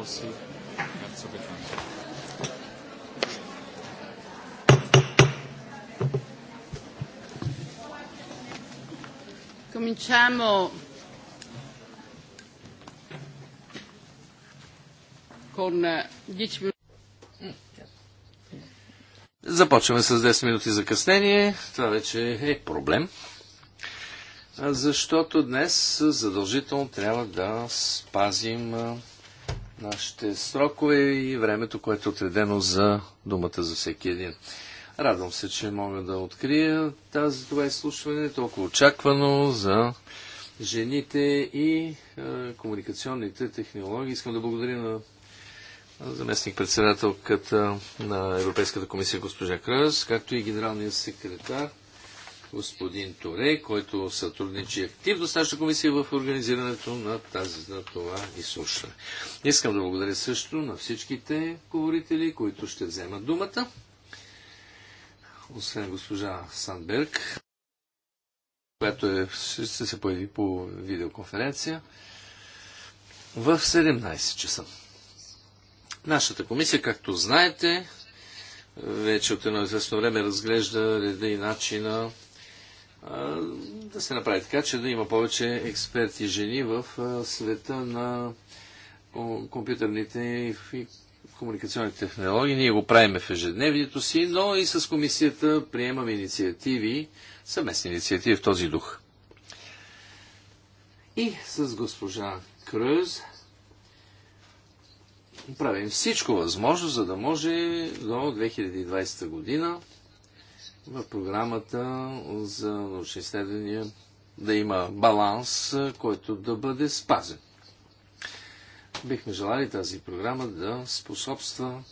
aussieht, zu bekannt. Cominciamo con 10 eh, minuti. Започваме с 10 минути закъснение. Това вече е проблем. Защото днес задължително трябва да спазим нашите срокове и времето, което е отредено за думата за всеки един. Радвам се, че мога да открия тази, това изслушване, толкова очаквано за жените и е, комуникационните технологии. Искам да благодаря на заместник-председателката на Европейската комисия госпожа Кръс, както и генералния секретар господин Торе, който сътрудничи активно с нашата комисия в организирането на, тази, на това изслушване. Искам да благодаря също на всичките говорители, които ще вземат думата. Освен госпожа Сандберг, която е, ще се появи по видеоконференция в 17 часа. Нашата комисия, както знаете, вече от едно известно време разглежда реда и начина да се направи така, че да има повече експерти жени в света на компютърните и комуникационни технологии. Ние го правим в ежедневието си, но и с комисията приемаме инициативи, съместни инициативи в този дух. И с госпожа Кръз правим всичко възможно, за да може до 2020 година в програмата за научни изследвания да има баланс, който да бъде спазен. Бихме желали тази програма да способства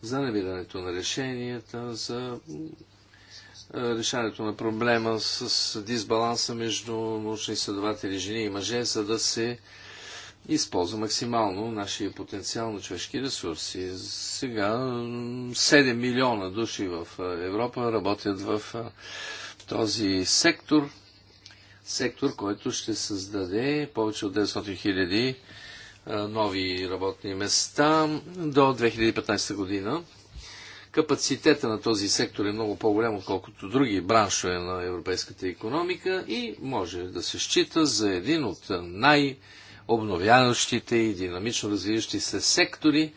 за намирането на решенията, за е, решаването на проблема с дисбаланса между научни изследователи жени и мъже, за да се използва максимално нашия потенциал на човешки ресурси. Сега 7 милиона души в Европа работят в този сектор, сектор, който ще създаде повече от 900 хиляди нови работни места до 2015 година. Капацитета на този сектор е много по-голям, отколкото други браншове на европейската економика и може да се счита за един от най- обновяващите и динамично развиващи се сектори,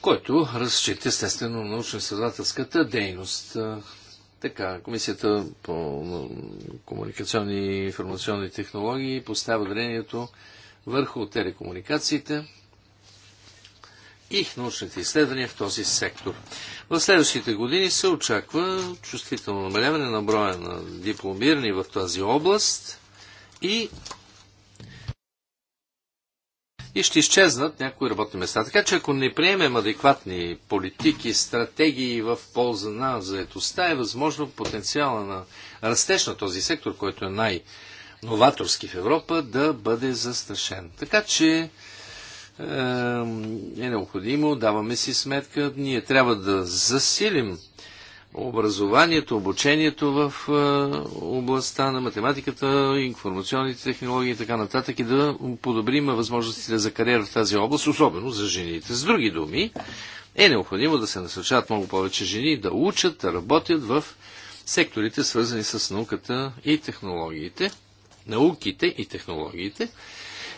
който разчита естествено научно-изследователската дейност. Така, Комисията по комуникационни и информационни технологии поставя дарението върху телекомуникациите и научните изследвания в този сектор. В следващите години се очаква чувствително намаляване на броя на дипломирани в тази област и и ще изчезнат някои работни места. Така че ако не приемем адекватни политики, стратегии в полза на заетостта, е възможно потенциала на растеж на този сектор, който е най-новаторски в Европа, да бъде застрашен. Така че е, е необходимо, даваме си сметка, ние трябва да засилим образованието, обучението в областта на математиката, информационните технологии и така нататък и да подобрим възможностите за кариера в тази област, особено за жените. С други думи, е необходимо да се насърчават много повече жени да учат, да работят в секторите, свързани с науката и технологиите, науките и технологиите,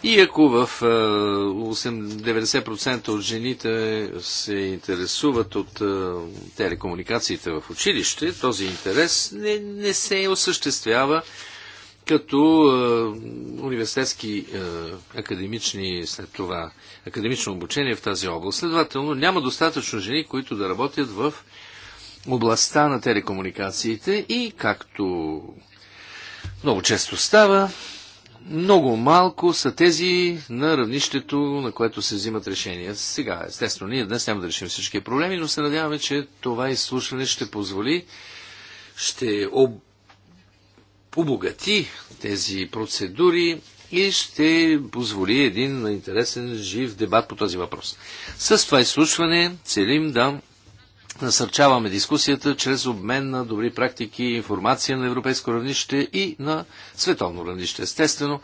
и ако в 90% е, от жените се интересуват от е, телекомуникациите в училище, този интерес не, не се осъществява като е, университетски академични след това, академично обучение в тази област. Следователно, няма достатъчно жени, които да работят в областта на телекомуникациите и както много често става, много малко са тези на равнището, на което се взимат решения. Сега, естествено, ние днес няма да решим всички проблеми, но се надяваме, че това изслушване ще позволи, ще об... обогати тези процедури и ще позволи един интересен, жив дебат по този въпрос. С това изслушване целим да насърчаваме дискусията чрез обмен на добри практики и информация на европейско равнище и на световно равнище. Естествено,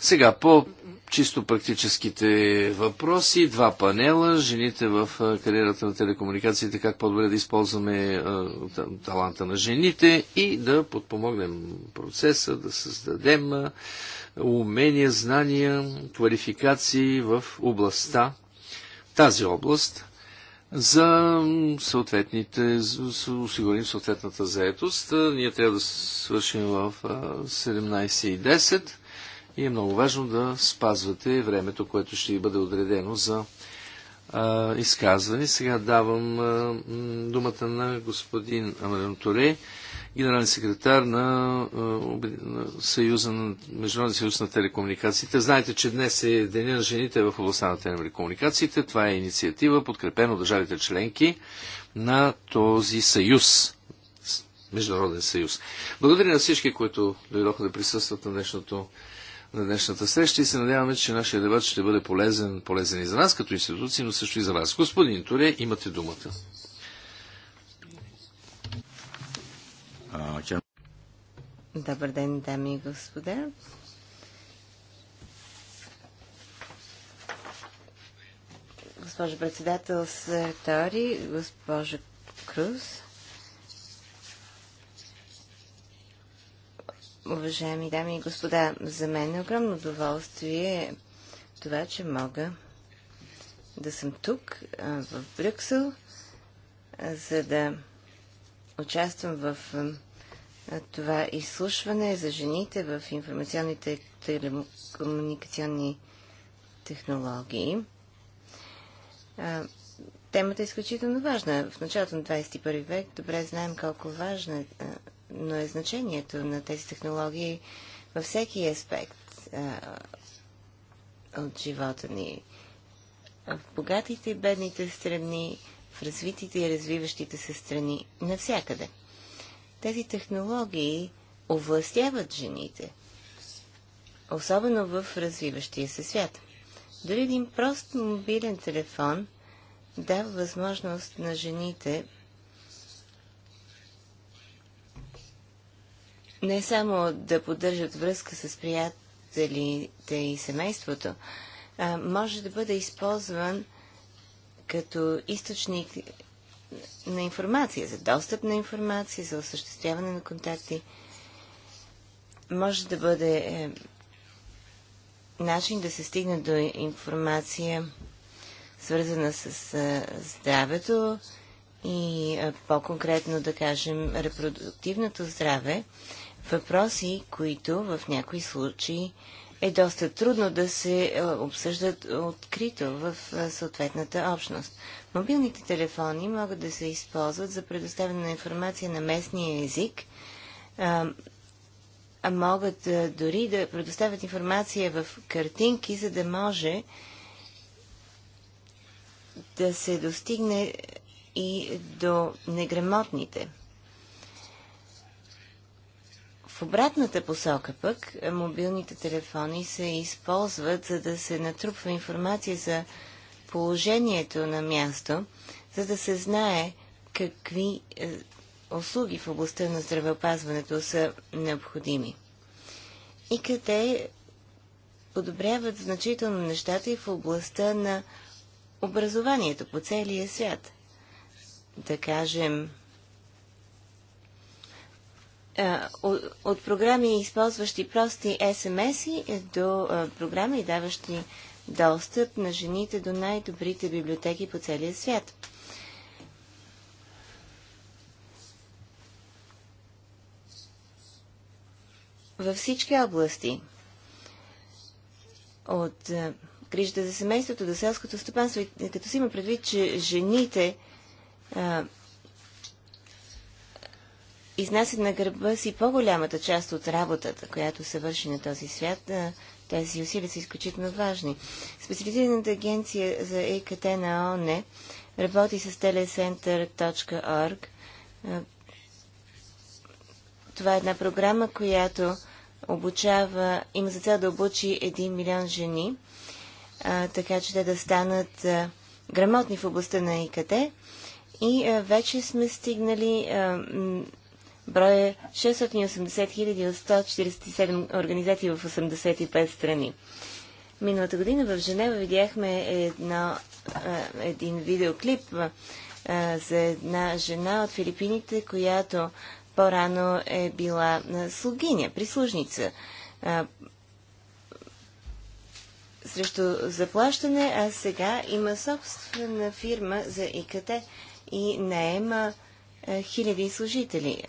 сега по чисто практическите въпроси, два панела, жените в кариерата на телекомуникациите, как по-добре да използваме таланта на жените и да подпомогнем процеса, да създадем умения, знания, квалификации в областта, тази област, за съответните, за осигурим съответната заетост. Ние трябва да свършим в 17.10 и е много важно да спазвате времето, което ще ви бъде отредено за а, изказване. Сега давам а, думата на господин Амарен Торей генерален секретар на, Съюза, на Международен съюз на телекомуникациите. Знаете, че днес е Деня на жените в областта на телекомуникациите. Това е инициатива, подкрепена от държавите членки на този съюз. Международен съюз. Благодаря на всички, които дойдоха да присъстват на днешното на днешната среща и се надяваме, че нашия дебат ще бъде полезен, полезен и за нас като институции, но също и за вас. Господин Туре, имате думата. Добър ден, дами и господа. Госпожо председател Сартори, госпожо Круз, уважаеми дами и господа, за мен е огромно удоволствие това, че мога да съм тук, в Брюксел, за да участвам в това изслушване за жените в информационните телекомуникационни технологии. Темата е изключително важна. В началото на 21 век добре знаем колко важно е, но е значението на тези технологии във всеки аспект от живота ни. В богатите и бедните страни, в развитите и развиващите се страни, навсякъде. Тези технологии овластяват жените, особено в развиващия се свят. Дори един прост мобилен телефон дава възможност на жените не само да поддържат връзка с приятелите и семейството, а може да бъде използван като източник на информация, за достъп на информация, за осъществяване на контакти, може да бъде е, начин да се стигне до информация, свързана с е, здравето и е, по-конкретно да кажем репродуктивното здраве, въпроси, които в някои случаи е доста трудно да се е, обсъждат открито в е, съответната общност. Мобилните телефони могат да се използват за предоставяне на информация на местния език, е, а, могат дори да предоставят информация в картинки, за да може да се достигне и до неграмотните. В обратната посока пък е, мобилните телефони се използват за да се натрупва информация за положението на място, за да се знае какви е, услуги в областта на здравеопазването са необходими. И къде подобряват значително нещата и в областта на образованието по целия свят. Да кажем, е, от програми, използващи прости СМС-и, е, до е, програми, даващи достъп на жените до най-добрите библиотеки по целия свят. Във всички области, от грижата за семейството до селското стопанство, като си има предвид, че жените а, изнасят на гърба си по-голямата част от работата, която се върши на този свят, тези усилия са изключително важни. Специализираната агенция за ЕКТ на ОНЕ работи с telecenter.org. Това е една програма, която обучава, има за цел да обучи 1 милион жени, така че те да станат грамотни в областта на ИКТ. И вече сме стигнали броя 680 е хиляди 147 организации в 85 страни. Миналата година в Женева видяхме едно, един видеоклип за една жена от Филипините, която по-рано е била слугиня, прислужница срещу заплащане, а сега има собствена фирма за ИКТ и наема хиляди служители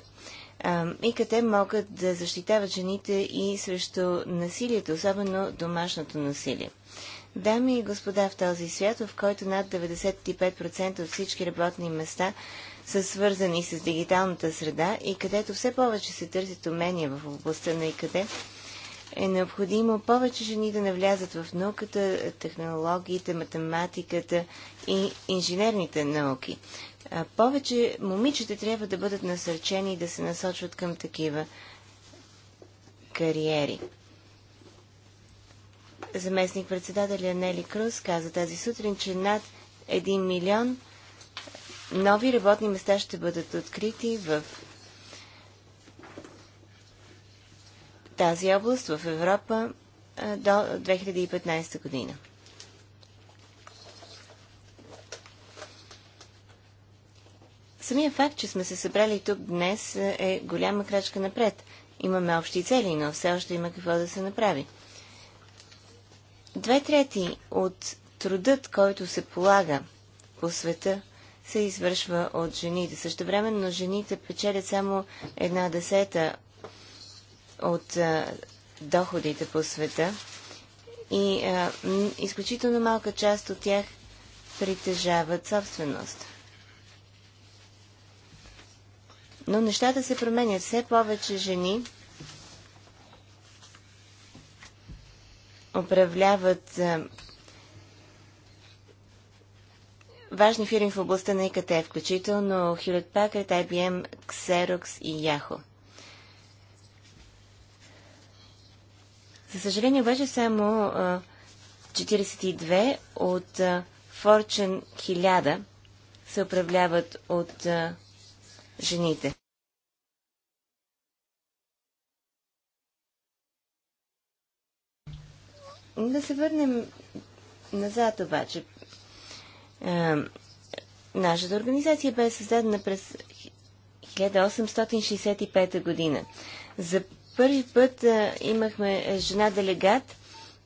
и къде могат да защитават жените и срещу насилието, особено домашното насилие. Дами и господа, в този свят, в който над 95% от всички работни места са свързани с дигиталната среда и където все повече се търсят умения в областта на ИКД, е необходимо повече жени да навлязат в науката, технологиите, математиката и инженерните науки. повече момичета трябва да бъдат насърчени и да се насочват към такива кариери. Заместник председателя Нели Круз каза тази сутрин, че над 1 милион нови работни места ще бъдат открити в тази област в Европа до 2015 година. Самия факт, че сме се събрали тук днес е, е голяма крачка напред. Имаме общи цели, но все още има какво да се направи. Две трети от трудът, който се полага по света, се извършва от жените. Също но жените печелят само една десета от а, доходите по света и а, изключително малка част от тях притежават собственост. Но нещата се променят. Все повече жени управляват а, важни фирми в областта на ИКТ, включително Hewlett Packard, IBM, Xerox и Yahoo. За съжаление, обаче само 42 от Форчен Fortune 1000 се управляват от жените. Да се върнем назад обаче. нашата организация бе създадена през 1865 година. За първи път а, имахме жена делегат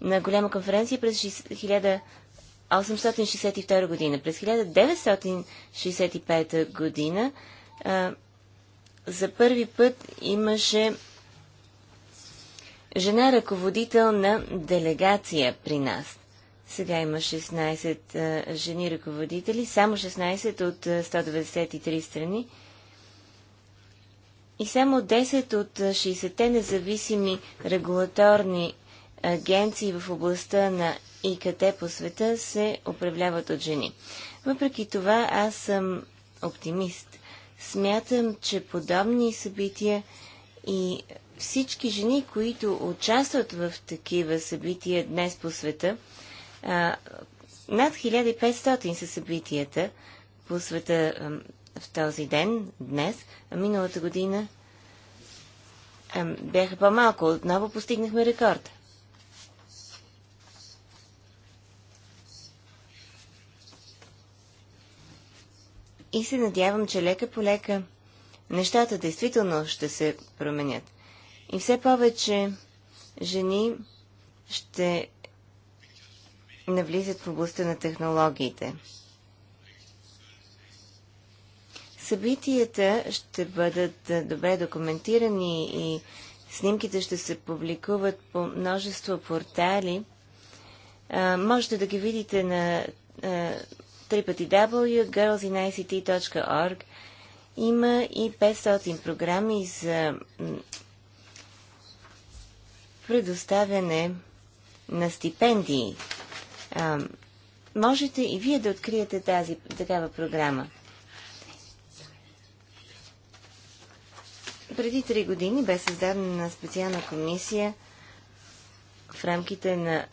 на голяма конференция през 1862 година. През 1965 година а, за първи път имаше жена ръководител на делегация при нас. Сега има 16 а, жени ръководители, само 16 от 193 страни. И само 10 от 60-те независими регулаторни агенции в областта на ИКТ по света се управляват от жени. Въпреки това аз съм оптимист. Смятам, че подобни събития и всички жени, които участват в такива събития днес по света, над 1500 са събитията по света в този ден, днес, а миналата година а, бяха по-малко. Отново постигнахме рекорд. И се надявам, че лека по лека нещата действително ще се променят. И все повече жени ще навлизат в областта на технологиите. Събитията ще бъдат е, добре документирани и снимките ще се публикуват по множество портали. можете да ги видите на www.girlsinict.org. Има и 500 програми за предоставяне на стипендии. можете и вие да откриете тази такава програма. Преди три години бе създадена специална комисия в рамките на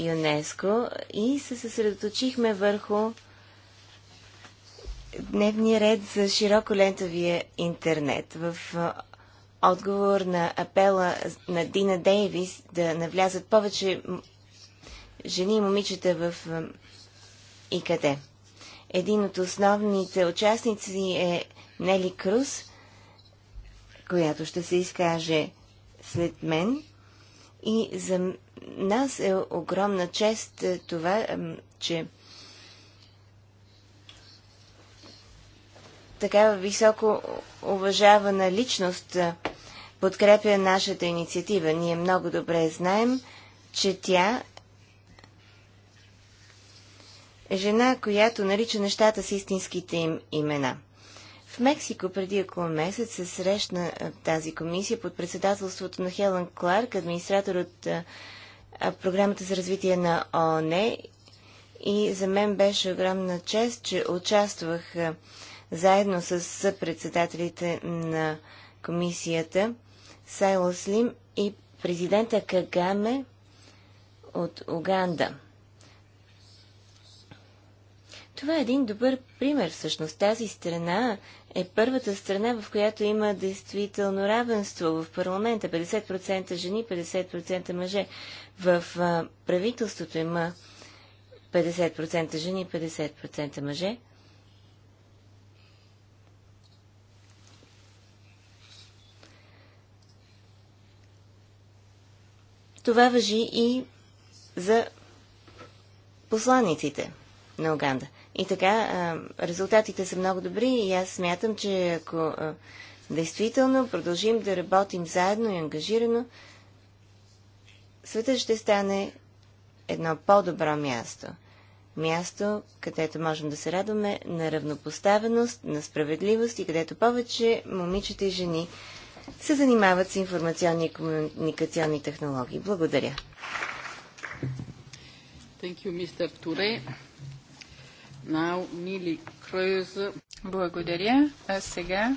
ЮНЕСКО и се съсредоточихме върху дневния ред за широколентовия интернет. В отговор на апела на Дина Дейвис да навлязат повече жени и момичета в ИКТ. Един от основните участници е Нели Круз, която ще се изкаже след мен. И за нас е огромна чест е, това, че такава високо уважавана личност е, подкрепя нашата инициатива. Ние много добре знаем, че тя е жена, която нарича нещата с истинските им имена. Мексико преди около месец се срещна тази комисия под председателството на Хелън Кларк, администратор от програмата за развитие на ООН. И за мен беше огромна чест, че участвах заедно с председателите на комисията Сайло Слим и президента Кагаме от Уганда. Това е един добър пример. Всъщност тази страна е първата страна, в която има действително равенство в парламента. 50% жени, 50% мъже. В а, правителството има 50% жени, 50% мъже. Това въжи и за посланиците на Уганда – и така, резултатите са много добри и аз смятам, че ако действително продължим да работим заедно и ангажирано, света ще стане едно по-добро място. Място, където можем да се радваме на равнопоставеност, на справедливост и където повече момичета и жени се занимават с информационни и комуникационни технологии. Благодаря. Thank you, Mr. Ture. Благодаря. А сега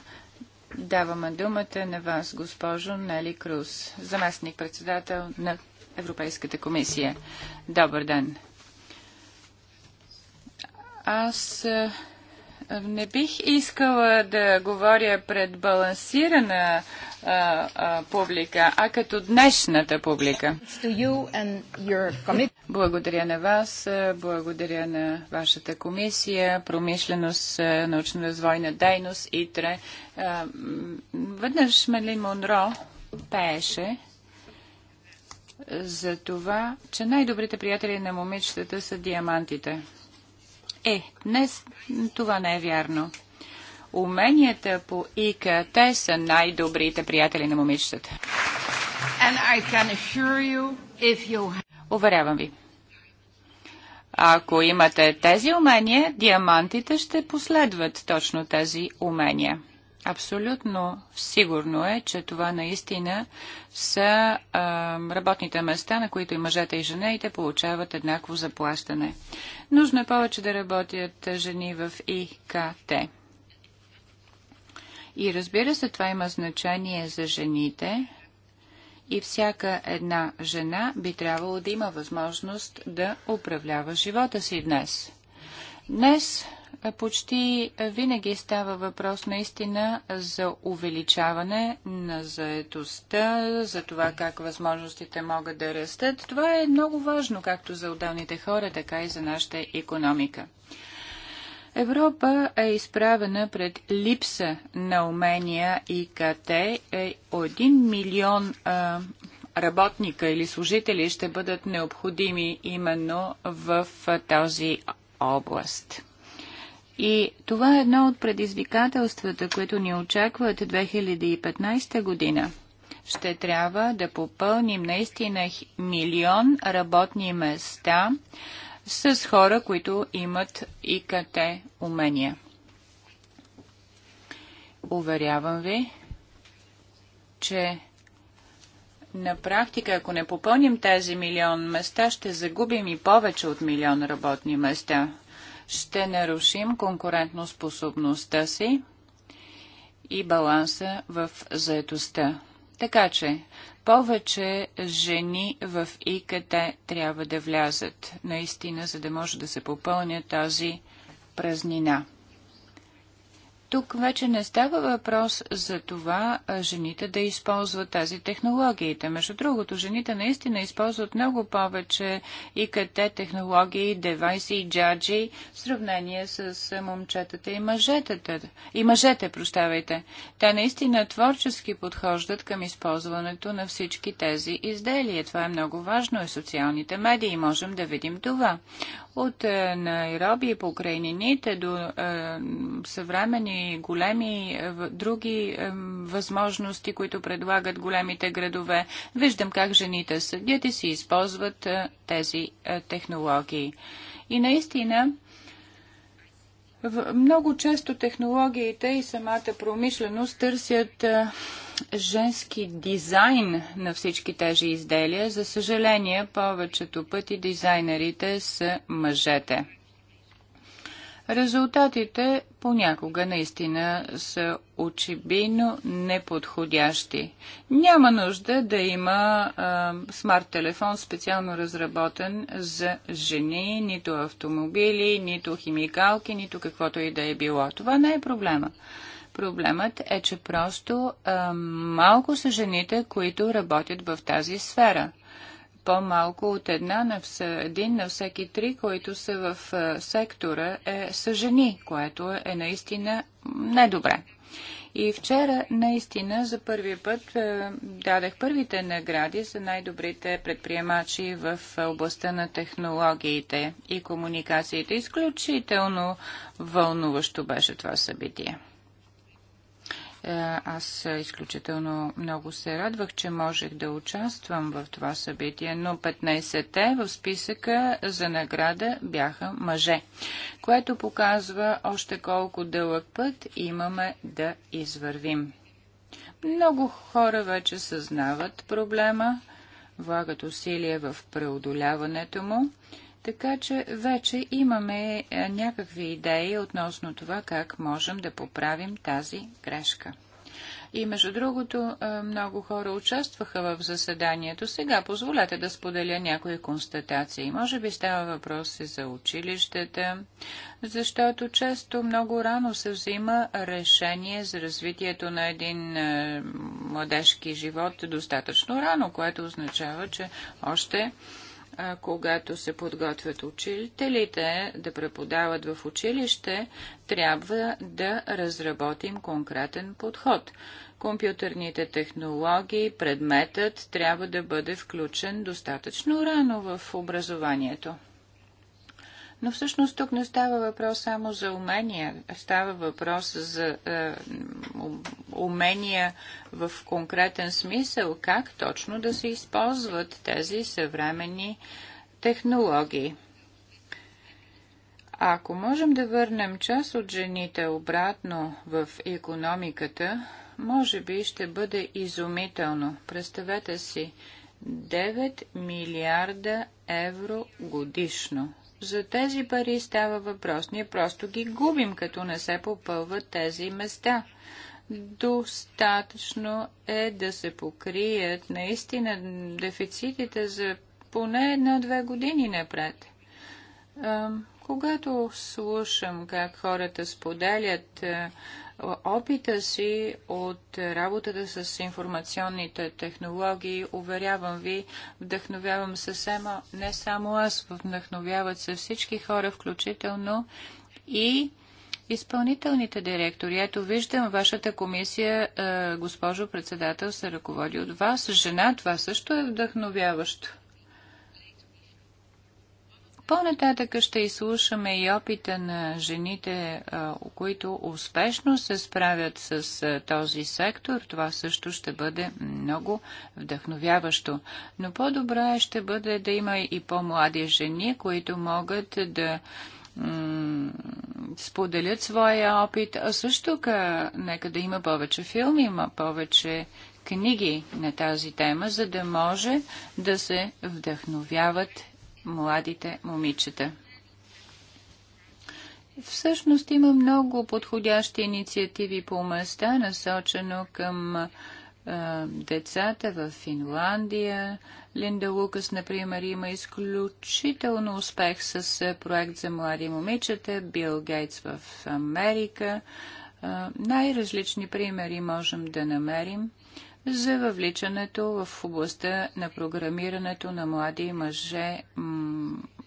даваме думата на вас, госпожо Нели Круз, заместник-председател на Европейската комисия. Добър ден. Аз не бих искала да говоря пред балансирана а, а, публика, а като днешната публика. You благодаря на вас, благодаря на вашата комисия, промишленост, е, научно-развойна дейност, ИТРЕ. Е, веднъж Мели Монро пееше за това, че най-добрите приятели на момичетата са диамантите. Е, днес това не е вярно. Уменията по ика, те са най-добрите приятели на момичетата. You, you... Уверявам ви. Ако имате тези умения, диамантите ще последват точно тези умения. Абсолютно сигурно е, че това наистина са а, работните места, на които и мъжете и те получават еднакво заплащане. Нужно е повече да работят жени в ИКТ. И разбира се, това има значение за жените, и всяка една жена би трябвало да има възможност да управлява живота си днес. Днес е, почти е, винаги става въпрос наистина за увеличаване на заетостта, за това как възможностите могат да растат. Това е много важно както за отделните хора, така и за нашата економика. Европа е изправена пред липса на умения и КТ. Е 1 милион а, работника или служители ще бъдат необходими именно в този област. И това е едно от предизвикателствата, които ни очакват 2015 година. Ще трябва да попълним наистина милион работни места, с хора, които имат ИКТ умения. Уверявам ви, че на практика, ако не попълним тези милион места, ще загубим и повече от милион работни места. Ще нарушим конкурентноспособността си и баланса в заетостта. Така че повече жени в ИКТ трябва да влязат, наистина, за да може да се попълня тази празнина. Тук вече не става въпрос за това жените да използват тази технологиите. Между другото, жените наистина използват много повече ИКТ технологии, девайси и джаджи в сравнение с момчетата и мъжетата. И мъжете, прощавайте. Те наистина творчески подхождат към използването на всички тези изделия. Това е много важно и е социалните медии можем да видим това от е, Найроби по крайнините до е, съвремени големи е, други е, възможности, които предлагат големите градове. Виждам как жените съдят и си използват е, тези е, технологии. И наистина, в, много често технологиите и самата промишленост търсят е, женски дизайн на всички тези изделия. За съжаление, повечето пъти дизайнерите са мъжете. Резултатите понякога наистина са очебийно неподходящи. Няма нужда да има а, смарт телефон специално разработен за жени, нито автомобили, нито химикалки, нито каквото и да е било. Това не е проблема. Проблемът е, че просто а, малко са жените, които работят в тази сфера. По-малко от една на вся, един на всеки три, които са в а, сектора, е, са жени, което е наистина недобре. И вчера наистина за първи път е, дадах първите награди за най-добрите предприемачи в областта на технологиите и комуникациите. Изключително вълнуващо беше това събитие. Е, аз изключително много се радвах, че можех да участвам в това събитие, но 15-те в списъка за награда бяха мъже, което показва още колко дълъг път имаме да извървим. Много хора вече съзнават проблема, влагат усилия в преодоляването му така че вече имаме е, някакви идеи относно това как можем да поправим тази грешка. И между другото, е, много хора участваха в заседанието. Сега позволете да споделя някои констатации. Може би става въпрос и за училищата, защото често много рано се взима решение за развитието на един е, младежки живот достатъчно рано, което означава, че още когато се подготвят учителите да преподават в училище, трябва да разработим конкретен подход. Компютърните технологии, предметът трябва да бъде включен достатъчно рано в образованието. Но всъщност тук не става въпрос само за умения, става въпрос за е, умения в конкретен смисъл, как точно да се използват тези съвременни технологии. Ако можем да върнем част от жените обратно в економиката, може би ще бъде изумително. Представете си 9 милиарда евро годишно за тези пари става въпрос. Ние просто ги губим, като не се попълват тези места. Достатъчно е да се покрият наистина дефицитите за поне една-две години напред. Когато слушам как хората споделят опита си от работата с информационните технологии, уверявам ви, вдъхновявам се сема, не само аз, вдъхновяват се всички хора, включително и изпълнителните директори. Ето виждам, вашата комисия, е, госпожо председател, се ръководи от вас. Жена, това също е вдъхновяващо. По-нататък ще изслушаме и опита на жените, които успешно се справят с този сектор. Това също ще бъде много вдъхновяващо. Но по-добре ще бъде да има и по-млади жени, които могат да споделят своя опит, а също ка, нека да има повече филми, има повече книги на тази тема, за да може да се вдъхновяват младите момичета. Всъщност има много подходящи инициативи по места, насочено към е, децата в Финландия. Линда Лукас, например, има изключително успех с проект за млади момичета, Бил Гейтс в Америка. Е, най-различни примери можем да намерим за въвличането в областта на програмирането на млади мъже,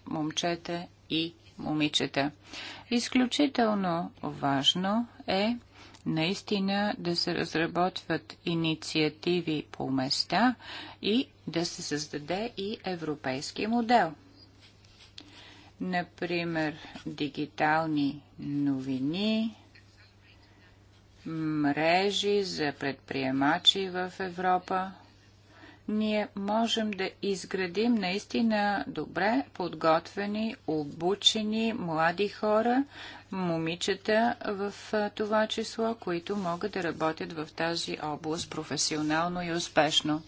момчета и момичета. Изключително важно е наистина да се разработват инициативи по места и да се създаде и европейски модел. Например, дигитални новини, мрежи за предприемачи в Европа, ние можем да изградим наистина добре подготвени, обучени млади хора, момичета в това число, които могат да работят в тази област професионално и успешно.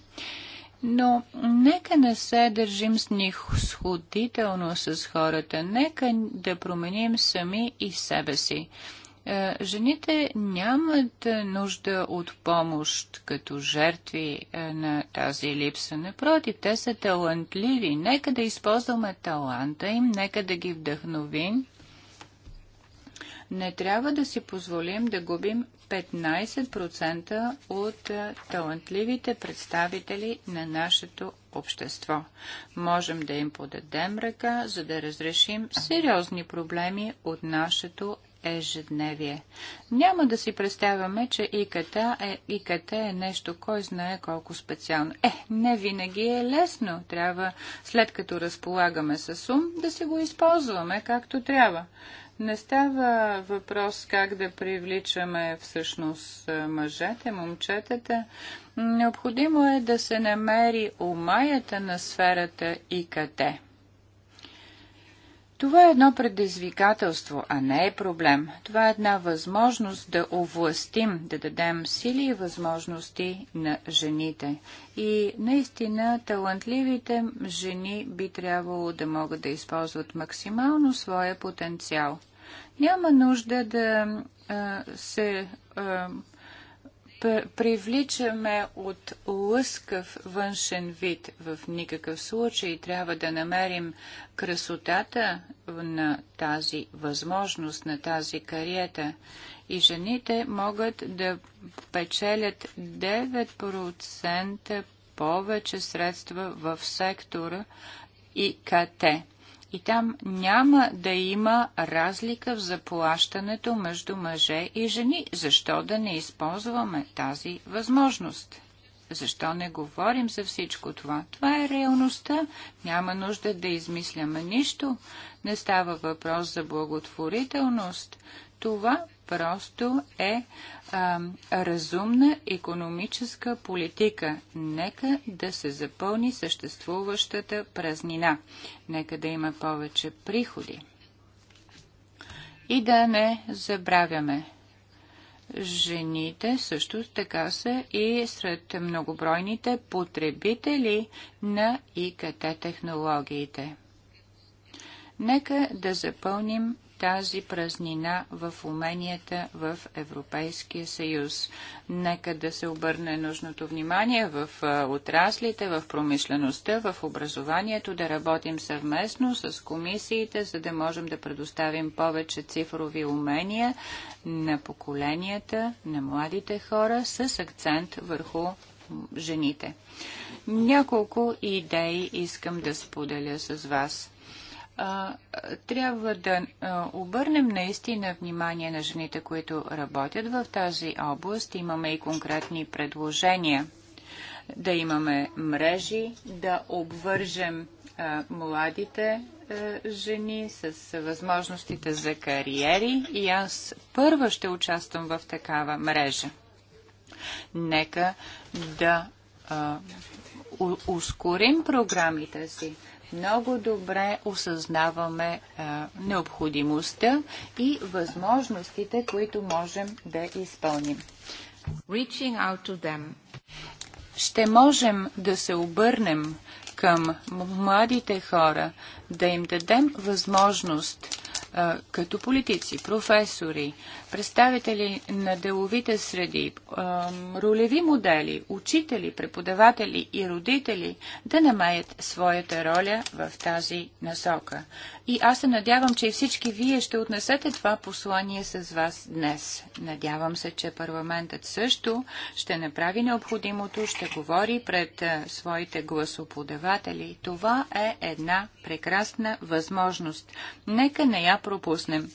Но нека не се държим с сходително с хората, нека да променим сами и себе си. Е, жените нямат нужда от помощ като жертви е, на тази липса. Напротив, те са талантливи. Нека да използваме таланта им, нека да ги вдъхновим. Не трябва да си позволим да губим 15% от е, талантливите представители на нашето общество. Можем да им подадем ръка, за да разрешим сериозни проблеми от нашето ежедневие. Няма да си представяме, че ИКТ е, ИКТ е нещо, кой знае колко специално. Е, не винаги е лесно. Трябва, след като разполагаме с ум, да си го използваме както трябва. Не става въпрос как да привличаме всъщност е, мъжете, момчетата. Необходимо е да се намери умаята на сферата ИКТ. Това е едно предизвикателство, а не е проблем. Това е една възможност да овластим, да дадем сили и възможности на жените. И наистина талантливите жени би трябвало да могат да използват максимално своя потенциал. Няма нужда да а, се а, привличаме от лъскав външен вид в никакъв случай. Трябва да намерим красотата на тази възможност, на тази кариета. И жените могат да печелят 9% повече средства в сектора и КТ и там няма да има разлика в заплащането между мъже и жени. Защо да не използваме тази възможност? Защо не говорим за всичко това? Това е реалността. Няма нужда да измисляме нищо. Не става въпрос за благотворителност. Това просто е а, разумна економическа политика. Нека да се запълни съществуващата празнина. Нека да има повече приходи. И да не забравяме. Жените също така са и сред многобройните потребители на ИКТ технологиите. Нека да запълним тази празнина в уменията в Европейския съюз. Нека да се обърне нужното внимание в отраслите, в промишлеността, в образованието, да работим съвместно с комисиите, за да можем да предоставим повече цифрови умения на поколенията, на младите хора с акцент върху жените. Няколко идеи искам да споделя с вас а, трябва да а, обърнем наистина внимание на жените, които работят в тази област. Имаме и конкретни предложения. Да имаме мрежи, да обвържем а, младите жени с възможностите за кариери и аз първа ще участвам в такава мрежа. Нека да ускорим програмите си много добре осъзнаваме а, е, необходимостта и възможностите, които можем да изпълним. Ще можем да се обърнем към младите хора, да им дадем възможност е, като политици, професори, представители на деловите среди, ролеви модели, учители, преподаватели и родители да намаят своята роля в тази насока. И аз се надявам, че и всички вие ще отнесете това послание с вас днес. Надявам се, че парламентът също ще направи необходимото, ще говори пред своите гласоподаватели. Това е една прекрасна възможност. Нека не я пропуснем.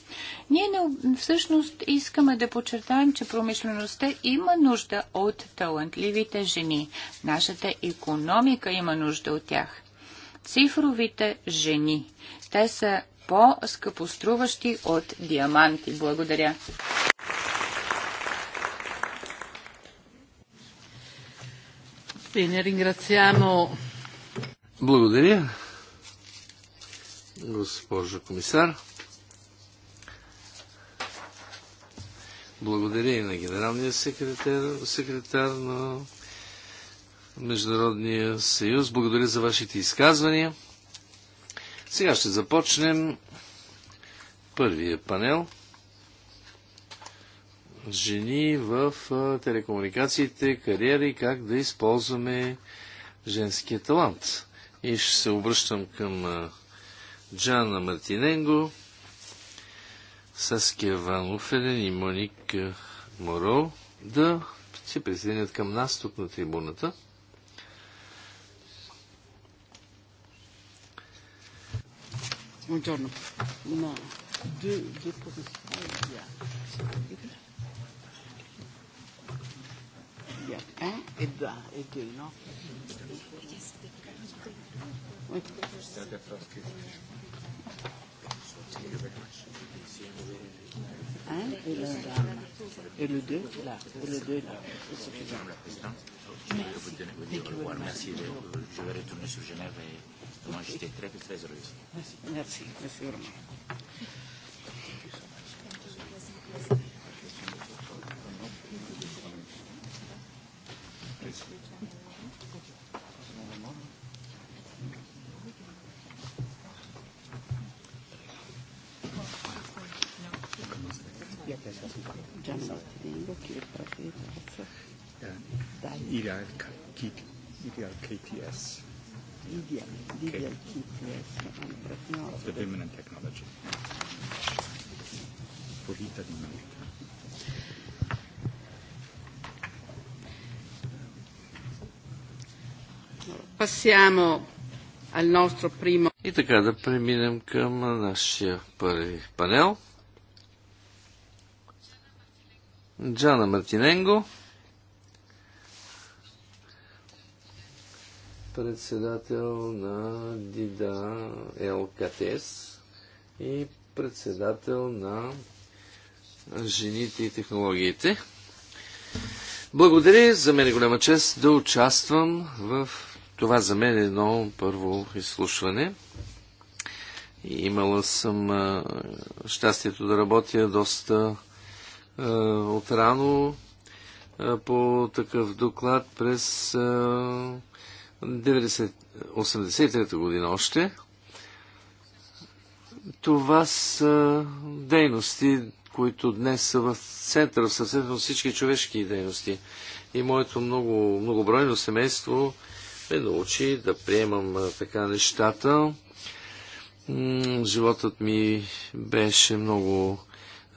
Ние не, всъщност искаме да подчертаем, че промишлеността има нужда от талантливите жени. Нашата економика има нужда от тях. Цифровите жени. Те са по-скъпоструващи от диаманти. Благодаря. Благодаря, госпожо комисар. Благодаря и на генералния секретар, секретар на Международния съюз. Благодаря за вашите изказвания. Сега ще започнем първия панел. Жени в телекомуникациите, кариери, как да използваме женския талант. И ще се обръщам към Джана Мартиненго. Саския Ван Луфеден и Моник е, Моро да се присъединят към нас тук на трибуната. Buongiorno. Una, due, due Un Oui. 1 et le 2. Et le 2, là. Et le 2, là. C'est suffisant. Madame la Présidente, je voulais vous donner vous dire au revoir. Merci. Je vais retourner sur Genève et moi j'étais très très heureuse. Merci. Merci. Merci vraiment. ideal, ideal KTS. Ideal, ideal KTS. Of the women technology. For Italy. Passiamo al nostro primo. И така да преминем към нашия първи панел – Джана Мартиненго. Председател на Дида ЛКТС и председател на жените и технологиите. Благодаря, за мен е голяма чест да участвам в това за мен едно първо изслушване. Имала съм щастието да работя доста е, отрано е, по такъв доклад през 1983 е, година още. Това са дейности, които днес са в център, в съвсем всички човешки дейности. И моето много, многобройно семейство ме научи да приемам така нещата. Животът ми беше много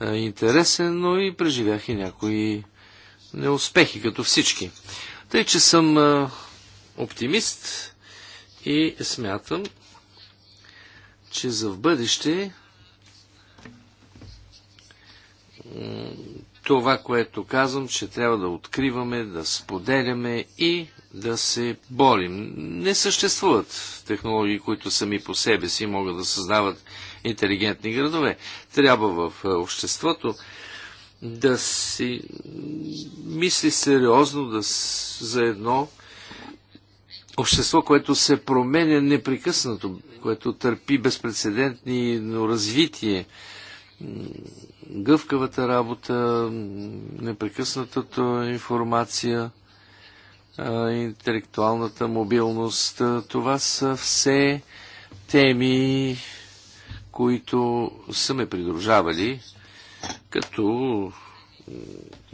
е, интересен, но и преживях и някои неуспехи, като всички. Тъй, че съм е, оптимист и смятам, че за в бъдеще това, което казвам, че трябва да откриваме, да споделяме и да се борим. Не съществуват технологии, които сами по себе си могат да създават интелигентни градове. Трябва в е, обществото да си мисли сериозно да, за едно общество, което се променя непрекъснато, което търпи безпредседентни развитие гъвкавата работа, непрекъснатата информация, интелектуалната мобилност. Това са все теми, които са ме придружавали като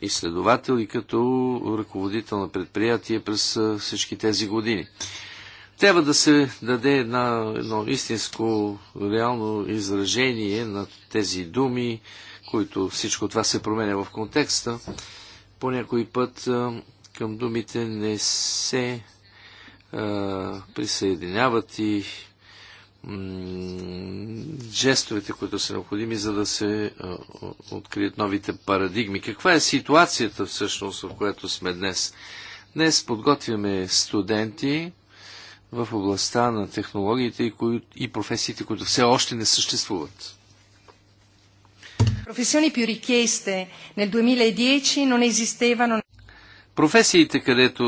изследовател и като ръководител на предприятие през всички тези години. Трябва да се даде една, едно истинско, реално изражение на тези думи, които всичко това се променя в контекста. По някой път към думите не се а, присъединяват и жестовете, които са необходими, за да се открият новите парадигми. Каква е ситуацията всъщност, в която сме днес? Днес подготвяме студенти в областта на технологиите и, професиите, които все още не съществуват. Професиони più richieste nel 2010 non esistevano. Професиите, където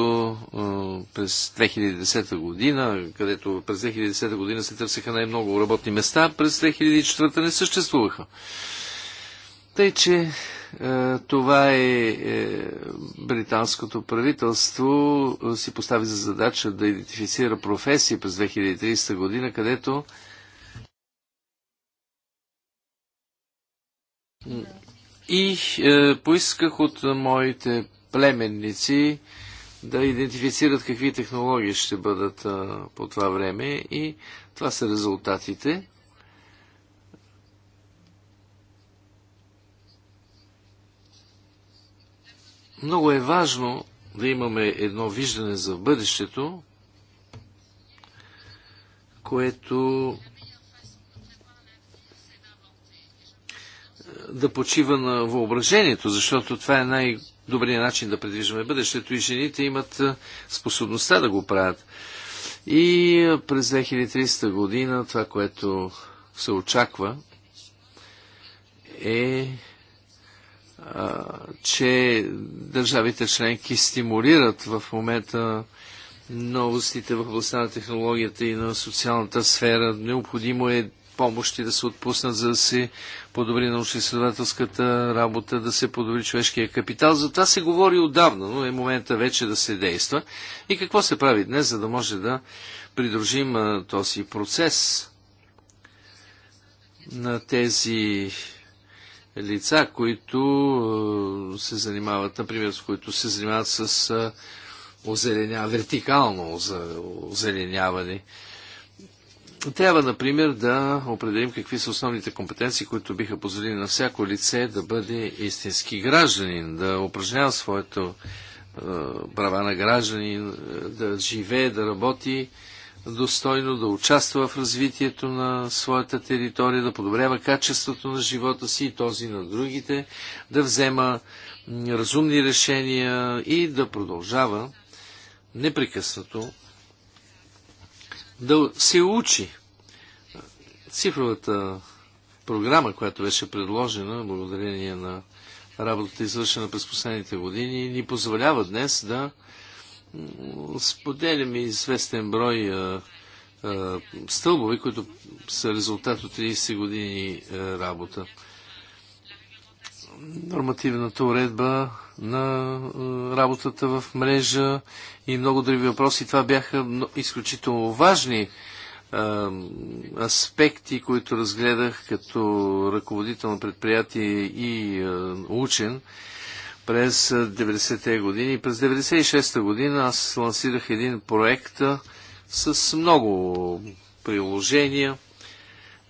през 2010 година, където през 2010 година се търсеха най-много работни места, през 2004 не съществуваха. Тъй, че това е, е британското правителство си постави за задача да идентифицира професии през 2030 година, където и е, поисках от моите племенници да идентифицират какви технологии ще бъдат а, по това време и това са резултатите. Много е важно да имаме едно виждане за бъдещето, което да почива на въображението, защото това е най- добрия начин да предвиждаме бъдещето и жените имат способността да го правят. И през 2300 година това, което се очаква е, а, че държавите членки стимулират в момента новостите в областта на технологията и на социалната сфера. Необходимо е помощи да се отпуснат, за да се подобри научно-изследователската работа, да се подобри човешкия капитал. За това се говори отдавна, но е момента вече да се действа. И какво се прави днес, за да може да придружим а, този процес на тези лица, които а, се занимават, например, с които се занимават с а, озеленя, вертикално озеленяване. Трябва, например, да определим какви са основните компетенции, които биха позволили на всяко лице да бъде истински гражданин, да упражнява своето е, права на гражданин, е, да живее, да работи достойно, да участва в развитието на своята територия, да подобрява качеството на живота си и този на другите, да взема разумни решения и да продължава непрекъснато да се учи. Цифровата програма, която беше предложена, благодарение на работата, извършена през последните години, ни позволява днес да споделяме известен брой а, а, стълбове, които са резултат от 30 години а, работа нормативната уредба на е, работата в мрежа и много други въпроси. Това бяха изключително важни е, аспекти, които разгледах като ръководител на предприятие и е, учен през 90-те години. През 96-та година аз лансирах един проект с много приложения –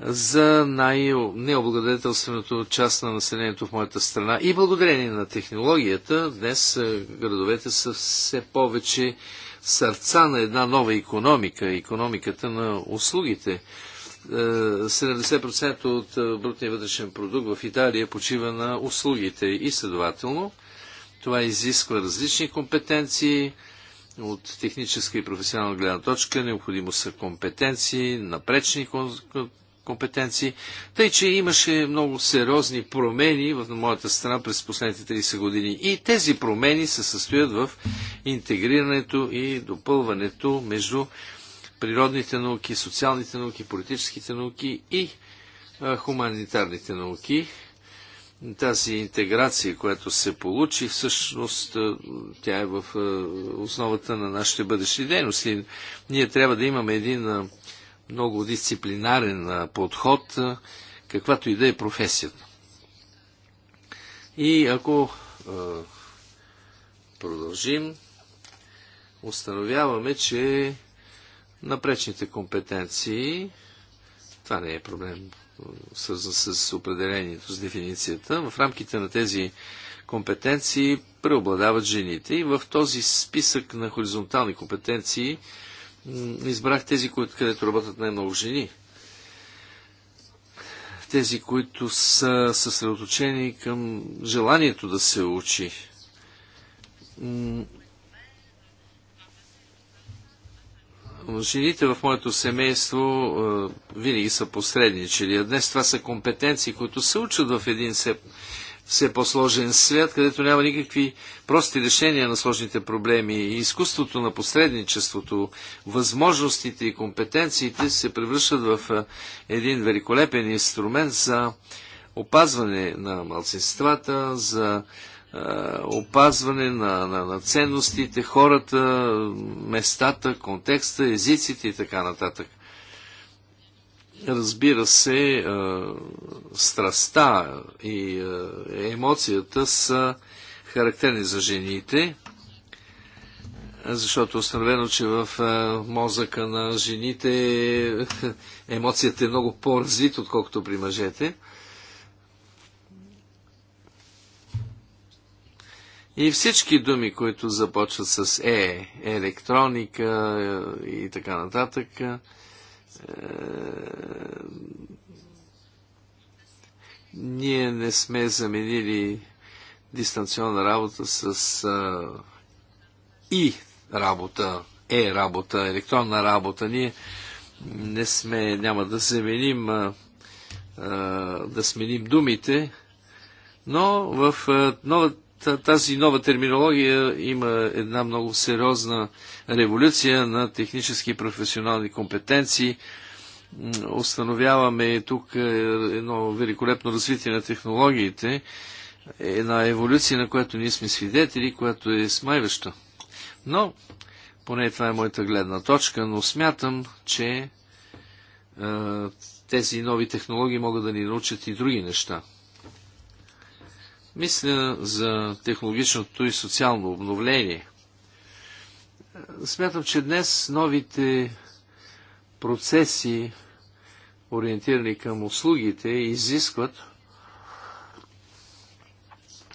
за най-необлагодетелственото част на населението в моята страна. И благодарение на технологията, днес е, градовете са все повече сърца на една нова економика, економиката на услугите. 70% е, от е, брутния вътрешен продукт в Италия почива на услугите и следователно това изисква различни компетенции, от техническа и професионална гледна точка необходимо са компетенции, напречни компетенции. Тъй, че имаше много сериозни промени в моята страна през последните 30 години. И тези промени се състоят в интегрирането и допълването между природните науки, социалните науки, политическите науки и а, хуманитарните науки. Тази интеграция, която се получи, всъщност тя е в основата на нашите бъдещи дейности. Ние трябва да имаме един много дисциплинарен подход, каквато и да е професията. И ако продължим, установяваме, че напречните компетенции, това не е проблем свързан с определението, с дефиницията, в рамките на тези компетенции преобладават жените и в този списък на хоризонтални компетенции избрах тези, които, където работят най-много жени. Тези, които са съсредоточени към желанието да се учи. Жените в моето семейство винаги са посредничили. Днес това са компетенции, които се учат в един сеп все по-сложен свят, където няма никакви прости решения на сложните проблеми. И изкуството на посредничеството, възможностите и компетенциите се превръщат в един великолепен инструмент за опазване на малцинствата, за опазване на, на, на ценностите, хората, местата, контекста, езиците и така нататък. Разбира се, страста и емоцията са характерни за жените, защото е установено, че в мозъка на жените емоцията е много по-развита, отколкото при мъжете. И всички думи, които започват с Е, електроника е, и така нататък, е, ние не сме заменили дистанционна работа с а, и работа, е работа, електронна работа. Ние не сме, няма да заменим, а, а, да сменим думите, но в а, новата тази нова терминология има една много сериозна революция на технически и професионални компетенции. Установяваме тук е, едно великолепно развитие на технологиите, е, една еволюция, на която ние сме свидетели, която е смайваща. Но, поне това е моята гледна точка, но смятам, че е, тези нови технологии могат да ни научат и други неща – мисля за технологичното и социално обновление. Смятам, че днес новите процеси, ориентирани към услугите, изискват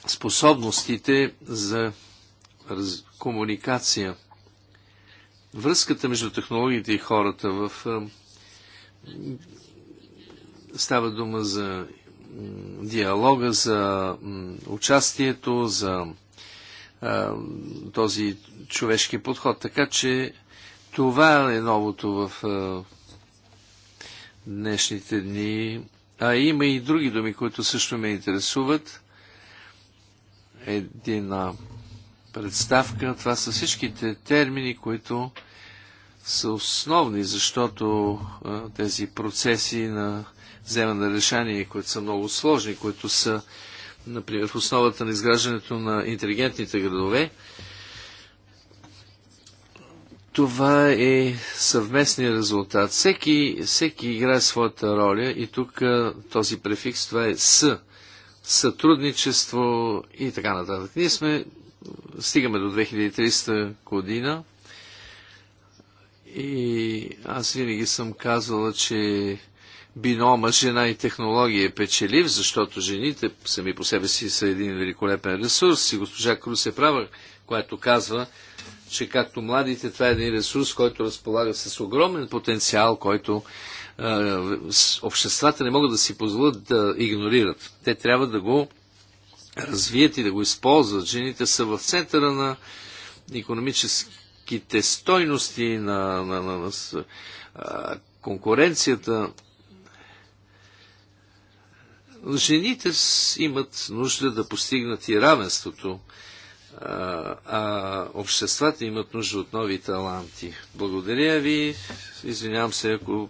способностите за комуникация. Връзката между технологиите и хората в става дума за диалога, за участието, за този човешки подход. Така че това е новото в днешните дни. А има и други думи, които също ме интересуват. Една представка. Това са всичките термини, които са основни, защото а, тези процеси на вземане на решение, които са много сложни, които са, например, в основата на изграждането на интелигентните градове, това е съвместния резултат. Всеки, всеки играе своята роля и тук този префикс, това е С, сътрудничество и така нататък. Ние сме, стигаме до 2300 година, и аз винаги съм казвала, че бинома жена и технология е печелив, защото жените сами по себе си са един великолепен ресурс. И госпожа Крус е права, която казва, че както младите, това е един ресурс, който разполага с огромен потенциал, който обществата не могат да си позволят да игнорират. Те трябва да го развият и да го използват. Жените са в центъра на економически високите стойности на, на, на, на а, конкуренцията, жените имат нужда да постигнат и равенството, а, обществата имат нужда от нови таланти. Благодаря ви. Извинявам се, ако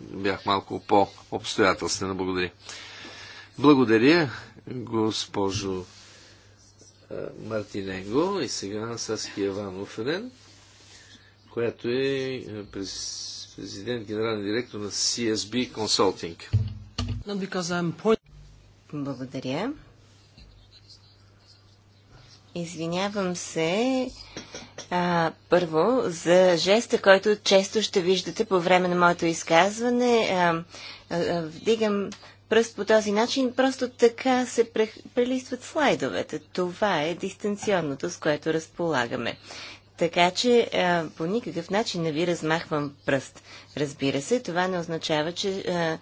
бях малко по обстоятелствен Благодаря. Благодаря, госпожо Мартиненго и сега Саски Иванов която е, е президент, генерален директор на CSB Consulting. Благодаря. Извинявам се а, първо за жеста, който често ще виждате по време на моето изказване. А, а, вдигам пръст по този начин, просто така се прелистват слайдовете. Това е дистанционното, с което разполагаме. Така че а, по никакъв начин не ви размахвам пръст. Разбира се, това не означава, че а,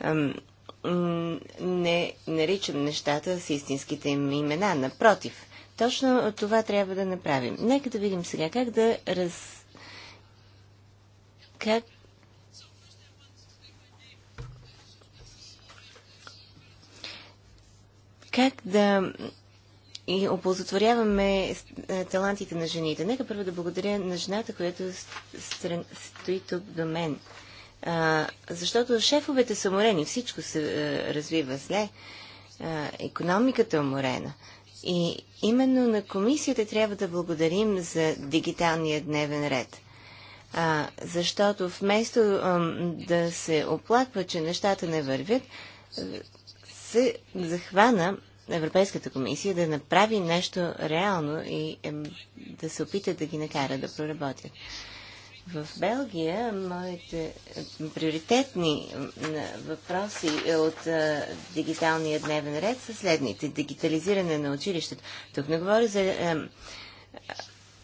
а, не наричам нещата с истинските им имена. Напротив, точно това трябва да направим. Нека да видим сега как да раз... Как... Как да и оползотворяваме е, талантите на жените. Нека първо да благодаря на жената, която стои тук до мен. А, защото шефовете са морени, всичко се а, е, развива зле, а, економиката е морена. И именно на комисията трябва да благодарим за дигиталния дневен ред. А, защото вместо а, да се оплаква, че нещата не вървят, се захвана Европейската комисия да направи нещо реално и да се опита да ги накара да проработят. В Белгия моите приоритетни въпроси от е, дигиталния дневен ред са следните. Дигитализиране на училището. Тук не говоря за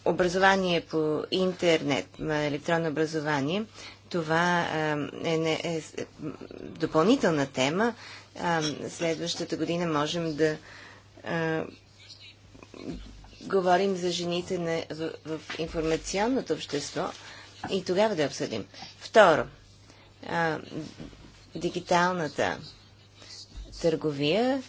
образование по интернет, електронно образование. Това е, не, е допълнителна тема, следващата година можем да говорим за жените в, информационното общество и тогава да обсъдим. Второ, дигиталната търговия,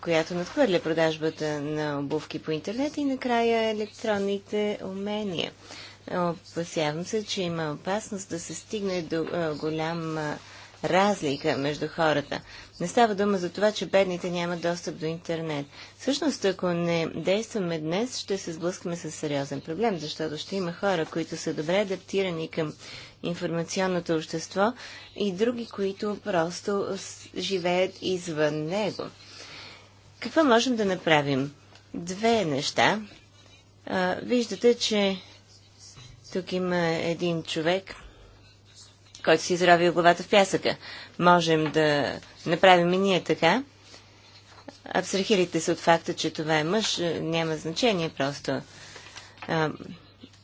която надхвърля продажбата на обувки по интернет и накрая електронните умения. Опасявам се, че има опасност да се стигне до голяма. голям разлика между хората. Не става дума за това, че бедните нямат достъп до интернет. Всъщност, ако не действаме днес, ще се сблъскаме с сериозен проблем, защото ще има хора, които са добре адаптирани към информационното общество и други, които просто живеят извън него. Какво можем да направим? Две неща. виждате, че тук има един човек, който си изровил главата в пясъка. Можем да направим и ние така. Абстрахирайте се от факта, че това е мъж, е, няма значение просто. А,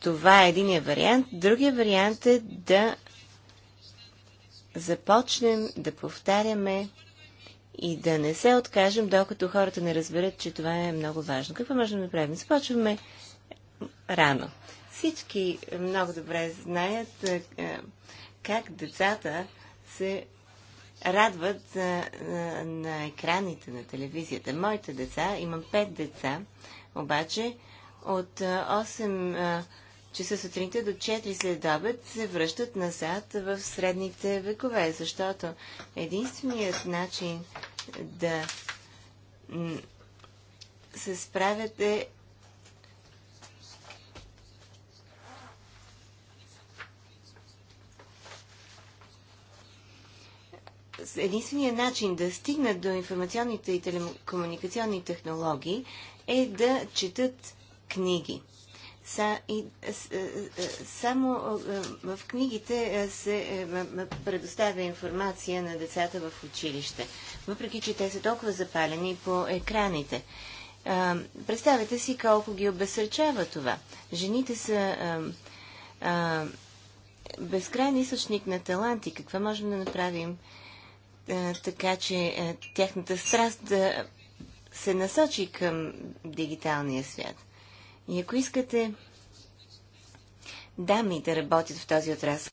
това е единия вариант. Другия вариант е да започнем да повтаряме и да не се откажем, докато хората не разберат, че това е много важно. Какво можем да направим? Започваме рано. Всички много добре знаят е, е, как децата се радват а, на, на екраните на телевизията. Моите деца, имам пет деца, обаче от а, 8 часа сутринта до 4 след обед се връщат назад в средните векове, защото единственият начин да се справят е единственият начин да стигнат до информационните и телекомуникационни технологии е да четат книги. Са, и, е, е, само е, в книгите се предоставя информация на децата в училище, въпреки че те са толкова запалени по екраните. Представете си колко ги обесърчава това. Жените са безкрайен източник на таланти. Какво можем да направим така че тяхната страст да се насочи към дигиталния свят. И ако искате дами да работят в този отрасъл,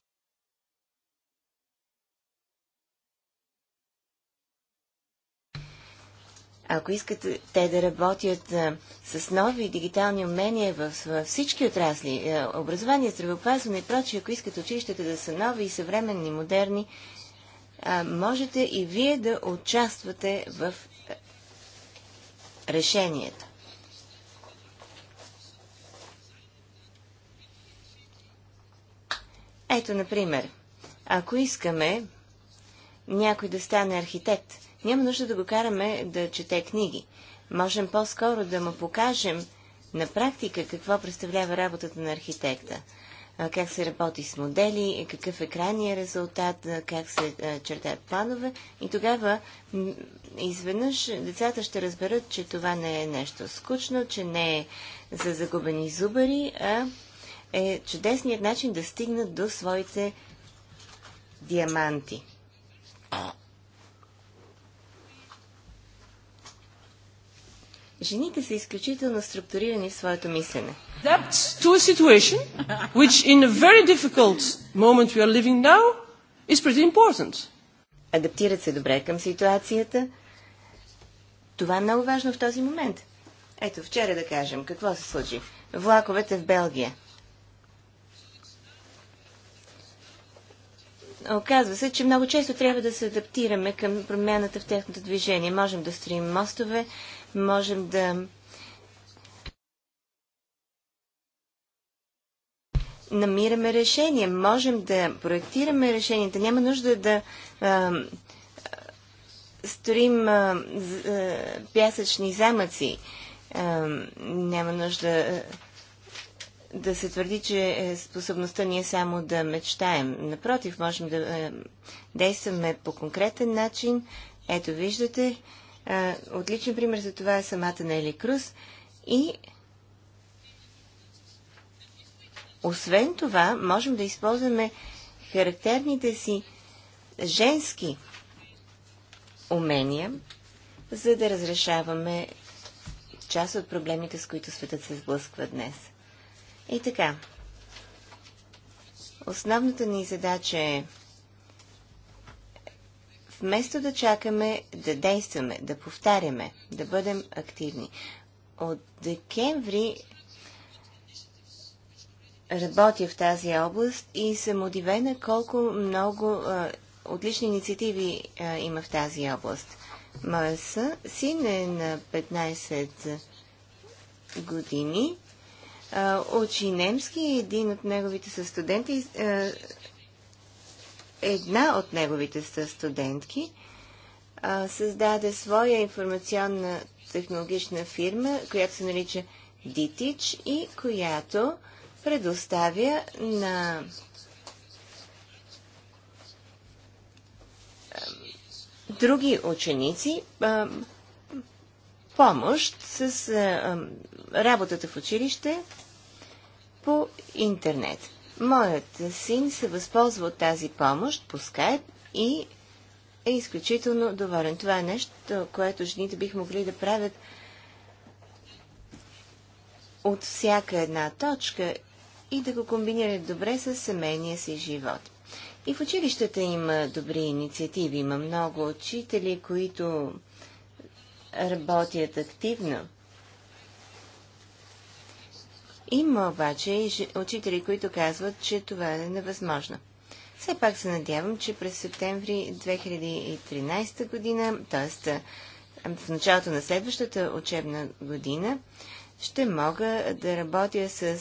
Ако искате те да работят а, с нови дигитални умения в, в всички отрасли, а, образование, здравеопазване и прочие, ако искате училищата да са нови и съвременни, модерни, а, можете и вие да участвате в е, решението. Ето, например, ако искаме някой да стане архитект, няма нужда да го караме да чете книги. Можем по-скоро да му покажем на практика какво представлява работата на архитекта – как се работи с модели, какъв е крайният резултат, как се чертаят планове. И тогава изведнъж децата ще разберат, че това не е нещо скучно, че не е за загубени зубари, а е чудесният начин да стигнат до своите диаманти. жените са изключително структурирани в своето мислене. That's to a situation which in a very difficult moment we are living now is pretty important. Адаптират се добре към ситуацията. Това е много важно в този момент. Ето, вчера да кажем, какво се случи? Влаковете в Белгия. Оказва се, че много често трябва да се адаптираме към промяната в техното движение. Можем да строим мостове, можем да намираме решение, можем да проектираме решенията. Няма нужда да а, сторим а, а, пясъчни замъци. А, няма нужда да се твърди, че е, способността ни е само да мечтаем. Напротив, можем да а, действаме по конкретен начин. Ето, виждате, Отличен пример за това е самата Нели Круз. И освен това, можем да използваме характерните си женски умения, за да разрешаваме част от проблемите, с които светът се сблъсква днес. И така, основната ни задача е Вместо да чакаме, да действаме, да повтаряме, да бъдем активни. От декември работя в тази област и съм удивена колко много а, отлични инициативи а, има в тази област. Моя син е на 15 години. А, учи немски. Един от неговите са студенти а, една от неговите студентки а, създаде своя информационна технологична фирма, която се нарича Ditich и която предоставя на други ученици а, помощ с а, работата в училище по интернет. Моят син се възползва от тази помощ по скайп и е изключително доволен. Това е нещо, което жените бих могли да правят от всяка една точка и да го комбинират добре с семейния си живот. И в училищата има добри инициативи. Има много учители, които работят активно. Има обаче и учители, които казват, че това е невъзможно. Все пак се надявам, че през септември 2013 година, т.е. в началото на следващата учебна година, ще мога да работя с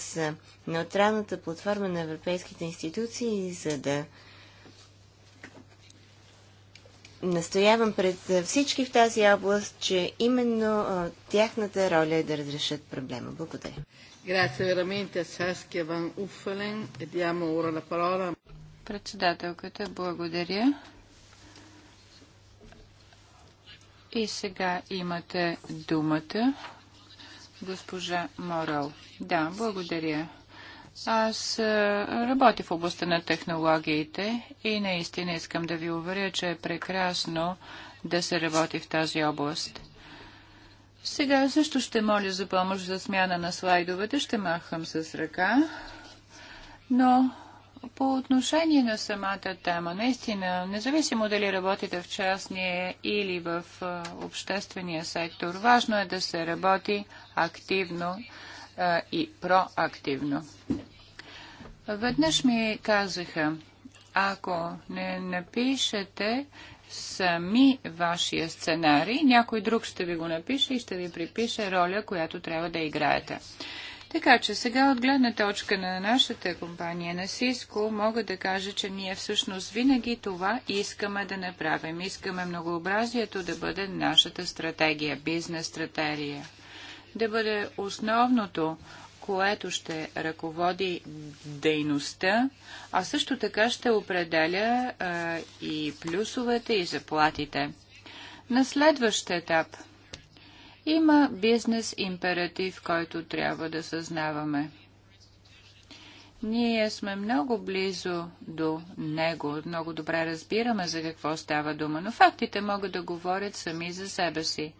неутралната платформа на европейските институции, за да настоявам пред всички в тази област, че именно тяхната роля е да разрешат проблема. Благодаря. Grazie veramente a Saskia Van Uffelen e diamo ora la parola. Председателката, благодаря. И сега имате думата, госпожа Морал. Да, благодаря. Аз работя в областта на технологиите и наистина искам да ви уверя, че е прекрасно да се работи в тази област. Сега също ще моля за помощ за смяна на слайдовете. Ще махам с ръка. Но по отношение на самата тема, наистина, независимо дали работите в частния или в обществения сектор, важно е да се работи активно а, и проактивно. Веднъж ми казаха, ако не напишете сами вашия сценарий, някой друг ще ви го напише и ще ви припише роля, която трябва да играете. Така че сега от гледна точка на нашата компания на Сиско мога да кажа, че ние всъщност винаги това искаме да направим. Искаме многообразието да бъде нашата стратегия, бизнес стратегия, да бъде основното което ще ръководи дейността, а също така ще определя а, и плюсовете и заплатите. На следващ етап има бизнес императив, който трябва да съзнаваме. Ние сме много близо до него, много добре разбираме за какво става дума, но фактите могат да говорят сами за себе си.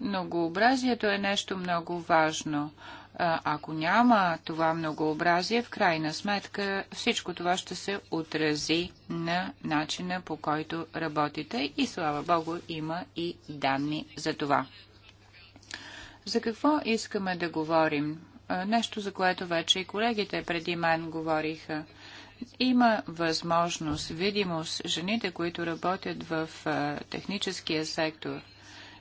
многообразието е нещо много важно. Ако няма това многообразие, в крайна сметка всичко това ще се отрази на начина по който работите и слава Богу има и данни за това. За какво искаме да говорим? Нещо, за което вече и колегите преди мен говориха. Има възможност, видимост, жените, които работят в техническия сектор,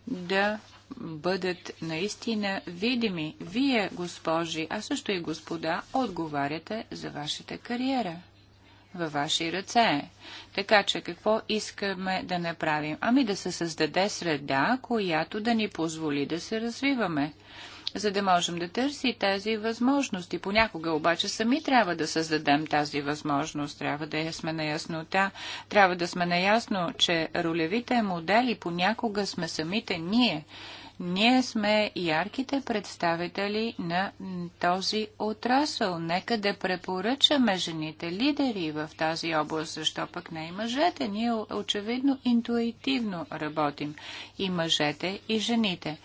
да бъдат наистина видими. Вие, госпожи, а също и господа, отговаряте за вашата кариера във ваши ръце. Е. Така че какво искаме да направим? Ами да се създаде среда, която да ни позволи да се развиваме за да можем да търси тази възможност. И понякога обаче сами трябва да създадем тази възможност. Трябва да я сме наяснота. Трябва да сме наясно, че ролевите модели понякога сме самите ние. Ние сме ярките представители на този отрасъл. Нека да препоръчаме жените лидери в тази област, защо пък не и мъжете. Ние очевидно интуитивно работим. И мъжете, и жените.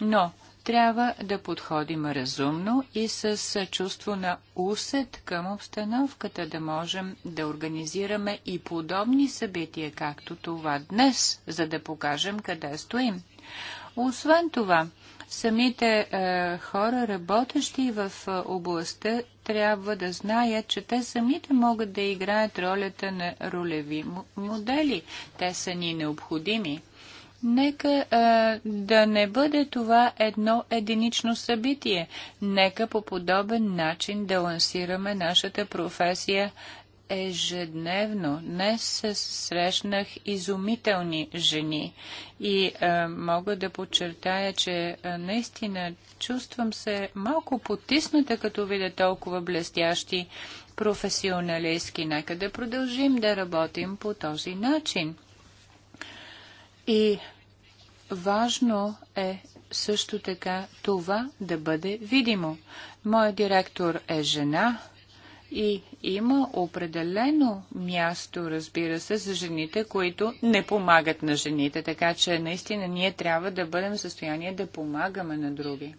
Но трябва да подходим разумно и с чувство на усет към обстановката, да можем да организираме и подобни събития, както това днес, за да покажем къде стоим. Освен това, самите е, хора, работещи в е, областта, трябва да знаят, че те самите могат да играят ролята на ролеви модели. Те са ни необходими. Нека а, да не бъде това едно единично събитие. Нека по подобен начин да лансираме нашата професия ежедневно. Днес се срещнах изумителни жени и а, мога да подчертая, че а, наистина чувствам се малко потисната, като видя толкова блестящи професионалистки. Нека да продължим да работим по този начин. И Важно е също така това да бъде видимо. Моят директор е жена и има определено място, разбира се, за жените, които не помагат на жените. Така че наистина ние трябва да бъдем в състояние да помагаме на други.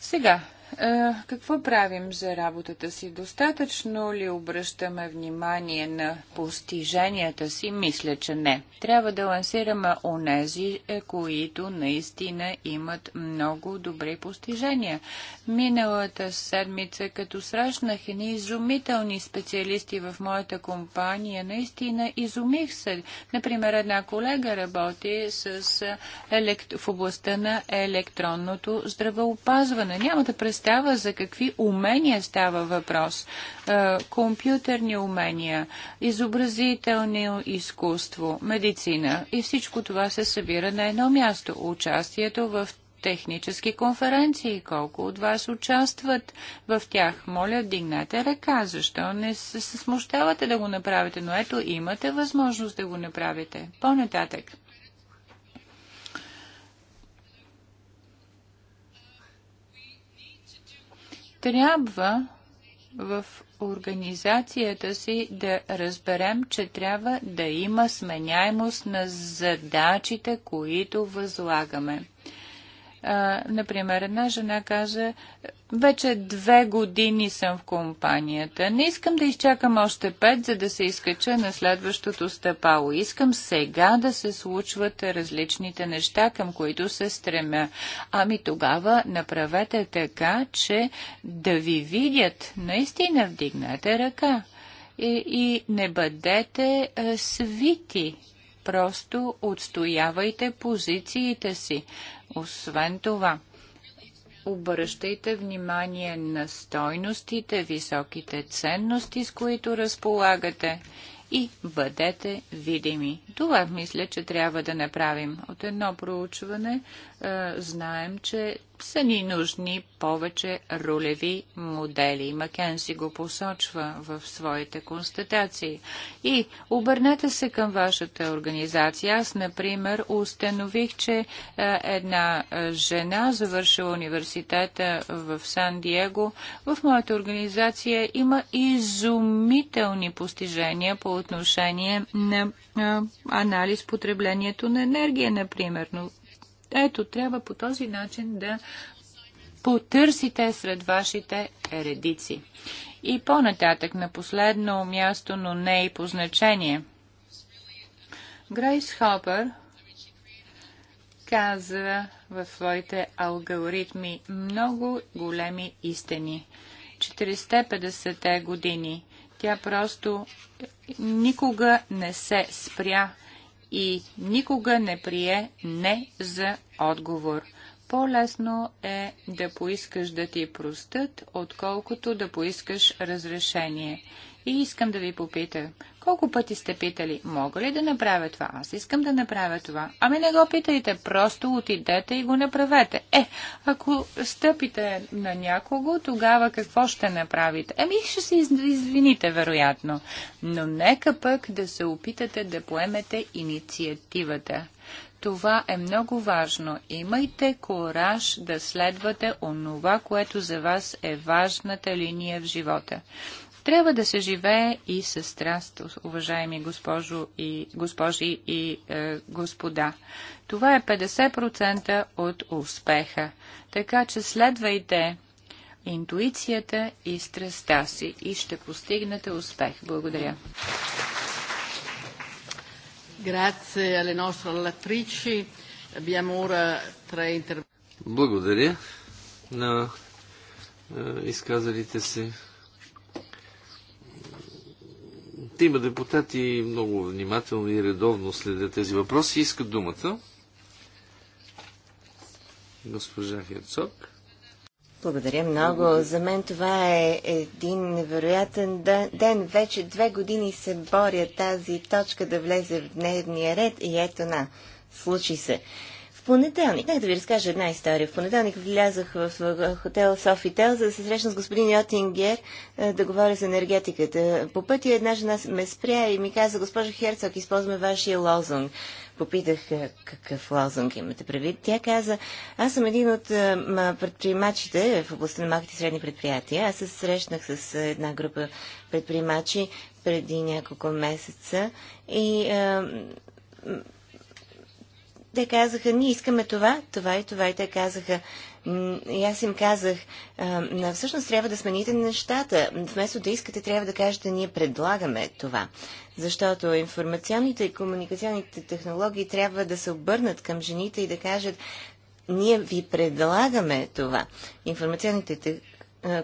Сега, е, какво правим за работата си? Достатъчно ли обръщаме внимание на постиженията си? Мисля, че не. Трябва да лансираме онези, е, които наистина имат много добри постижения. Миналата седмица, като срещнах едни изумителни специалисти в моята компания, наистина изумих се. Например, една колега работи с е, елект... в областта на електронното здравеопазване. Няма да през представа за какви умения става въпрос. Е, компютърни умения, изобразително изкуство, медицина и всичко това се събира на едно място. Участието в технически конференции. Колко от вас участват в тях? Моля, дигнете ръка. Защо не се смущавате да го направите? Но ето, имате възможност да го направите. По-нататък. Трябва в организацията си да разберем, че трябва да има сменяемост на задачите, които възлагаме например, една жена каже, вече две години съм в компанията. Не искам да изчакам още пет, за да се изкача на следващото стъпало. Искам сега да се случват различните неща, към които се стремя. Ами тогава направете така, че да ви видят. Наистина вдигнете ръка. И, и не бъдете свити просто отстоявайте позициите си. Освен това, обръщайте внимание на стойностите, високите ценности, с които разполагате и бъдете видими. Това мисля, че трябва да направим. От едно проучване знаем, че са ни нужни повече рулеви модели. Макензи го посочва в своите констатации. И обърнете се към вашата организация. Аз, например, установих, че е, една е, жена, завършила университета в Сан-Диего, в моята организация има изумителни постижения по отношение на е, анализ потреблението на енергия, например. Но ето, трябва по този начин да потърсите сред вашите редици. И по-нататък, на последно място, но не и по значение. Грейс Хопър казва в своите алгоритми много големи истини. 450 те години тя просто никога не се спря и никога не прие не за отговор. По-лесно е да поискаш да ти простат, отколкото да поискаш разрешение. И искам да ви попитам, колко пъти сте питали, мога ли да направя това? Аз искам да направя това. Ами не го питайте, просто отидете и го направете. Е, ако стъпите на някого, тогава какво ще направите? Еми ще се извините, вероятно. Но нека пък да се опитате да поемете инициативата. Това е много важно. Имайте кораж да следвате онова, което за вас е важната линия в живота. Трябва да се живее и с страст, уважаеми госпожо и, госпожи и е, господа. Това е 50% от успеха. Така че следвайте интуицията и страстта си и ще постигнете успех. Благодаря. Благодаря на е, изказалите се Има депутати много внимателно и редовно следят тези въпроси и искат думата. Госпожа Херцог. Благодаря много. За мен това е един невероятен ден. Вече две години се боря тази точка да влезе в дневния ред и ето на. Случи се. В понеделник, нека да ви разкажа една история. В понеделник влязах в хотел Софител, за да се срещна с господин Йотингер, е, да говоря за енергетиката. По пътя една жена ме спря и ми каза, госпожо Херцог, използваме вашия лозунг. Попитах е, какъв лозунг имате предвид. Тя каза, аз съм един от е, предприемачите в областта на малките и средни предприятия. Аз се срещнах с една група предприемачи преди няколко месеца и те казаха, ние искаме това, това и това. И те казаха, и аз им казах, а, всъщност трябва да смените нещата. Вместо да искате, трябва да кажете, ние предлагаме това. Защото информационните и комуникационните технологии трябва да се обърнат към жените и да кажат, ние ви предлагаме това. Информационните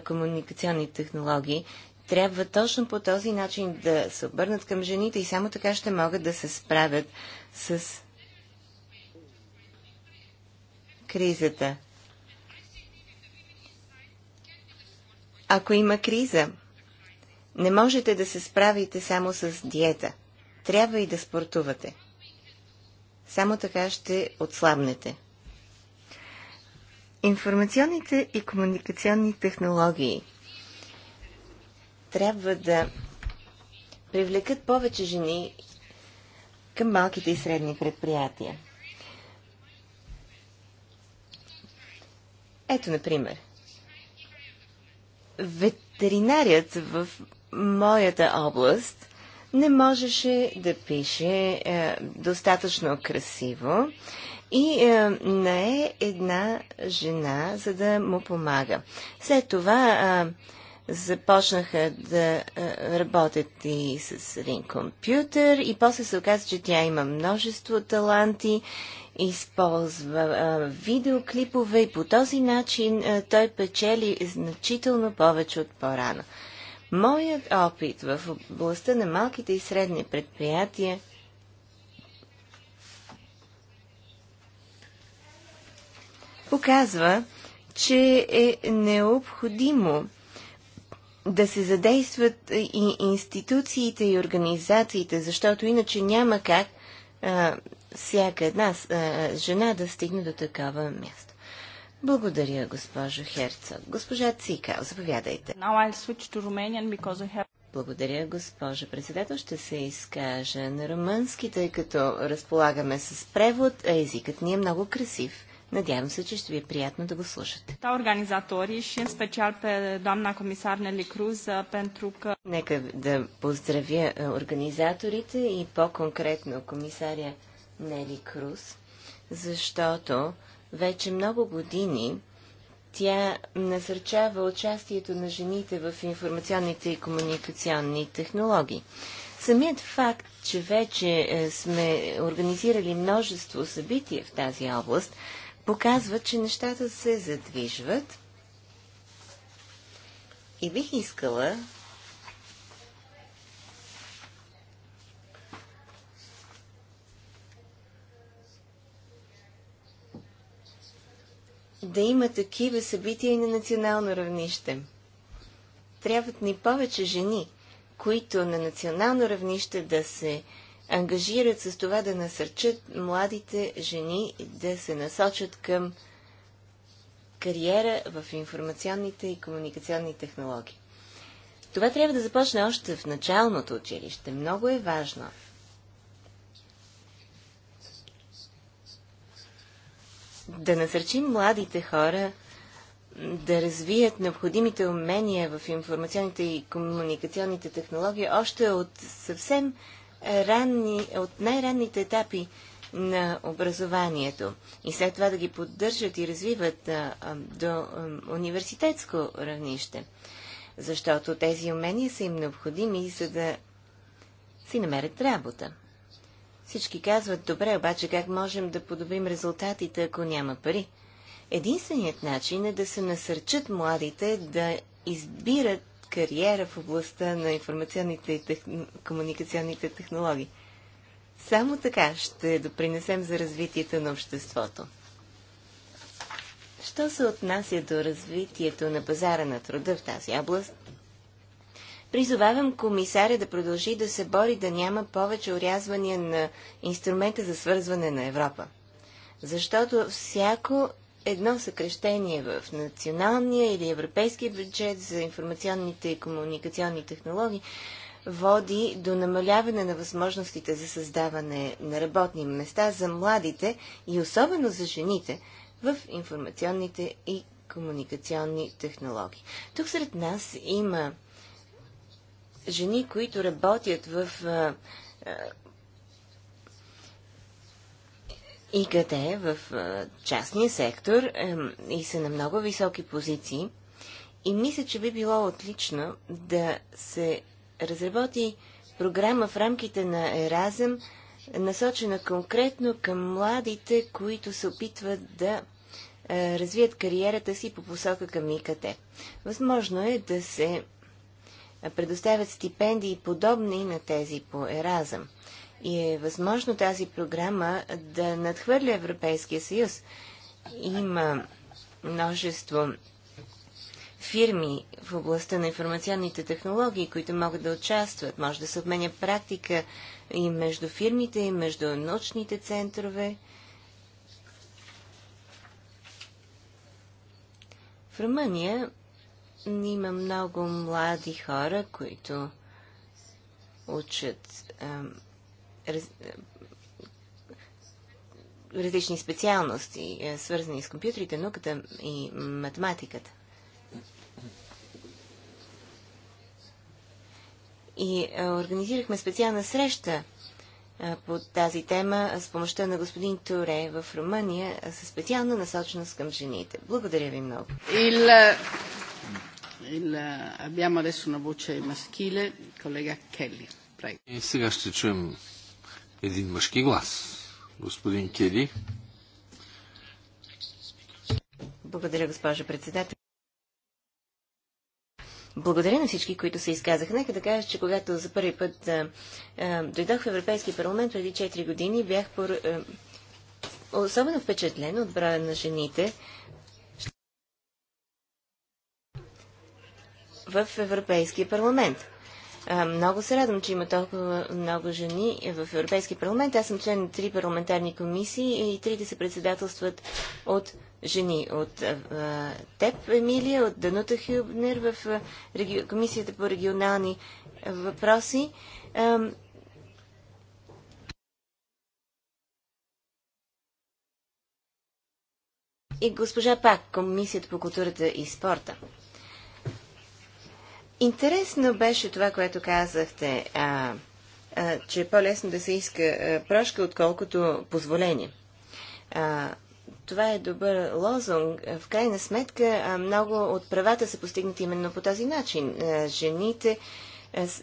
комуникационни технологии трябва точно по този начин да се обърнат към жените и само така ще могат да се справят с кризата. Ако има криза, не можете да се справите само с диета. Трябва и да спортувате. Само така ще отслабнете. Информационните и комуникационни технологии трябва да привлекат повече жени към малките и средни предприятия. Ето, например, ветеринарият в моята област не можеше да пише е, достатъчно красиво и е, не е една жена, за да му помага. След това е, започнаха да е, работят и с един компютър и после се оказа, че тя има множество таланти използва а, видеоклипове и по този начин а, той печели значително повече от по-рано. Моят опит в областта на малките и средни предприятия показва, че е необходимо да се задействат и институциите и организациите, защото иначе няма как а, всяка една а, жена да стигне до такава място. Благодаря, госпожо Херцог. Госпожа Цика, заповядайте. Have... Благодаря, госпожа председател. Ще се изкажа на румънски, тъй като разполагаме с превод, а езикът ни е много красив. Надявам се, че ще ви е приятно да го слушате. Та организатори ще în special pe doamna comisar Nelly Cruz pentru că... Нека да поздравя организаторите и по-конкретно комисария Нели Круз, защото вече много години тя насърчава участието на жените в информационните и комуникационни технологии. Самият факт, че вече е, сме организирали множество събития в тази област, показва, че нещата се задвижват. И бих искала да има такива събития и на национално равнище. Трябват ни повече жени, които на национално равнище да се ангажират с това да насърчат младите жени да се насочат към кариера в информационните и комуникационни технологии. Това трябва да започне още в началното училище. Много е важно да насърчим младите хора да развият необходимите умения в информационните и комуникационните технологии още от съвсем ранни, от най-ранните етапи на образованието и след това да ги поддържат и развиват а, а, до а, университетско равнище. Защото тези умения са им необходими, за да си намерят работа. Всички казват, добре, обаче как можем да подобрим резултатите, ако няма пари? Единственият начин е да се насърчат младите да избират кариера в областта на информационните и тех... комуникационните технологии. Само така ще допринесем за развитието на обществото. Що се отнася до развитието на пазара на труда в тази област, Призовавам комисаря да продължи да се бори да няма повече урязвания на инструмента за свързване на Европа. Защото всяко едно съкрещение в националния или европейски бюджет за информационните и комуникационни технологии води до намаляване на възможностите за създаване на работни места за младите и особено за жените в информационните и комуникационни технологии. Тук сред нас има жени, които работят в ИКТ, в частния сектор и са на много високи позиции. И мисля, че би било отлично да се разработи програма в рамките на Еразъм, насочена конкретно към младите, които се опитват да развият кариерата си по посока към ИКТ. Възможно е да се предоставят стипендии подобни на тези по Еразъм. И е възможно тази програма да надхвърля Европейския съюз. Има множество фирми в областта на информационните технологии, които могат да участват. Може да се обменя практика и между фирмите, и между научните центрове. В Румъния има много млади хора, които учат различни специалности, е, свързани с компютрите, науката и математиката. И е, организирахме специална среща е, по тази тема с помощта на господин Туре в Румъния, със специална насоченост към жените. Благодаря ви много. Il Il, abbiamo adesso una voce maschile, collega Kelly. Prego. сега ще чуем един мъжки глас. Господин Кели. Благодаря, госпожа председател. Благодаря на всички, които се изказаха. Нека да кажа, че когато за първи път а, а, дойдох в Европейския парламент преди 4 години, бях пор, а, особено впечатлен от броя на жените в Европейския парламент. Много се радвам, че има толкова много жени в Европейския парламент. Аз съм член на три парламентарни комисии и трите се председателстват от жени. От а, теб, Емилия, от Данута Хюбнер в а, реги... Комисията по регионални въпроси. А, и госпожа Пак, Комисията по културата и спорта. Интересно беше това, което казахте, а, а, че е по-лесно да се иска а, прошка, отколкото позволение. А, това е добър лозунг. В крайна сметка много от правата са постигнати именно по този начин. Жените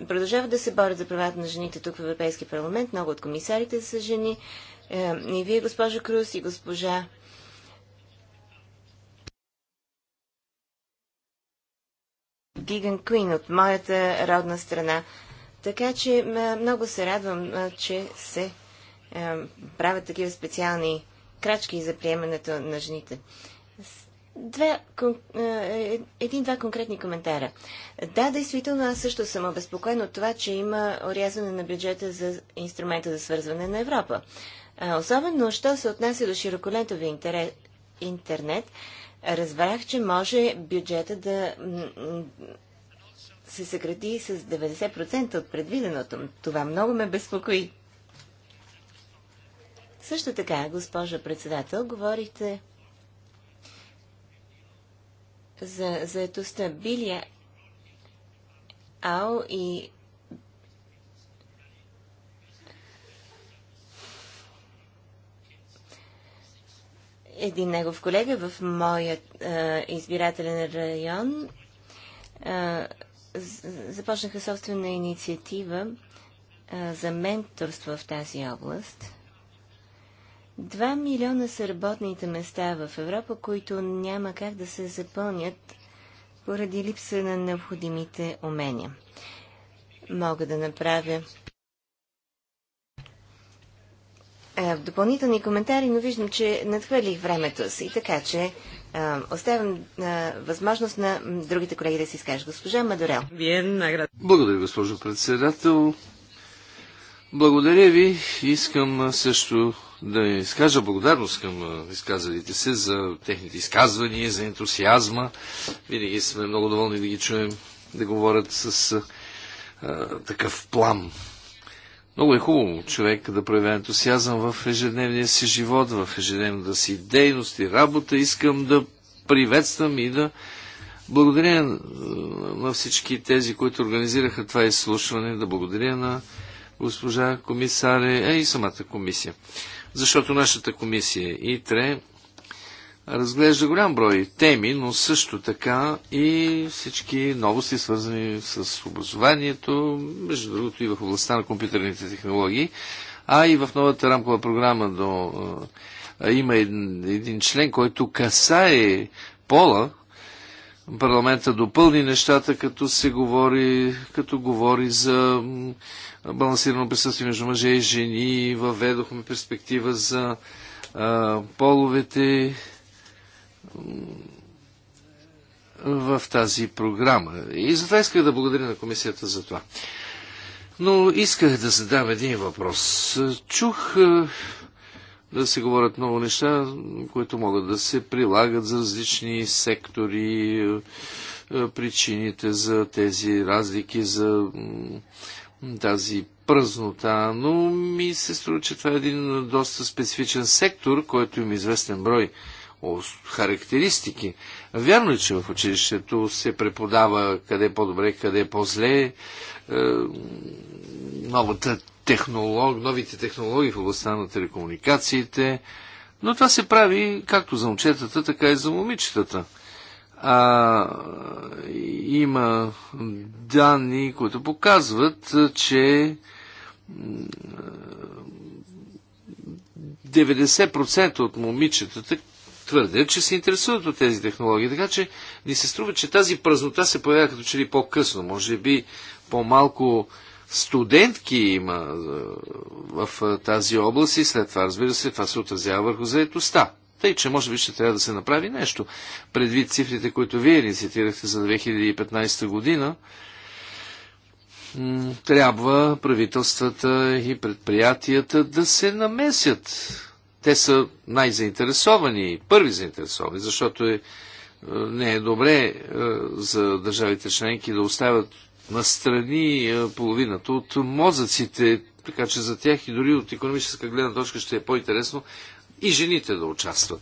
продължават да се борят за правата на жените тук в Европейския парламент. Много от комисарите са жени. Е, и вие, госпожа Крус, и госпожа Гиган Куин от моята родна страна. Така че много се радвам, че се правят такива специални крачки за приемането на жените. Две, е, е, един-два конкретни коментара. Да, действително, аз също съм обезпокоен от това, че има орязване на бюджета за инструмента за свързване на Европа. Особено, що се отнася до широколентови интернет, разбрах, че може бюджета да се съкрати с 90% от предвиденото. Това много ме безпокои. Също така, госпожа председател, говорихте за заетостта Билия Ао и един негов колега в моят избирателен район започнаха собствена инициатива за менторство в тази област. Два милиона са работните места в Европа, които няма как да се запълнят поради липса на необходимите умения. Мога да направя а, е, допълнителни коментари, но виждам, че надхвърлих времето си, така че а, е, оставям а, е, възможност на другите колеги да си изкажат. Госпожа Мадорел. Благодаря, госпожо председател. Благодаря ви. Искам също да изкажа благодарност към изказалите се за техните изказвания, за ентусиазма. Винаги сме много доволни да ги чуем да говорят с а, такъв плам. Много е хубаво човек да проявя ентусиазъм в ежедневния си живот, в ежедневната си дейност и работа. Искам да приветствам и да благодаря е, на всички тези, които организираха това изслушване, да благодаря на госпожа комисаря, а и самата комисия. Защото нашата комисия ИТРЕ разглежда голям брой теми, но също така и всички новости, свързани с образованието, между другото и в областта на компютърните технологии, а и в новата рамкова програма до, а, има един, един член, който касае пола. Парламента допълни нещата, като се говори, като говори за балансирано присъствие между мъже и жени, въведохме перспектива за а, половете в тази програма. И затова исках да благодаря на комисията за това. Но исках да задам един въпрос. Чух е, да се говорят много неща, които могат да се прилагат за различни сектори, е, причините за тези разлики, за тази пръзнота, но ми се струва, че това е един доста специфичен сектор, който има известен брой характеристики. Вярно е, че в училището се преподава къде е по-добре, къде е по-зле. Е, новата технолог, новите технологии в областта на телекомуникациите. Но това се прави както за момчетата, така и за момичетата. А, има данни, които показват, че 90% от момичетата твърде, че се интересуват от тези технологии. Така че ни се струва, че тази празнота се появява като че ли по-късно. Може би по-малко студентки има в тази област и след това, разбира се, това се отразява върху заетостта. Тъй, че може би ще трябва да се направи нещо. Предвид цифрите, които вие инициатирахте цитирахте за 2015 година, трябва правителствата и предприятията да се намесят те са най-заинтересовани, първи заинтересовани, защото е, е, не е добре е, за държавите членки да оставят настрани е, половината от мозъците, така че за тях и дори от економическа гледна точка ще е по-интересно и жените да участват.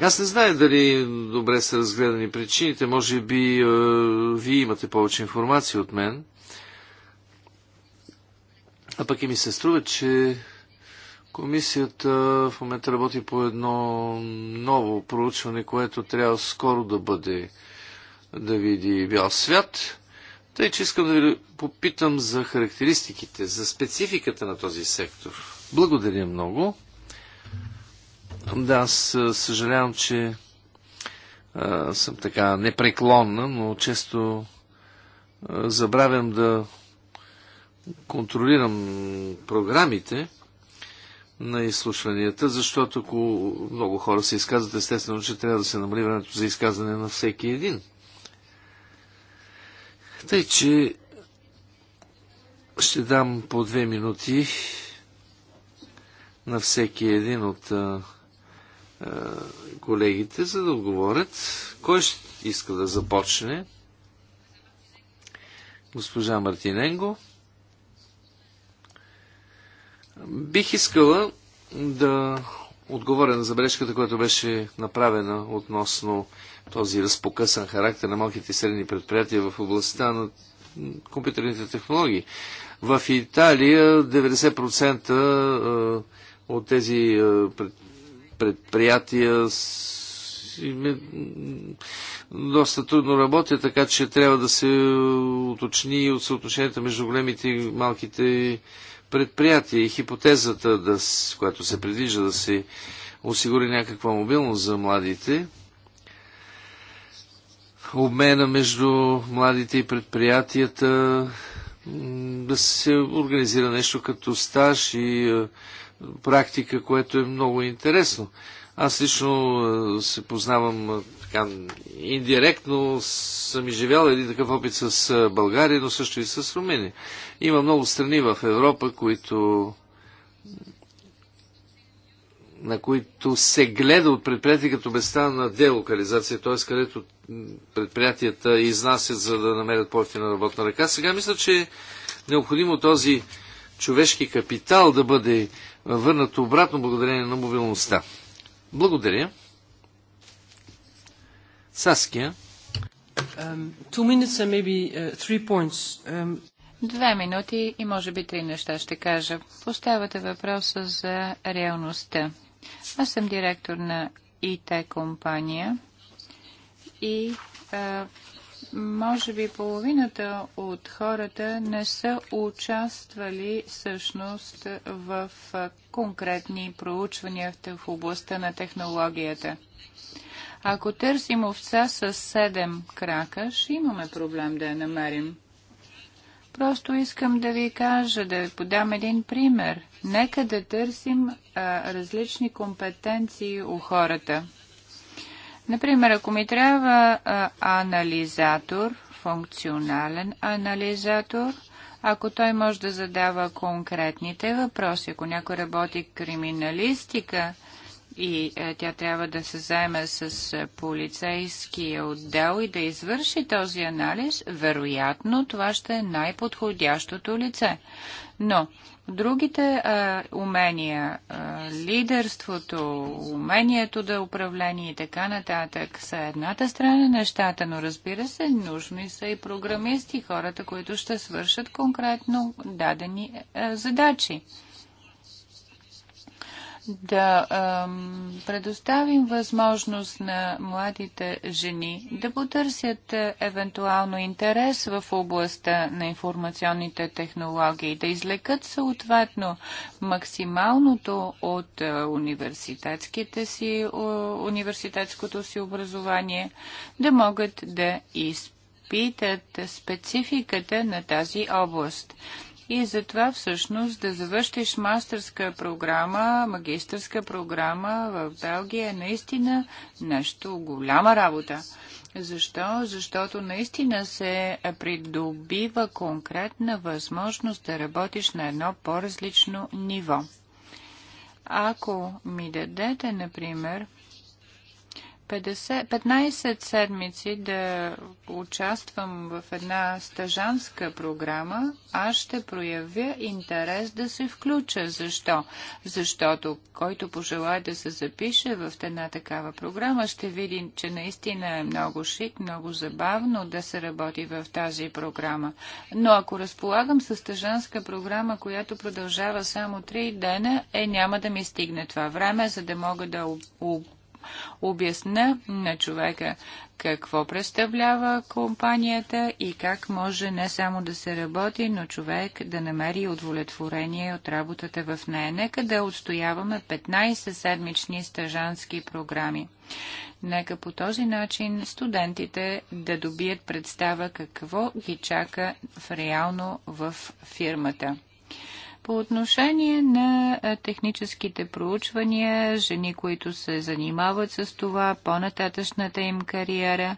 Аз не знае дали добре са разгледани причините, може би е, вие имате повече информация от мен. А пък и ми се струва, че Комисията в момента работи по едно ново проучване, което трябва скоро да бъде да види бял свят. Тъй, че искам да ви попитам за характеристиките, за спецификата на този сектор. Благодаря много. Да, аз съжалявам, че а, съм така непреклонна, но често а, забравям да контролирам програмите на изслушванията, защото ако много хора се изказват, естествено, че трябва да се намали времето за изказване на всеки един. Тъй, че ще дам по две минути на всеки един от а, а, колегите, за да отговорят. Кой ще иска да започне? Госпожа Мартиненго. Бих искала да отговоря на забележката, която беше направена относно този разпокъсан характер на малките и средни предприятия в областта на компютърните технологии. В Италия 90% е, от тези е, предприятия е, доста трудно работя, така че трябва да се уточни от съотношенията между големите и малките предприятие и хипотезата, да, която се предвижда да се осигури някаква мобилност за младите, обмена между младите и предприятията, да се организира нещо като стаж и е, практика, което е много интересно. Аз лично е, се познавам е, така, индиректно съм изживял един такъв опит с България, но също и с Румъния. Има много страни в Европа, които на които се гледа от предприятия като места на делокализация, т.е. където предприятията изнасят, за да намерят по на работна ръка. Сега мисля, че е необходимо този човешки капитал да бъде върнат обратно благодарение на мобилността. Благодаря. Саския. Uh, Две минути и може би три неща ще кажа. Поставяте въпроса за реалността. Аз съм директор на ИТ компания и а, може би половината от хората не са участвали всъщност в конкретни проучвания в областта на технологията. Ако търсим овца с седем крака, ще имаме проблем да я намерим. Просто искам да ви кажа, да ви подам един пример. Нека да търсим а, различни компетенции у хората. Например, ако ми трябва а, анализатор, функционален анализатор, ако той може да задава конкретните въпроси, ако някой работи криминалистика, и е, тя трябва да се заеме с е, полицейския отдел и да извърши този анализ, вероятно това ще е най-подходящото лице. Но другите а, е, умения, а, лидерството, умението да управление и така нататък са едната страна на нещата, но разбира се, нужни са и програмисти, хората, които ще свършат конкретно дадени а, задачи да ам, предоставим възможност на младите жени да потърсят е, евентуално интерес в областта на информационните технологии, да излекат съответно максималното от е, университетските си, университетското си образование, да могат да изпитат спецификата на тази област и затова всъщност да завършиш мастерска програма, магистърска програма в Белгия е наистина нещо голяма работа. Защо? Защото наистина се придобива конкретна възможност да работиш на едно по-различно ниво. Ако ми дадете, например, 15 седмици да участвам в една стъжанска програма, аз ще проявя интерес да се включа. Защо? Защото който пожелая да се запише в една такава програма, ще види, че наистина е много шик, много забавно да се работи в тази програма. Но ако разполагам с стъжанска програма, която продължава само 3 дена, е няма да ми стигне това време, за да мога да обясня на човека какво представлява компанията и как може не само да се работи, но човек да намери удовлетворение от работата в нея. Нека да отстояваме 15 седмични стажански програми. Нека по този начин студентите да добият представа какво ги чака в реално в фирмата. По отношение на техническите проучвания, жени, които се занимават с това, по-нататъчната им кариера,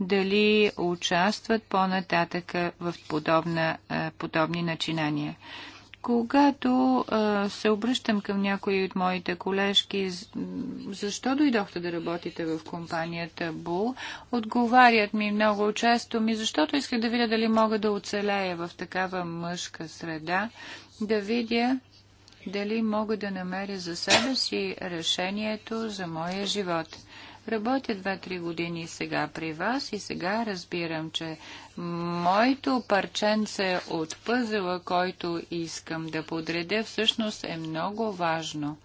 дали участват по нататъка в подобна, подобни начинания. Когато а, се обръщам към някои от моите колежки, защо дойдохте да работите в компанията Бул, отговарят ми много често ми, защото исках да видя дали мога да оцелея в такава мъжка среда, да видя дали мога да намеря за себе си решението за моя живот. Работя 2-3 години сега при вас и сега разбирам, че моето парченце от пъзела, който искам да подредя, всъщност е много важно.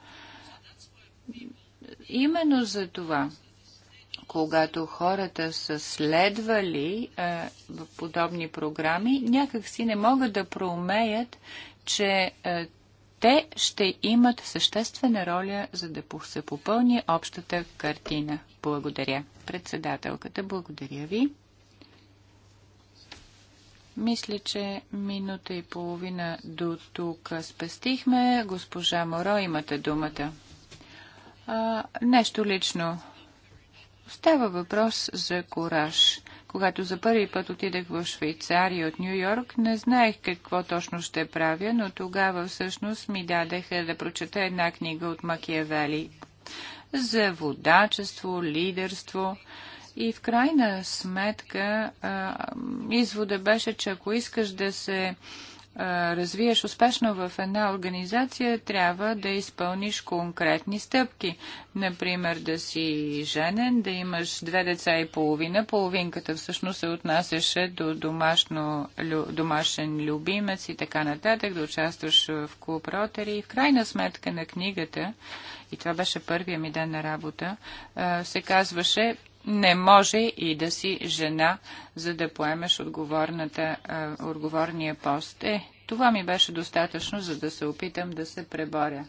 Именно за това когато хората са следвали е, в подобни програми, някакси не могат да проумеят, че е, те ще имат съществена роля, за да се попълни общата картина. Благодаря. Председателката, благодаря ви. Мисля, че минута и половина до тук спестихме. Госпожа Моро, имате думата. А, нещо лично. Става въпрос за кураж. Когато за първи път отидах в Швейцария от Нью Йорк, не знаех какво точно ще правя, но тогава всъщност ми дадеха да прочета една книга от Макиявели за водачество, лидерство. И в крайна сметка а, извода беше, че ако искаш да се развиеш успешно в една организация, трябва да изпълниш конкретни стъпки. Например, да си женен, да имаш две деца и половина. Половинката всъщност се отнасяше до домашно, лю, домашен любимец и така нататък, да участваш в клуб Ротери, И в крайна сметка на книгата, и това беше първия ми ден на работа, се казваше не може и да си жена, за да поемеш отговорната, отговорния пост. Е, това ми беше достатъчно, за да се опитам да се преборя.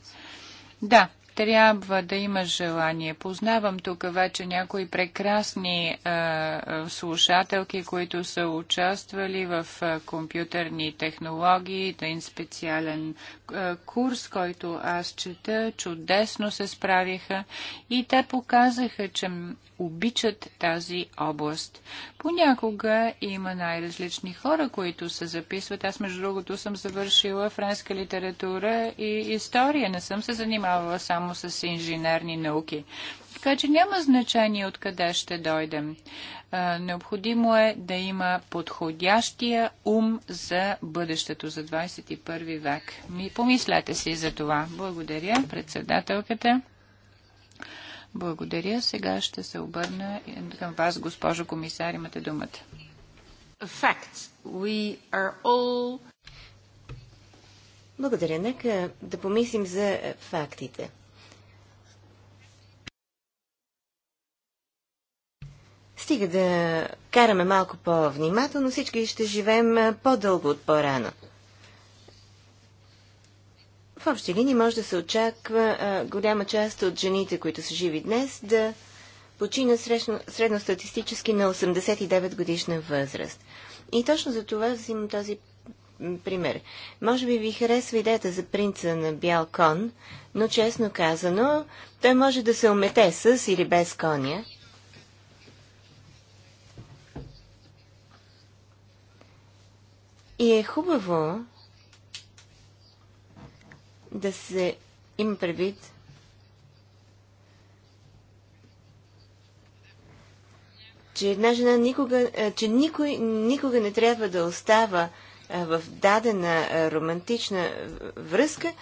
Да, трябва да има желание. Познавам тук вече някои прекрасни е, е слушателки, които са участвали в е, компютърни технологии, един специален е, курс, който аз чета, чудесно се справиха и те показаха, че обичат тази област. Понякога има най-различни хора, които се записват. Аз, между другото, съм завършила френска литература и история. Не съм се занимавала само само с инженерни науки. Така че няма значение откъде ще дойдем. Необходимо е да има подходящия ум за бъдещето за 21 век. Ми помислете си за това. Благодаря, председателката. Благодаря. Сега ще се обърна към вас, госпожо комисар. Имате думата. All... Благодаря. Нека да помислим за фактите. Стига да караме малко по-внимателно, всички ще живеем по-дълго от по-рано. В общи линии може да се очаква а, голяма част от жените, които са живи днес, да починат средностатистически на 89 годишна възраст. И точно за това взимам този пример. Може би ви харесва идеята за принца на бял кон, но честно казано, той може да се омете с или без коня. И е хубаво да се има предвид че една жена никога, че никой никога не трябва да остава в дадена романтична връзка,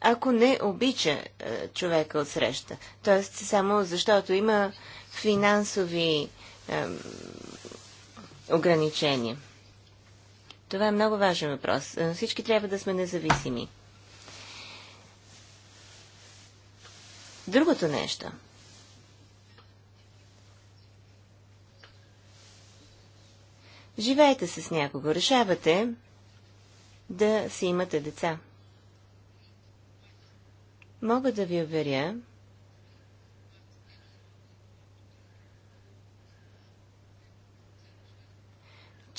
ако не обича човека от среща. Тоест, само защото има финансови ограничения. Това е много важен въпрос. Е, всички трябва да сме независими. Другото нещо. Живеете с някого. Решавате да си имате деца. Мога да ви уверя,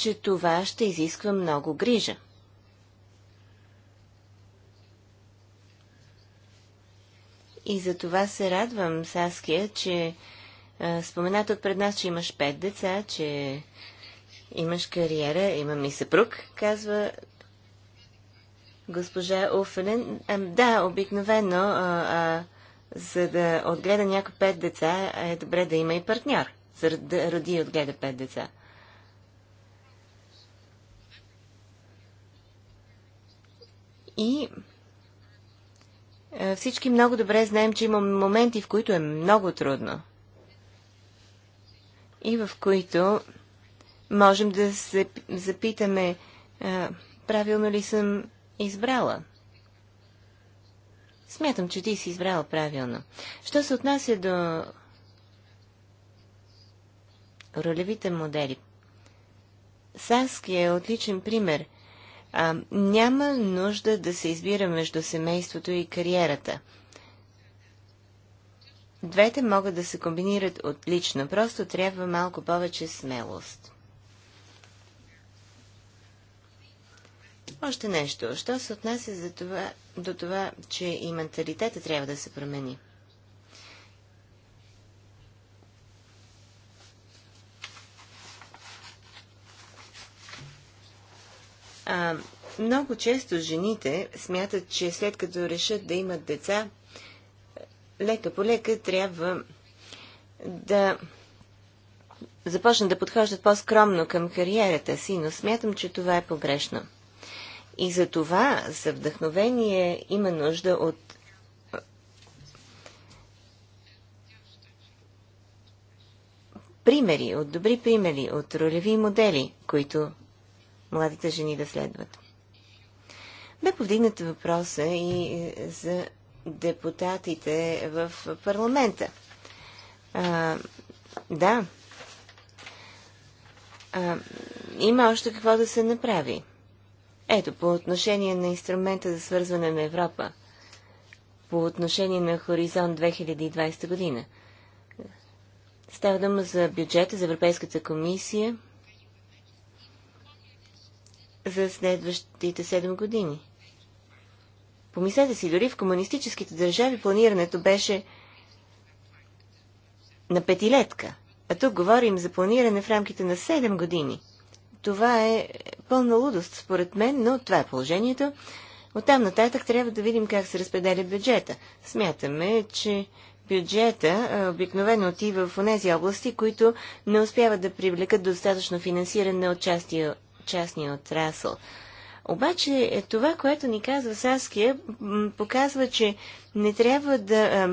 че това ще изисква много грижа. И за това се радвам, Саския, че споменат от пред нас, че имаш пет деца, че имаш кариера, имам и съпруг, казва госпожа Уфелен. А, да, обикновено, а, а, за да отгледа някои пет деца, е добре да има и партньор, за да роди и отгледа пет деца. И е, всички много добре знаем, че има моменти, в които е много трудно. И в които можем да се запитаме, е, правилно ли съм избрала. Смятам, че ти си избрала правилно. Що се отнася до ролевите модели? Саски е отличен пример а, няма нужда да се избира между семейството и кариерата. Двете могат да се комбинират отлично, просто трябва малко повече смелост. Още нещо. Що се отнася за това, до това, че и менталитета трябва да се промени? А, много често жените смятат, че след като решат да имат деца, лека по лека трябва да започнат да подхождат по-скромно към кариерата си, но смятам, че това е погрешно. И за това, за вдъхновение, има нужда от примери, от добри примери, от ролеви модели, които младите жени да следват. Бе повдигнат въпроса и е, за депутатите в парламента. А, да. А, има още какво да се направи. Ето, по отношение на инструмента за свързване на Европа, по отношение на Хоризонт 2020 година. Става дума за бюджета за Европейската комисия за следващите 7 години. Помислете си, дори в комунистическите държави планирането беше на петилетка, а тук говорим за планиране в рамките на 7 години. Това е пълна лудост, според мен, но това е положението. Оттам нататък трябва да видим как се разпределя бюджета. Смятаме, че бюджета обикновено отива в тези области, които не успяват да привлекат достатъчно финансиране на участие частния отрасъл. Обаче е, това, което ни казва Саския, показва, че не трябва да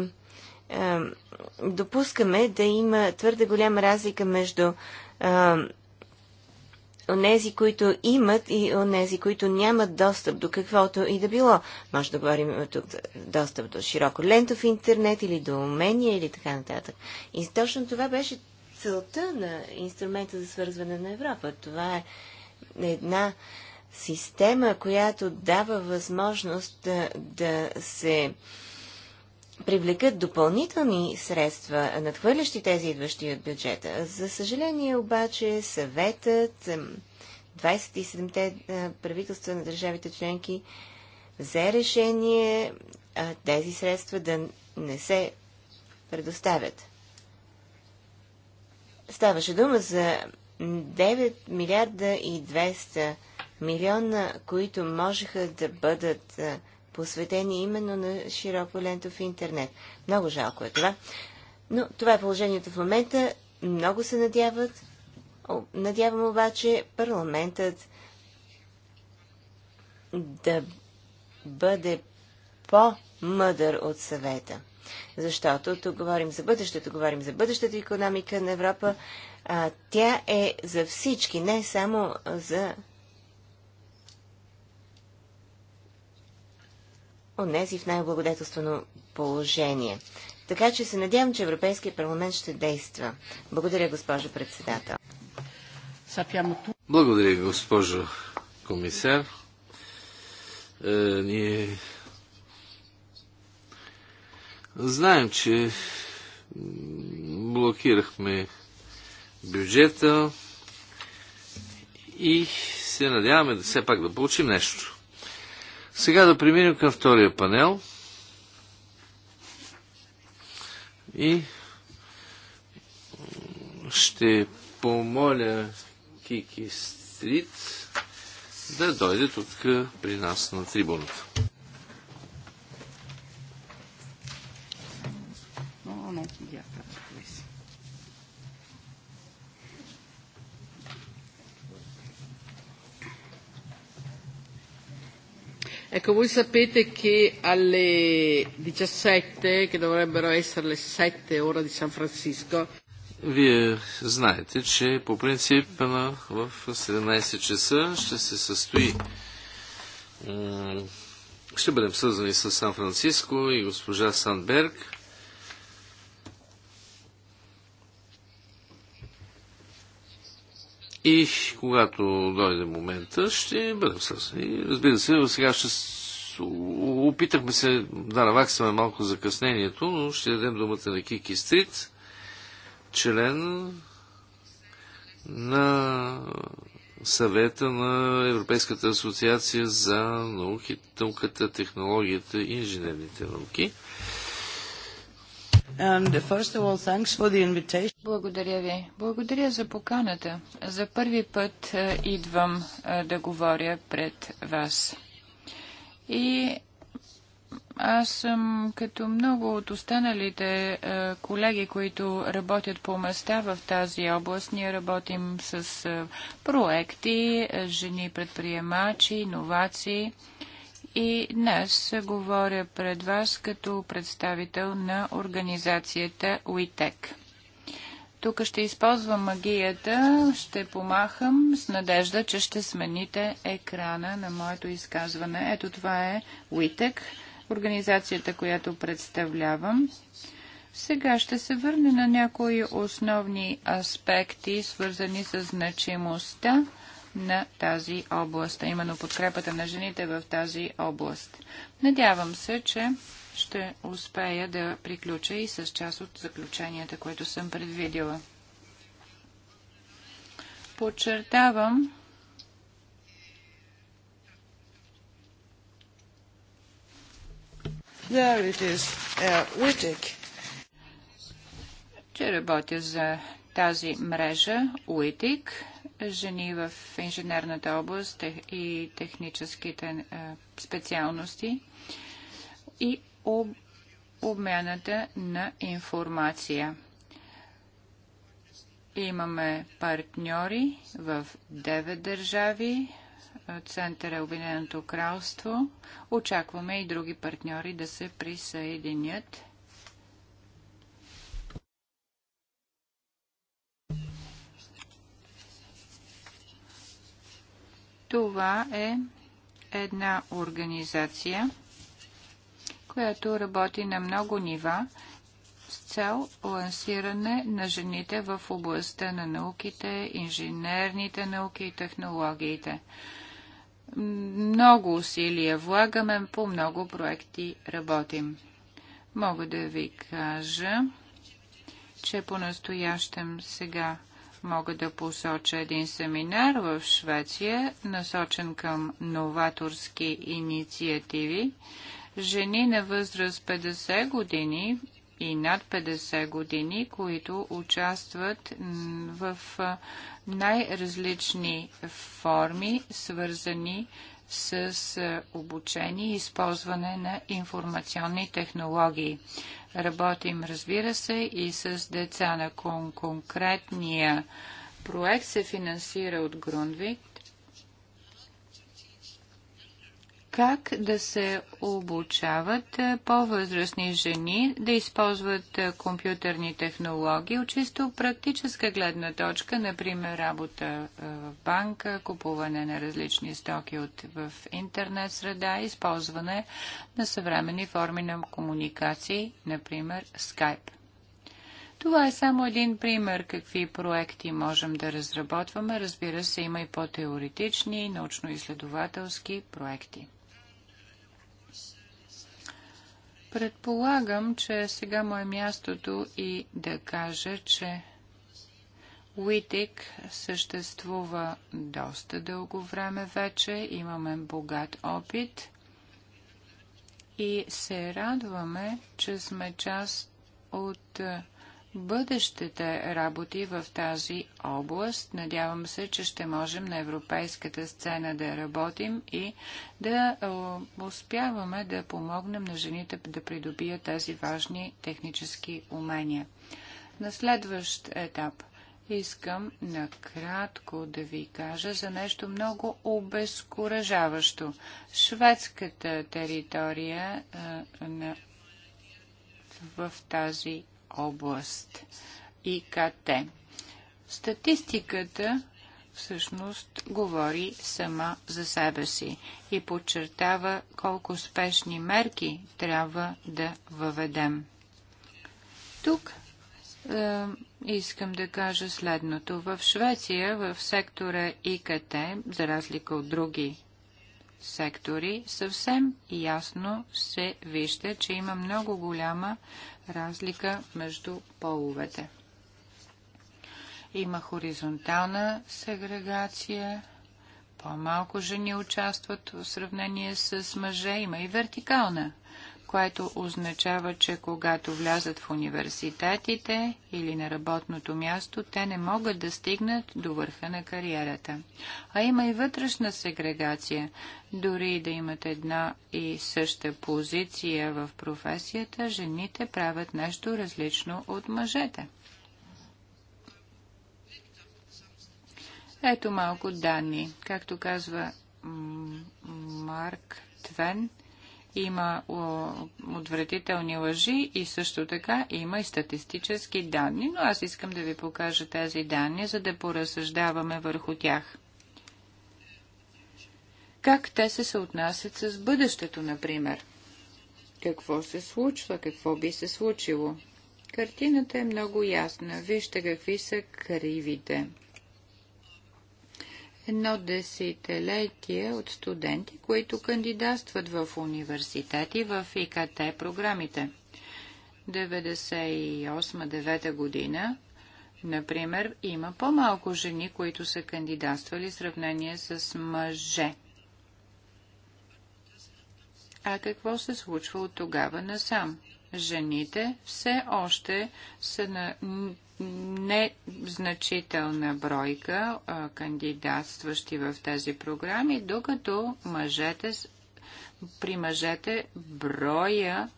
допускаме да има твърде голяма разлика между онези, които имат и онези, които нямат достъп до каквото и да било. Може да говорим тук достъп до широко лентов интернет или до умения или така нататък. И точно това беше целта на инструмента за свързване на Европа. Това е една система, която дава възможност да, да се привлекат допълнителни средства, надхвърлящи тези идващи от бюджета. За съжаление обаче съветът, 27-те е, правителства на държавите членки взе решение тези средства да не се предоставят. Ставаше дума за 9 милиарда и 200 милиона, които можеха да бъдат посветени именно на широко лентов интернет. Много жалко е това. Но това е положението в момента. Много се надяват. Надявам обаче парламентът да бъде по-мъдър от съвета. Защото тук говорим за бъдещето, говорим за бъдещата економика на Европа, а тя е за всички, не само за онези в най-благодетелствено положение. Така че се надявам, че Европейския парламент ще действа. Благодаря, госпожо председател. Благодаря, госпожо комисар. Е, ние знаем, че блокирахме бюджета и се надяваме да все пак да получим нещо. Сега да преминем към втория панел. И ще помоля Кики Стрит да дойде тук при нас на трибуната. Ecco, voi sapete che alle 17, che dovrebbero essere le 7 ora di San Francisco, вие знаете, че по принцип в 17 часа ще се състои ще бъдем свързани с Сан Франциско и госпожа Сандберг. И когато дойде момента, ще бъдем свързани. Разбира се, сега ще опитахме се да наваксаме малко закъснението, но ще дадем думата на Кики Стрит, член на съвета на Европейската асоциация за науките, науката, технологията и инженерните науки. Благодаря ви. Благодаря за поканата. За първи път е, идвам е, да говоря пред вас. И аз съм като много от останалите е, колеги, които работят по места в тази област. Ние работим с проекти, жени предприемачи, иновации и днес говоря пред вас като представител на организацията УИТЕК. Тук ще използвам магията, ще помахам с надежда, че ще смените екрана на моето изказване. Ето това е УИТЕК, организацията, която представлявам. Сега ще се върне на някои основни аспекти, свързани с значимостта на тази област, а именно подкрепата на жените в тази област. Надявам се, че ще успея да приключа и с част от заключенията, които съм предвидила. Подчертавам, There it is, uh, Че работя за тази мрежа, УИТИК жени в инженерната област и техническите е, специалности и обмяната на информация. Имаме партньори в 9 държави, е, Центъра е Обединеното кралство. Очакваме и други партньори да се присъединят Това е една организация, която работи на много нива с цел лансиране на жените в областта на науките, инженерните науки и технологиите. Много усилия влагаме, по много проекти работим. Мога да ви кажа, че по-настоящем сега мога да посоча един семинар в Швеция, насочен към новаторски инициативи. Жени на възраст 50 години и над 50 години, които участват в най-различни форми, свързани с с обучение и използване на информационни технологии. Работим, разбира се, и с деца на кон конкретния проект се финансира от Грундвик как да се обучават е, по-възрастни жени да използват е, компютърни технологии от чисто практическа гледна точка, например работа е, в банка, купуване на различни стоки от, в интернет среда, използване на съвремени форми на комуникации, например Skype. Това е само един пример какви проекти можем да разработваме. Разбира се, има и по-теоретични научно-изследователски проекти. Предполагам, че сега му е мястото и да кажа, че Уитик съществува доста дълго време вече, имаме богат опит и се радваме, че сме част от бъдещите работи в тази област. Надявам се, че ще можем на европейската сцена да работим и да успяваме да помогнем на жените да придобият тези важни технически умения. На следващ етап искам накратко да ви кажа за нещо много обезкуражаващо. Шведската територия на, в тази област ИКТ. Статистиката всъщност говори сама за себе си и подчертава колко спешни мерки трябва да въведем. Тук е, искам да кажа следното. В Швеция, в сектора ИКТ, за разлика от други сектори, съвсем ясно се вижда, че има много голяма разлика между половете. Има хоризонтална сегрегация, по-малко жени участват в сравнение с мъже, има и вертикална което означава, че когато влязат в университетите или на работното място, те не могат да стигнат до върха на кариерата. А има и вътрешна сегрегация. Дори да имат една и съща позиция в професията, жените правят нещо различно от мъжете. Ето малко данни. Както казва Марк Твен, има отвратителни лъжи и също така има и статистически данни, но аз искам да ви покажа тези данни, за да поразсъждаваме върху тях. Как те се съотнасят с бъдещето, например? Какво се случва? Какво би се случило? Картината е много ясна. Вижте какви са кривите едно десетилетие от студенти, които кандидатстват в университети в ИКТ програмите. 98-9 година, например, има по-малко жени, които са кандидатствали в сравнение с мъже. А какво се случва от тогава насам? Жените все още са на незначителна бройка а, кандидатстващи в тези програми, докато мъжете, при мъжете броя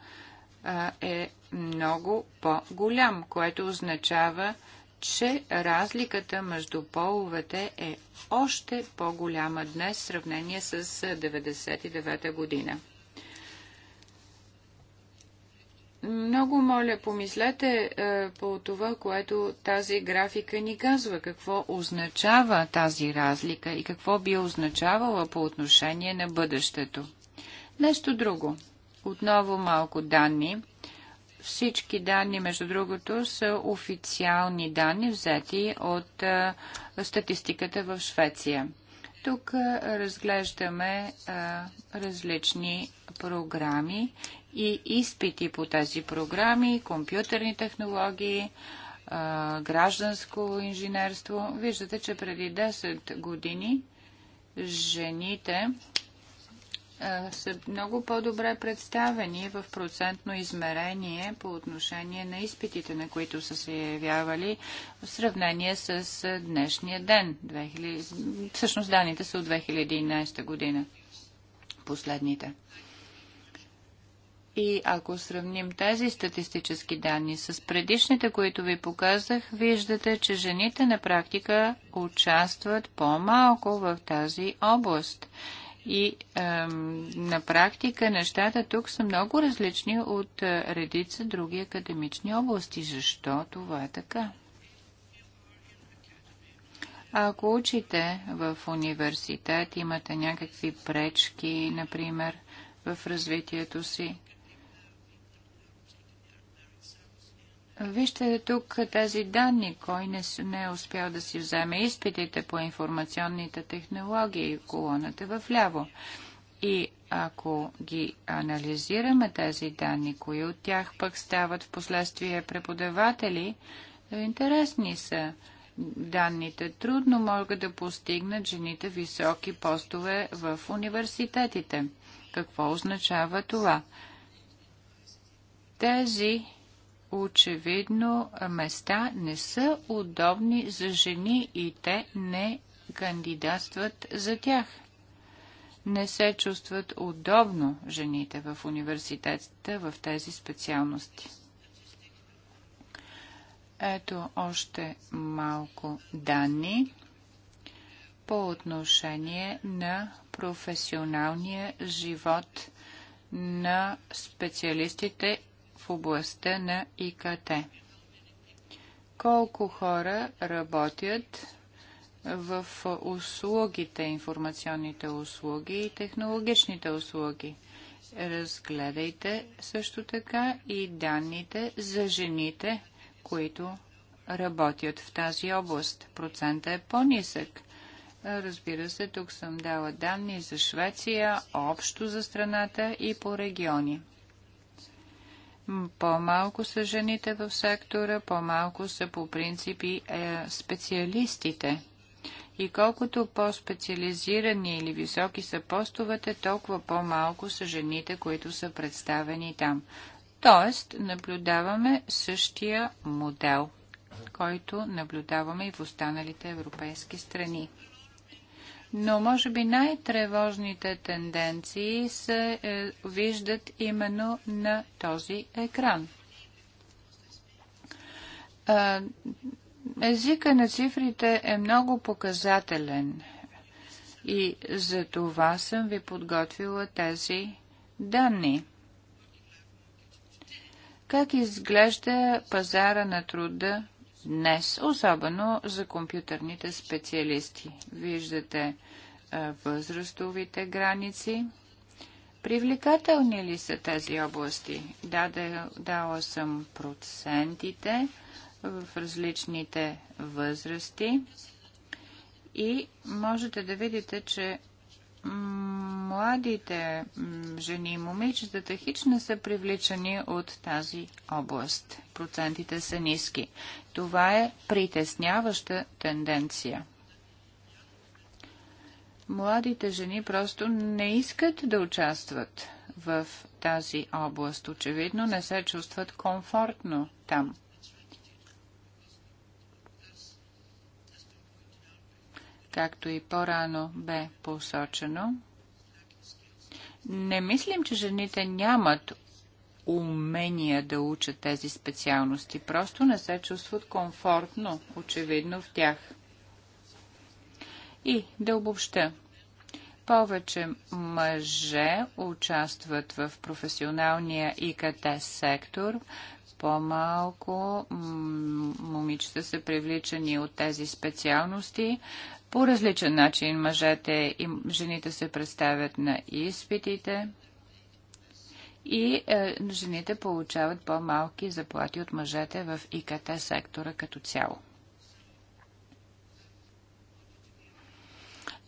а, е много по-голям, което означава, че разликата между половете е още по-голяма днес в сравнение с 1999 година. Много моля, помислете е, по това, което тази графика ни казва. Какво означава тази разлика и какво би означавала по отношение на бъдещето. Нещо друго. Отново малко данни. Всички данни, между другото, са официални данни, взети от е, статистиката в Швеция. Тук е, разглеждаме а, е, различни програми и изпити по тези програми, компютърни технологии, гражданско инженерство. Виждате, че преди 10 години жените са много по-добре представени в процентно измерение по отношение на изпитите, на които са се явявали в сравнение с днешния ден. 2000... Всъщност данните са от 2011 година. Последните. И ако сравним тези статистически данни с предишните, които ви показах, виждате, че жените на практика участват по-малко в тази област. И ем, на практика нещата тук са много различни от редица други академични области. Защо това е така? Ако учите в университет, имате някакви пречки, например, в развитието си, Вижте тук тези данни, кой не, не е успял да си вземе изпитите по информационните технологии, колоната в ляво. И ако ги анализираме тези данни, кои от тях пък стават в последствие преподаватели, е, интересни са данните. Трудно могат да постигнат жените високи постове в университетите. Какво означава това? Тези очевидно места не са удобни за жени и те не кандидатстват за тях. Не се чувстват удобно жените в университетите в тези специалности. Ето още малко данни по отношение на професионалния живот на специалистите в областта на ИКТ. Колко хора работят в услугите, информационните услуги и технологичните услуги? Разгледайте също така и данните за жените, които работят в тази област. Процента е по-нисък. Разбира се, тук съм дала данни за Швеция, общо за страната и по региони. По-малко са жените в сектора, по-малко са по принципи е, специалистите. И колкото по-специализирани или високи са постовете, толкова по-малко са жените, които са представени там. Тоест, наблюдаваме същия модел, който наблюдаваме и в останалите европейски страни. Но може би най-тревожните тенденции се е, виждат именно на този екран. А, езика на цифрите е много показателен и за това съм ви подготвила тези данни. Как изглежда пазара на труда днес, особено за компютърните специалисти. Виждате е, възрастовите граници. Привлекателни ли са тези области? Да, дала съм процентите в различните възрасти и можете да видите, че младите жени и момичетата хич не са привличани от тази област. Процентите са ниски. Това е притесняваща тенденция. Младите жени просто не искат да участват в тази област. Очевидно не се чувстват комфортно там. както и по-рано бе посочено. Не мислим, че жените нямат умения да учат тези специалности. Просто не се чувстват комфортно, очевидно, в тях. И да обобща. Повече мъже участват в професионалния ИКТ сектор, по-малко момичета са привличани от тези специалности. По различен начин мъжете и жените се представят на изпитите и е, жените получават по-малки заплати от мъжете в ИКТ сектора като цяло.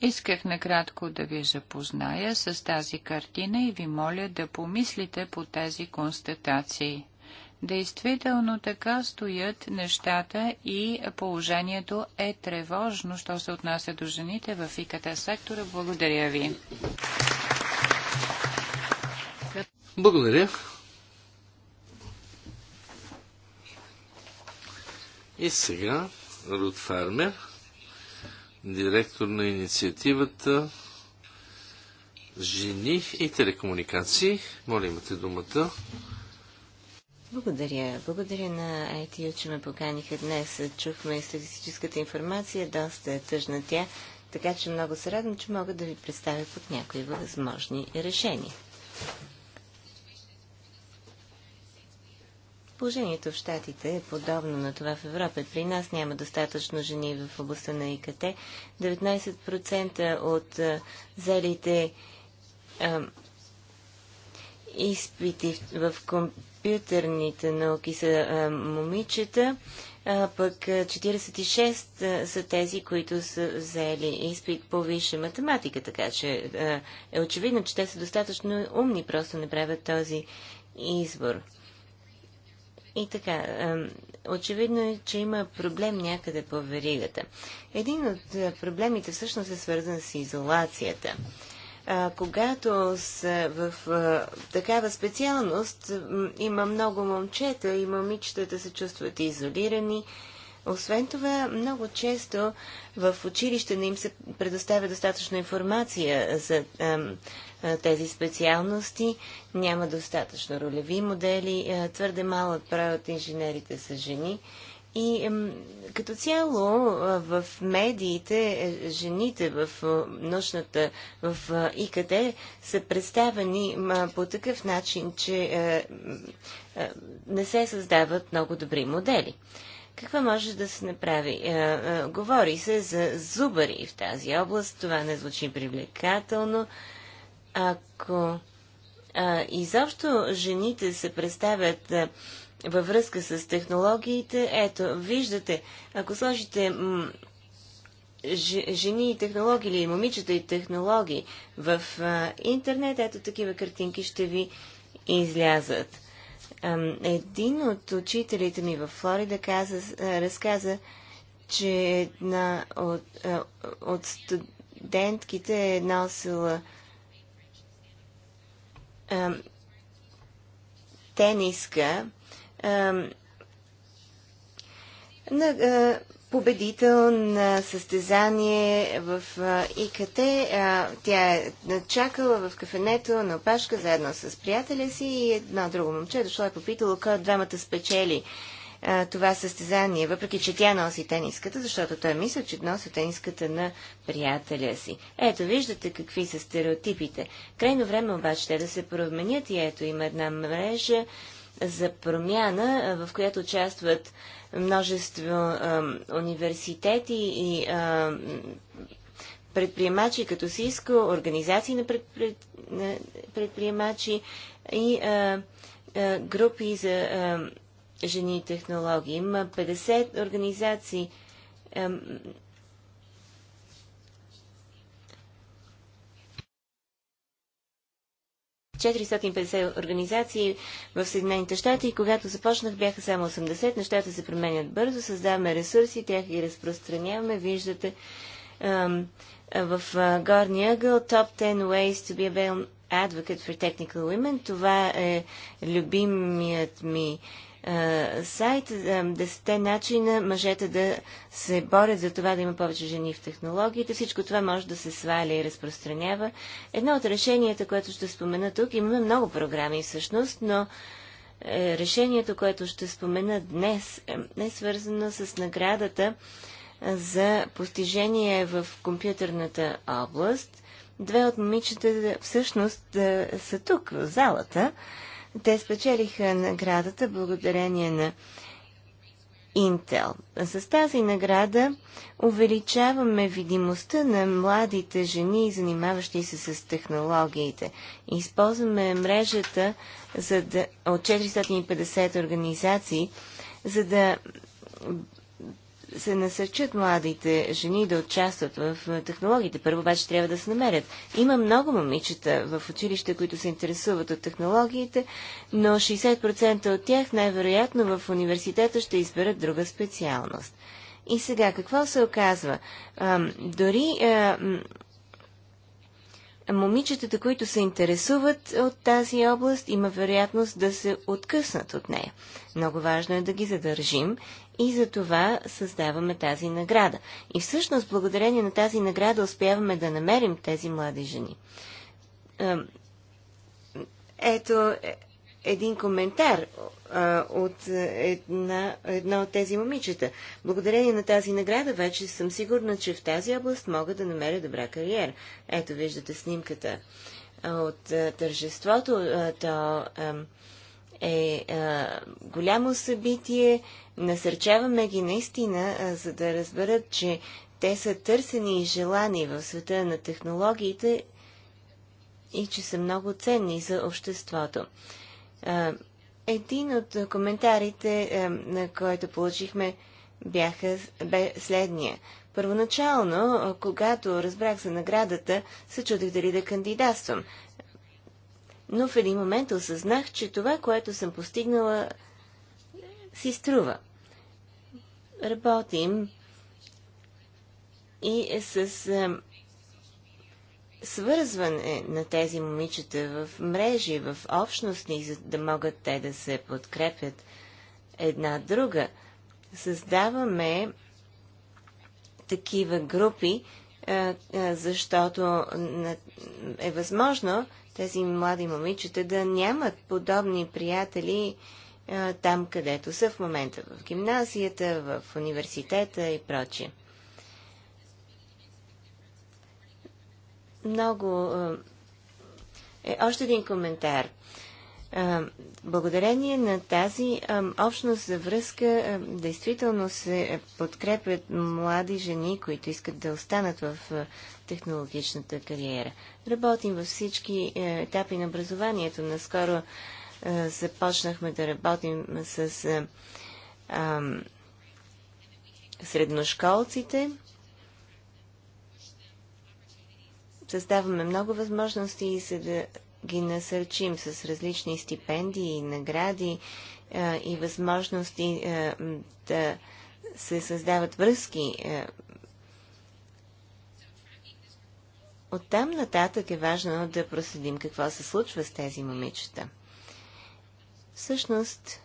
Исках накратко да ви запозная с тази картина и ви моля да помислите по тези констатации. Действително така стоят нещата и положението е тревожно, що се отнася до жените в ИКТ сектора. Благодаря ви. Благодаря. И сега Руд Фармер, директор на инициативата Жени и телекомуникации. Моля, имате думата. Благодаря. Благодаря на ITU, че ме поканиха днес. Чухме статистическата информация, доста е тъжна тя, така че много се радвам, че мога да ви представя под някои възможни решения. Положението в Штатите е подобно на това в Европа. При нас няма достатъчно жени в областта на ИКТ. 19% от а, залите изпити в, в компютърните науки са а, момичета, а пък 46 са тези, които са взели изпит по висша математика, така че а, е очевидно, че те са достатъчно умни, просто не правят този избор. И така, очевидно е, че има проблем някъде по веригата. Един от проблемите всъщност е свързан с изолацията. А, когато са в а, такава специалност, има много момчета и момичетата се чувстват изолирани. Освен това, много често в училище не им се предоставя достатъчно информация за а, а, тези специалности. Няма достатъчно ролеви модели. А, твърде малък правят инженерите са жени. И като цяло в медиите е, жените в нощната в ИКТ са представени по такъв начин, че е, не се създават много добри модели. Какво може да се направи? Е, говори се за зубари в тази област. Това не звучи привлекателно. Ако изобщо жените се представят във връзка с технологиите. Ето, виждате, ако сложите жени и технологии или момичета и технологии в а, интернет, ето такива картинки ще ви излязат. А, един от учителите ми в Флорида каза, а, разказа, че една от, от студентките е носила тениска на победител на състезание в ИКТ. Тя е чакала в кафенето на опашка заедно с приятеля си и едно друго момче дошло и е попитало кой от двамата спечели това състезание, въпреки че тя носи тениската, защото той мисля, че носи тениската на приятеля си. Ето, виждате какви са стереотипите. Крайно време обаче те да се променят и ето има една мрежа за промяна, в която участват множество а, университети и а, предприемачи като СИСКО, организации на, предпри... на предприемачи и а, а, групи за а, жени технологии. Има 50 организации, 450 организации в Съединените щати и когато започнах бяха само 80. Нещата се променят бързо, създаваме ресурси, тях ги разпространяваме. Виждате в горния ъгъл Top 10 Ways to be a advocate for technical women. Това е любимият ми сайт, 10 начина мъжете да се борят за това да има повече жени в технологиите. Всичко това може да се сваля и разпространява. Едно от решенията, което ще спомена тук, имаме много програми всъщност, но е, решението, което ще спомена днес, е, е свързано с наградата за постижение в компютърната област. Две от момичета всъщност са тук, в залата. Те спечелиха наградата благодарение на Intel. С тази награда увеличаваме видимостта на младите жени, занимаващи се с технологиите. Използваме мрежата за да, от 450 организации, за да се насърчат младите жени да участват в технологиите. Първо обаче трябва да се намерят. Има много момичета в училище, които се интересуват от технологиите, но 60% от тях най-вероятно в университета ще изберат друга специалност. И сега, какво се оказва? А, дори а, момичетата, които се интересуват от тази област, има вероятност да се откъснат от нея. Много важно е да ги задържим и за това създаваме тази награда. И всъщност, благодарение на тази награда, успяваме да намерим тези млади жени. Ето е, един коментар от една, една от тези момичета. Благодарение на тази награда вече съм сигурна, че в тази област мога да намеря добра кариера. Ето виждате снимката от тържеството. То е а, е, голямо събитие. Насърчаваме ги наистина, а, е, за да разберат, че те са търсени и желани в света на технологиите и че са много ценни за обществото. А, е, един от коментарите, а, на който получихме, бяха бе следния. Първоначално, когато разбрах за наградата, се чудих дали да кандидатствам но в един момент осъзнах, че това, което съм постигнала, си струва. Работим и е с свързване на тези момичета в мрежи, в общностни, за да могат те да се подкрепят една друга. Създаваме такива групи, е, е, защото е възможно тези млади момичета да нямат подобни приятели а, там, където са в момента, в гимназията, в университета и прочие. Много. А, е, още един коментар – Благодарение на тази общност за връзка действително се подкрепят млади жени, които искат да останат в технологичната кариера. Работим във всички е, етапи на образованието. Наскоро е, започнахме да работим с е, средношколците. Създаваме много възможности и за да ги насърчим с различни стипендии, награди а, е, и възможности а, е, да се създават връзки. Е. Оттам нататък е важно да проследим какво се случва с тези момичета. Всъщност,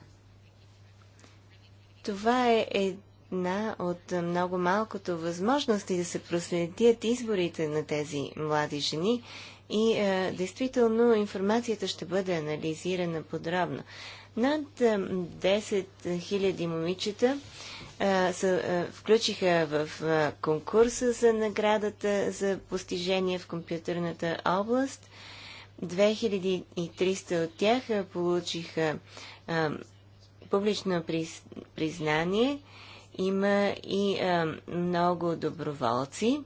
това е една от много малкото възможности да се проследят изборите на тези млади жени и а, е, действително информацията ще бъде анализирана подробно. Над 10 е, 000 момичета а, е, са, а, включиха в а, конкурса за наградата за постижение в компютърната област. 2300 от тях получиха а, публично приз, признание. Има и а, много доброволци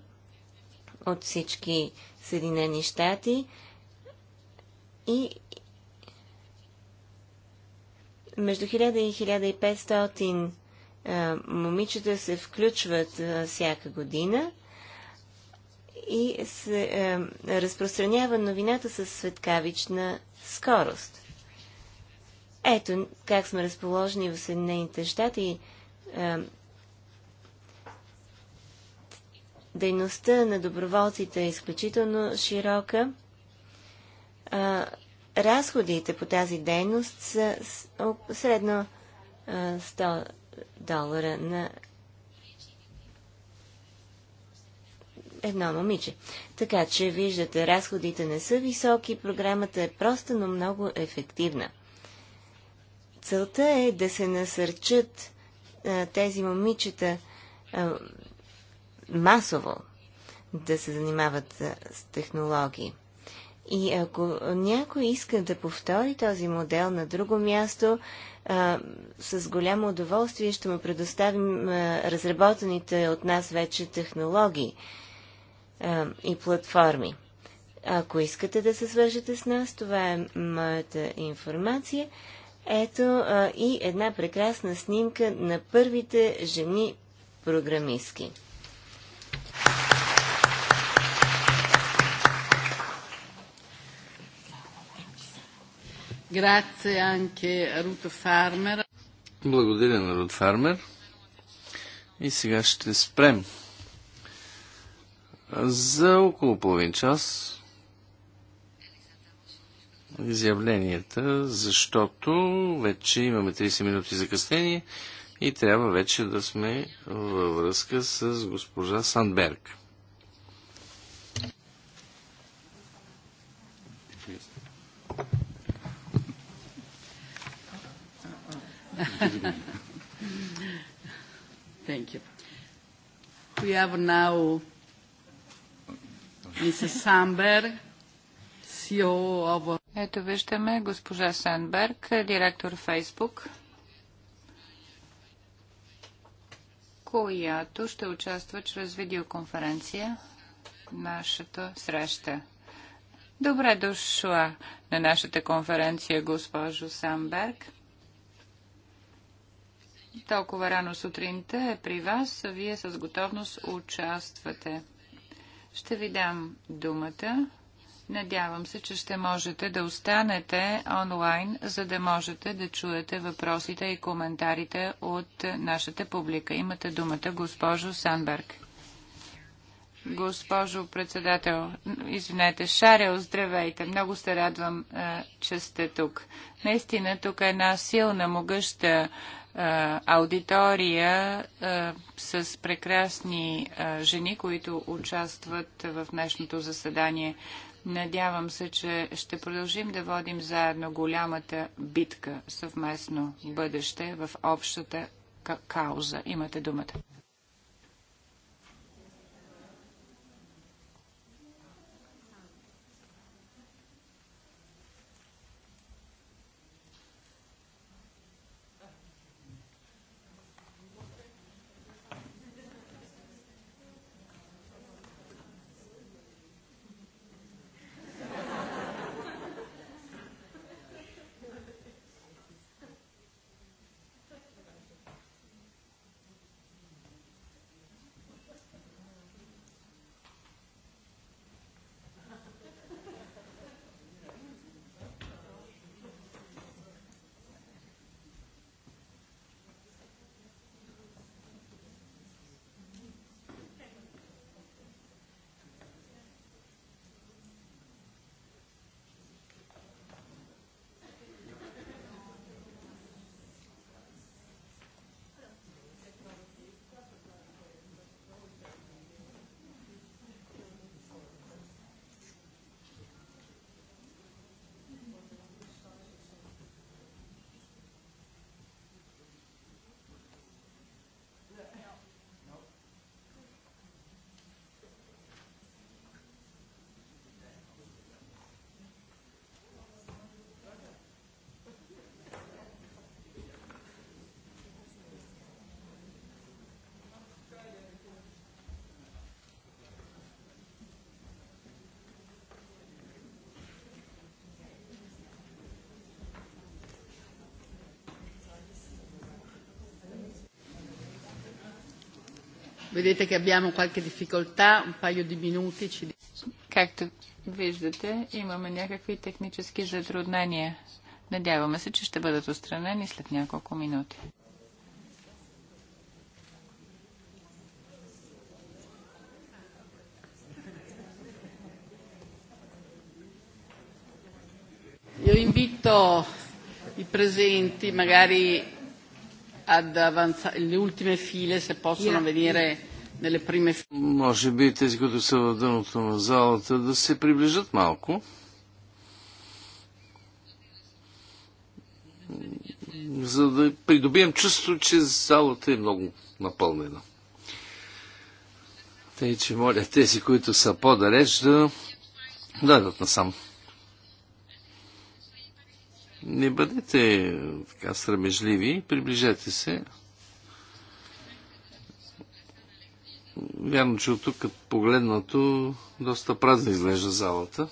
от всички Съединени щати и между 1000 и 1500 а, момичета се включват а, всяка година и се а, разпространява новината със светкавична скорост. Ето как сме разположени в Съединените щати. Дейността на доброволците е изключително широка. А, разходите по тази дейност са средно 100 долара на едно момиче. Така че, виждате, разходите не са високи, програмата е проста, но много ефективна. Целта е да се насърчат а, тези момичета а, масово да се занимават с технологии. И ако някой иска да повтори този модел на друго място, а, с голямо удоволствие ще му предоставим а, разработените от нас вече технологии а, и платформи. Ако искате да се свържете с нас, това е моята информация. Ето а, и една прекрасна снимка на първите жени програмистки. Благодаря на Рут Фармер. И сега ще спрем за около половин час изявленията, защото вече имаме 30 минути закъснение и трябва вече да сме във връзка с госпожа Сандберг. Thank you. We have now Mrs. Sandberg, CEO of... Ето виждаме госпожа Сандберг, директор Фейсбук, която ще участва чрез видеоконференция в нашата среща. Добре дошла на нашата конференция, госпожо Самберг толкова рано сутринта е при вас, а вие с готовност участвате. Ще ви дам думата. Надявам се, че ще можете да останете онлайн, за да можете да чуете въпросите и коментарите от нашата публика. Имате думата, госпожо Санберг. Госпожо председател, извинете, Шарел, здравейте. Много се радвам, че сте тук. Наистина, тук е една силна, могъща аудитория а, с прекрасни а, жени, които участват в днешното заседание. Надявам се, че ще продължим да водим заедно голямата битка съвместно бъдеще в общата кауза. Имате думата. Vedete che abbiamo qualche difficoltà, un paio di minuti ci Както виждате, имаме някакви технически затруднения. Надяваме се, че ще бъдат устранени след няколко минути. Io invito i presenti magari ad avanzare, le ultime file se possono venire nelle prime file. Може би тези, които са в дъното на залата, да се приближат малко. За да придобием чувство, че залата е много напълнена. Тъй, че моля тези, които са по-далеч, да дадат насам. Не бъдете така срамежливи, приближете се. Вярно, че от тук погледнато доста празна изглежда залата.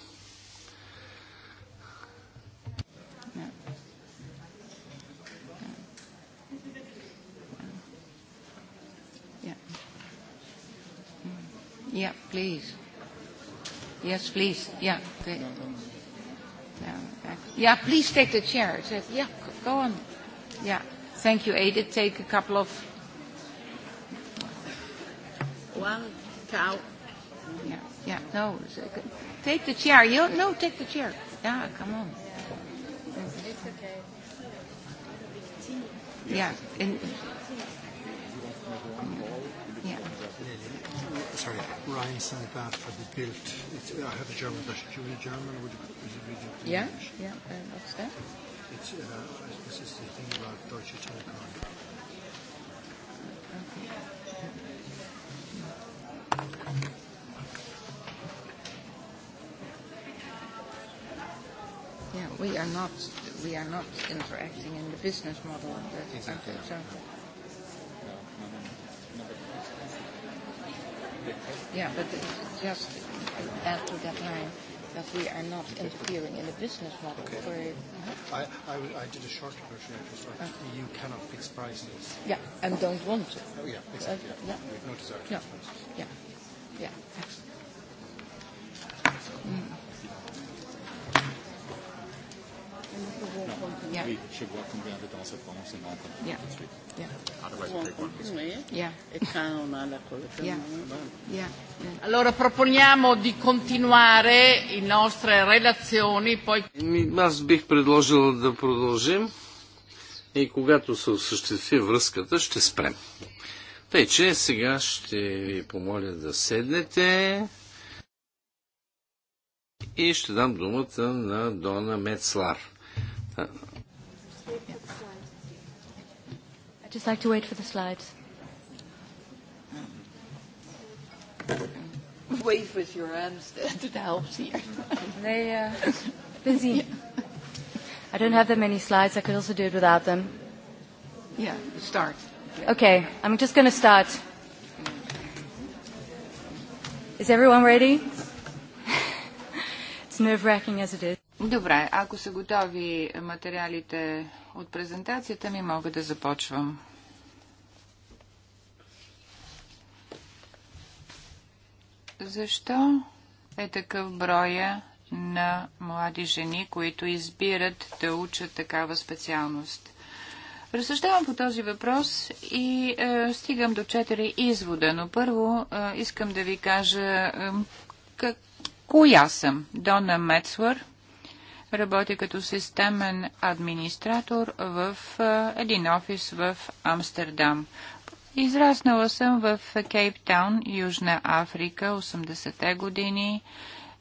Yeah, please. Yes, please. Yeah. Okay. Yeah, please take the chair. Yeah, go on. Yeah. Thank you, Edith. Take a couple of. One cow. Yeah, yeah. No, take the chair. You no, take the chair. Yeah, come on. It's okay. Yeah, sorry, Ryan sent that for the built. It's, I have a German version. Do you read German? or Would you read it? Yeah, yeah. Uh, what's that? It's, uh, this is the thing about Deutsche Telekom. Okay. Yeah, we are not we are not interacting in the business model. the exactly. So. Yeah, but just add to that line that we are not interfering in the business model. Okay. For, uh-huh. I, I, I did a short version of this. Uh, you cannot fix prices. Yeah, and don't want to. Oh, yeah, exactly. Uh, yeah. Yeah. no desire to yeah. fix prices. Yeah, yeah, excellent. Oui, je vois combien de temps ça prend, c'est mon compte yeah. Yeah. Otherwise, we'll take one. Yeah. yeah. Yeah. Allora proponiamo di continuare le nostre relazioni, poi... Аз бих предложила да продължим и когато се осъществи връзката, ще спрем. Тъй, че сега ще ви помоля да седнете и ще дам думата на Дона Мецлар. just like to wait for the slides. Wave with your hands. That helps here. They are busy. I don't have that many slides. I could also do it without them. Yeah, start. Okay, I'm just going to start. Is everyone ready? It's nerve-wracking as it is. Добре, ако са готови материалите от презентацията ми, мога да започвам. Защо е такъв броя на млади жени, които избират да учат такава специалност? Разсъждавам по този въпрос и е, стигам до четири извода, но първо е, искам да ви кажа е, как, коя съм. Дона Мецвър, работи като системен администратор в един офис в Амстердам. Израснала съм в Кейптаун, Южна Африка, 80-те години,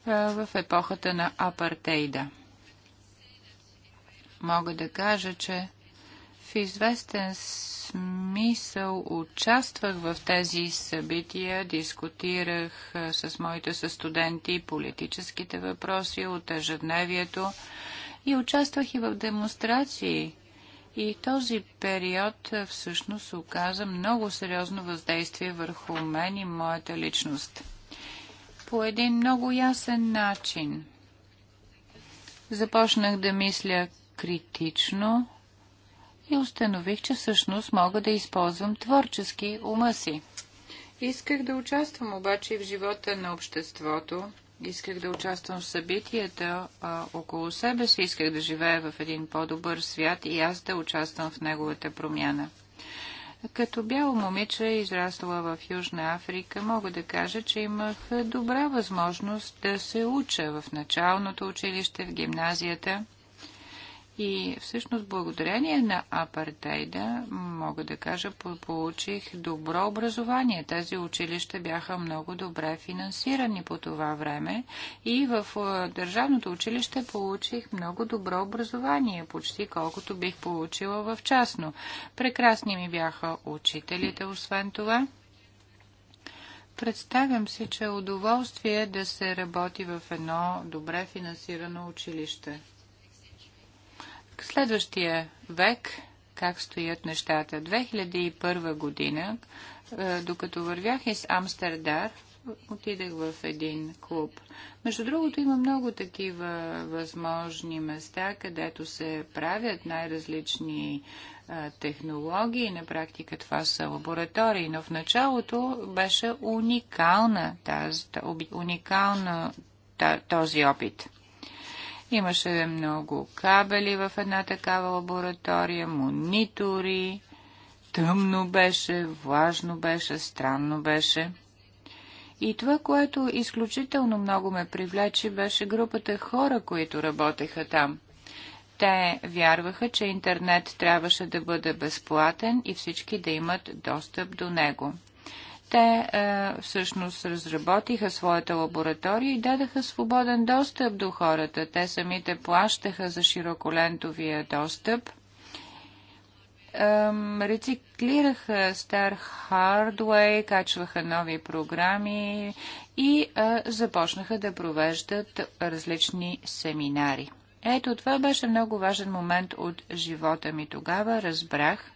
в епохата на апартейда. Мога да кажа, че в известен смисъл участвах в тези събития, дискутирах с моите състуденти политическите въпроси от ежедневието и участвах и в демонстрации. И този период всъщност оказа много сериозно въздействие върху мен и моята личност. По един много ясен начин започнах да мисля критично и установих, че всъщност мога да използвам творчески ума си. Исках да участвам обаче и в живота на обществото. Исках да участвам в събитията а, около себе си. Исках да живея в един по-добър свят и аз да участвам в неговата промяна. Като бяло момиче, израсла в Южна Африка, мога да кажа, че имах добра възможност да се уча в началното училище, в гимназията – и всъщност благодарение на апартейда, мога да кажа, получих добро образование. Тези училища бяха много добре финансирани по това време и в е, държавното училище получих много добро образование, почти колкото бих получила в частно. Прекрасни ми бяха учителите, освен това. Представям си, че е удоволствие да се работи в едно добре финансирано училище следващия век как стоят нещата. 2001 година, е, докато вървях из Амстердар, отидах в един клуб. Между другото, има много такива възможни места, където се правят най-различни е, технологии. На практика това са лаборатории, но в началото беше уникална тази, уникална този опит. Имаше много кабели в една такава лаборатория, монитори. Тъмно беше, влажно беше, странно беше. И това, което изключително много ме привлече, беше групата хора, които работеха там. Те вярваха, че интернет трябваше да бъде безплатен и всички да имат достъп до него. Те е, всъщност разработиха своята лаборатория и дадаха свободен достъп до хората. Те самите плащаха за широколентовия достъп. Е, рециклираха стар хардвей, качваха нови програми и е, започнаха да провеждат различни семинари. Ето, това беше много важен момент от живота ми тогава. Разбрах,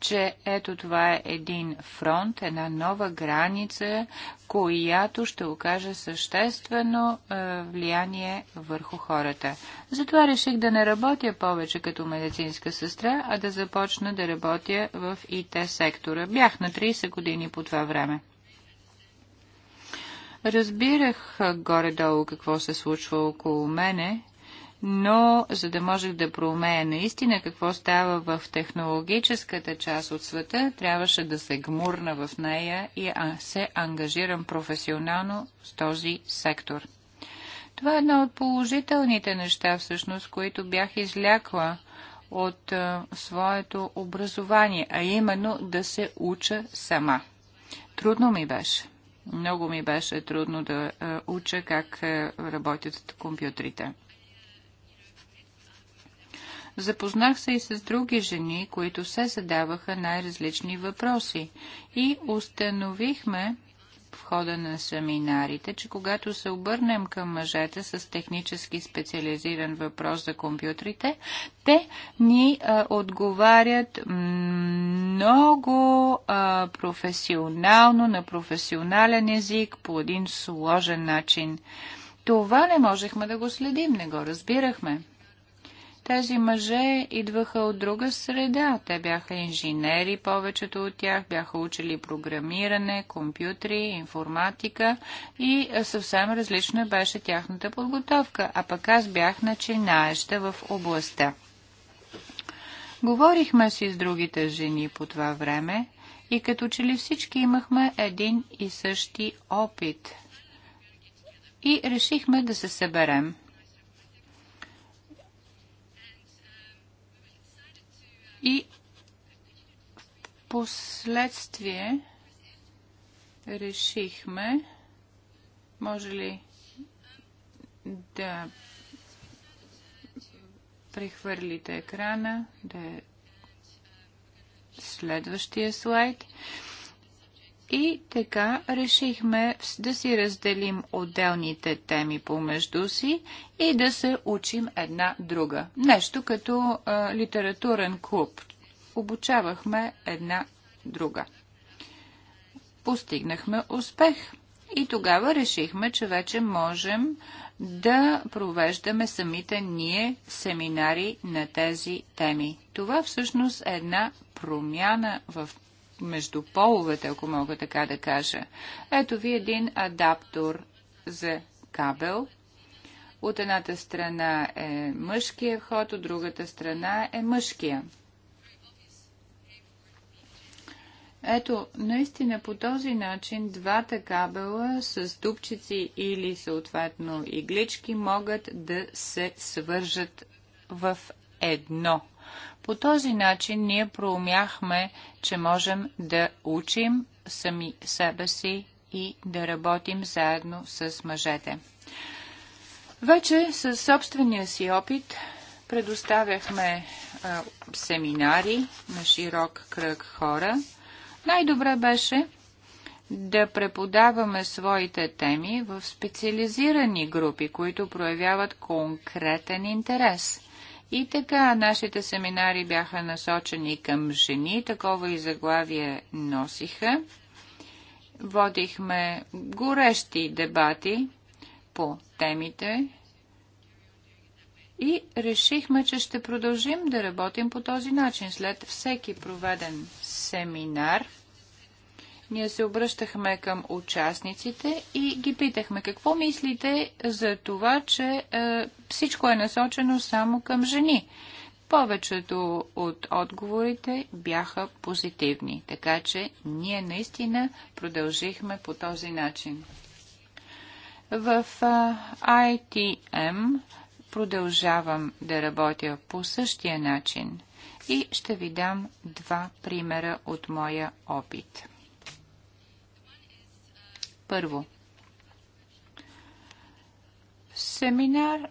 че ето това е един фронт, една нова граница, която ще окаже съществено е, влияние върху хората. Затова реших да не работя повече като медицинска сестра, а да започна да работя в ИТ сектора. Бях на 30 години по това време. Разбирах горе-долу какво се случва около мене но за да можех да проумея наистина какво става в технологическата част от света, трябваше да се гмурна в нея и се ангажирам професионално с този сектор. Това е една от положителните неща, всъщност, които бях излякла от а, своето образование, а именно да се уча сама. Трудно ми беше. Много ми беше трудно да а, уча как а, работят компютрите. Запознах се и с други жени, които се задаваха най-различни въпроси и установихме, в хода на семинарите, че когато се обърнем към мъжете с технически специализиран въпрос за компютрите, те ни а, отговарят много а, професионално, на професионален език, по един сложен начин. Това не можехме да го следим, не го разбирахме. Тези мъже идваха от друга среда. Те бяха инженери, повечето от тях бяха учили програмиране, компютри, информатика и съвсем различна беше тяхната подготовка, а пък аз бях начинаеща в областта. Говорихме си с другите жени по това време и като че ли всички имахме един и същи опит. И решихме да се съберем – И в последствие решихме, може ли да прехвърлите екрана, да е следващия слайд. И така решихме да си разделим отделните теми помежду си и да се учим една друга. Нещо като а, литературен клуб. Обучавахме една друга. Постигнахме успех. И тогава решихме, че вече можем да провеждаме самите ние семинари на тези теми. Това всъщност е една промяна в между половете, ако мога така да кажа. Ето ви един адаптор за кабел. От едната страна е мъжкия ход, от другата страна е мъжкия. Ето, наистина по този начин двата кабела с дупчици или съответно иглички могат да се свържат в едно по този начин ние проумяхме, че можем да учим сами себе си и да работим заедно с мъжете. Вече със собствения си опит предоставяхме а, семинари на широк кръг хора. Най-добре беше да преподаваме своите теми в специализирани групи, които проявяват конкретен интерес – и така, нашите семинари бяха насочени към жени, такова и заглавие носиха. Водихме горещи дебати по темите и решихме, че ще продължим да работим по този начин. След всеки проведен семинар – ние се обръщахме към участниците и ги питахме какво мислите за това, че е, всичко е насочено само към жени. Повечето от отговорите бяха позитивни, така че ние наистина продължихме по този начин. В ITM продължавам да работя по същия начин и ще ви дам два примера от моя опит. Първо, семинар е,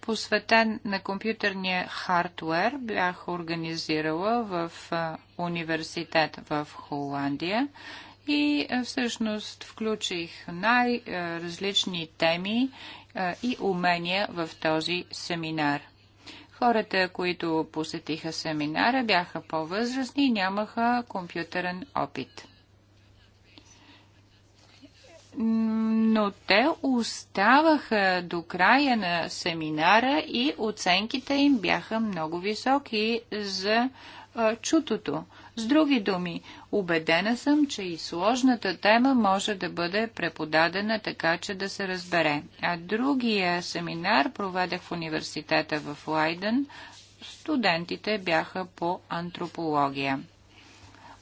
посветен на компютърния хардвер бях организирала в е, университет в Холандия и е, всъщност включих най-различни теми е, и умения в този семинар. Хората, които посетиха семинара, бяха по-възрастни и нямаха компютърен опит но те оставаха до края на семинара и оценките им бяха много високи за а, чутото. С други думи, убедена съм, че и сложната тема може да бъде преподадена така, че да се разбере. А другия семинар проведех в университета в Лайден. Студентите бяха по антропология.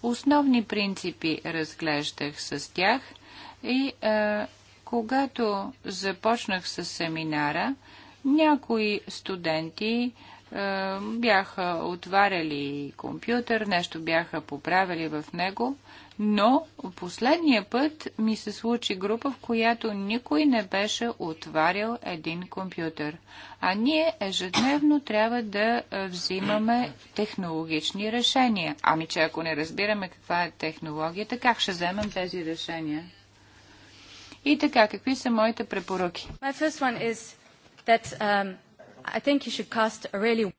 Основни принципи разглеждах с тях – и а, е, когато започнах с семинара, някои студенти а, е, бяха отваряли компютър, нещо бяха поправили в него, но последния път ми се случи група, в която никой не беше отварял един компютър. А ние ежедневно трябва да е, взимаме технологични решения. Ами че ако не разбираме каква е технологията, как ще вземем тези решения? И така, какви са моите препоръки? That, um, really...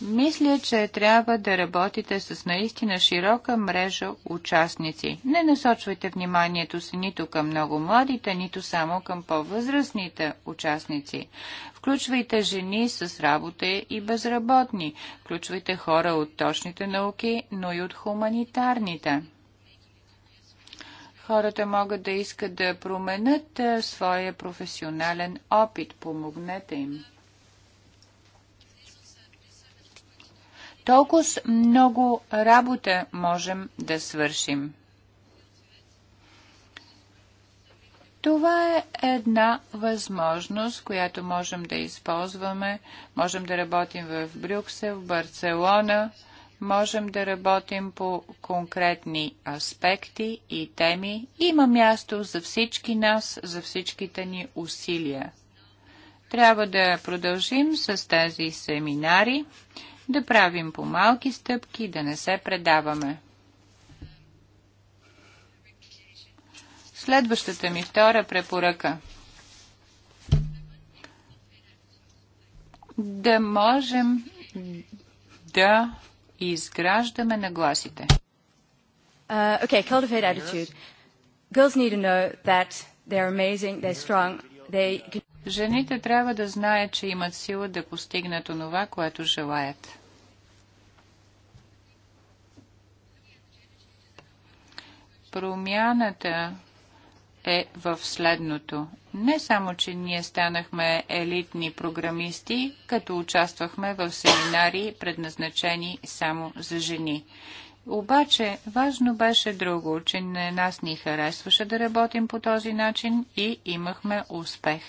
Мисля, че трябва да работите с наистина широка мрежа участници. Не насочвайте вниманието си нито към много младите, нито само към по-възрастните участници. Включвайте жени с работа и безработни. Включвайте хора от точните науки, но и от хуманитарните. Хората могат да искат да променят своя професионален опит. Помогнете им. Толкова много работа можем да свършим. Това е една възможност, която можем да използваме. Можем да работим в Брюксел, в Барселона, можем да работим по конкретни аспекти и теми. Има място за всички нас, за всичките ни усилия. Трябва да продължим с тези семинари, да правим по малки стъпки, да не се предаваме. Следващата ми втора препоръка. Да можем да изграждаме нагласите. Uh, okay, cultivate attitude. Girls need to know that they're amazing, they're strong, they... Жените трябва да знаят, че имат сила да постигнат онова, което желаят. Промяната е в следното. Не само, че ние станахме елитни програмисти, като участвахме в семинари, предназначени само за жени. Обаче важно беше друго, че не нас ни харесваше да работим по този начин и имахме успех.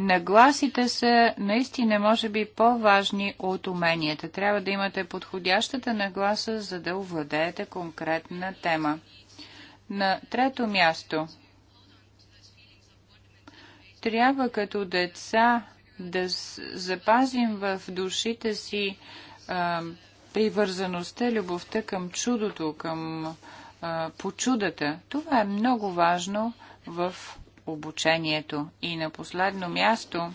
Нагласите са наистина, може би, по-важни от уменията. Трябва да имате подходящата нагласа, за да овладеете конкретна тема. На трето място. Трябва като деца да запазим в душите си а, привързаността, любовта към чудото, към а, почудата. Това е много важно в обучението. И на последно място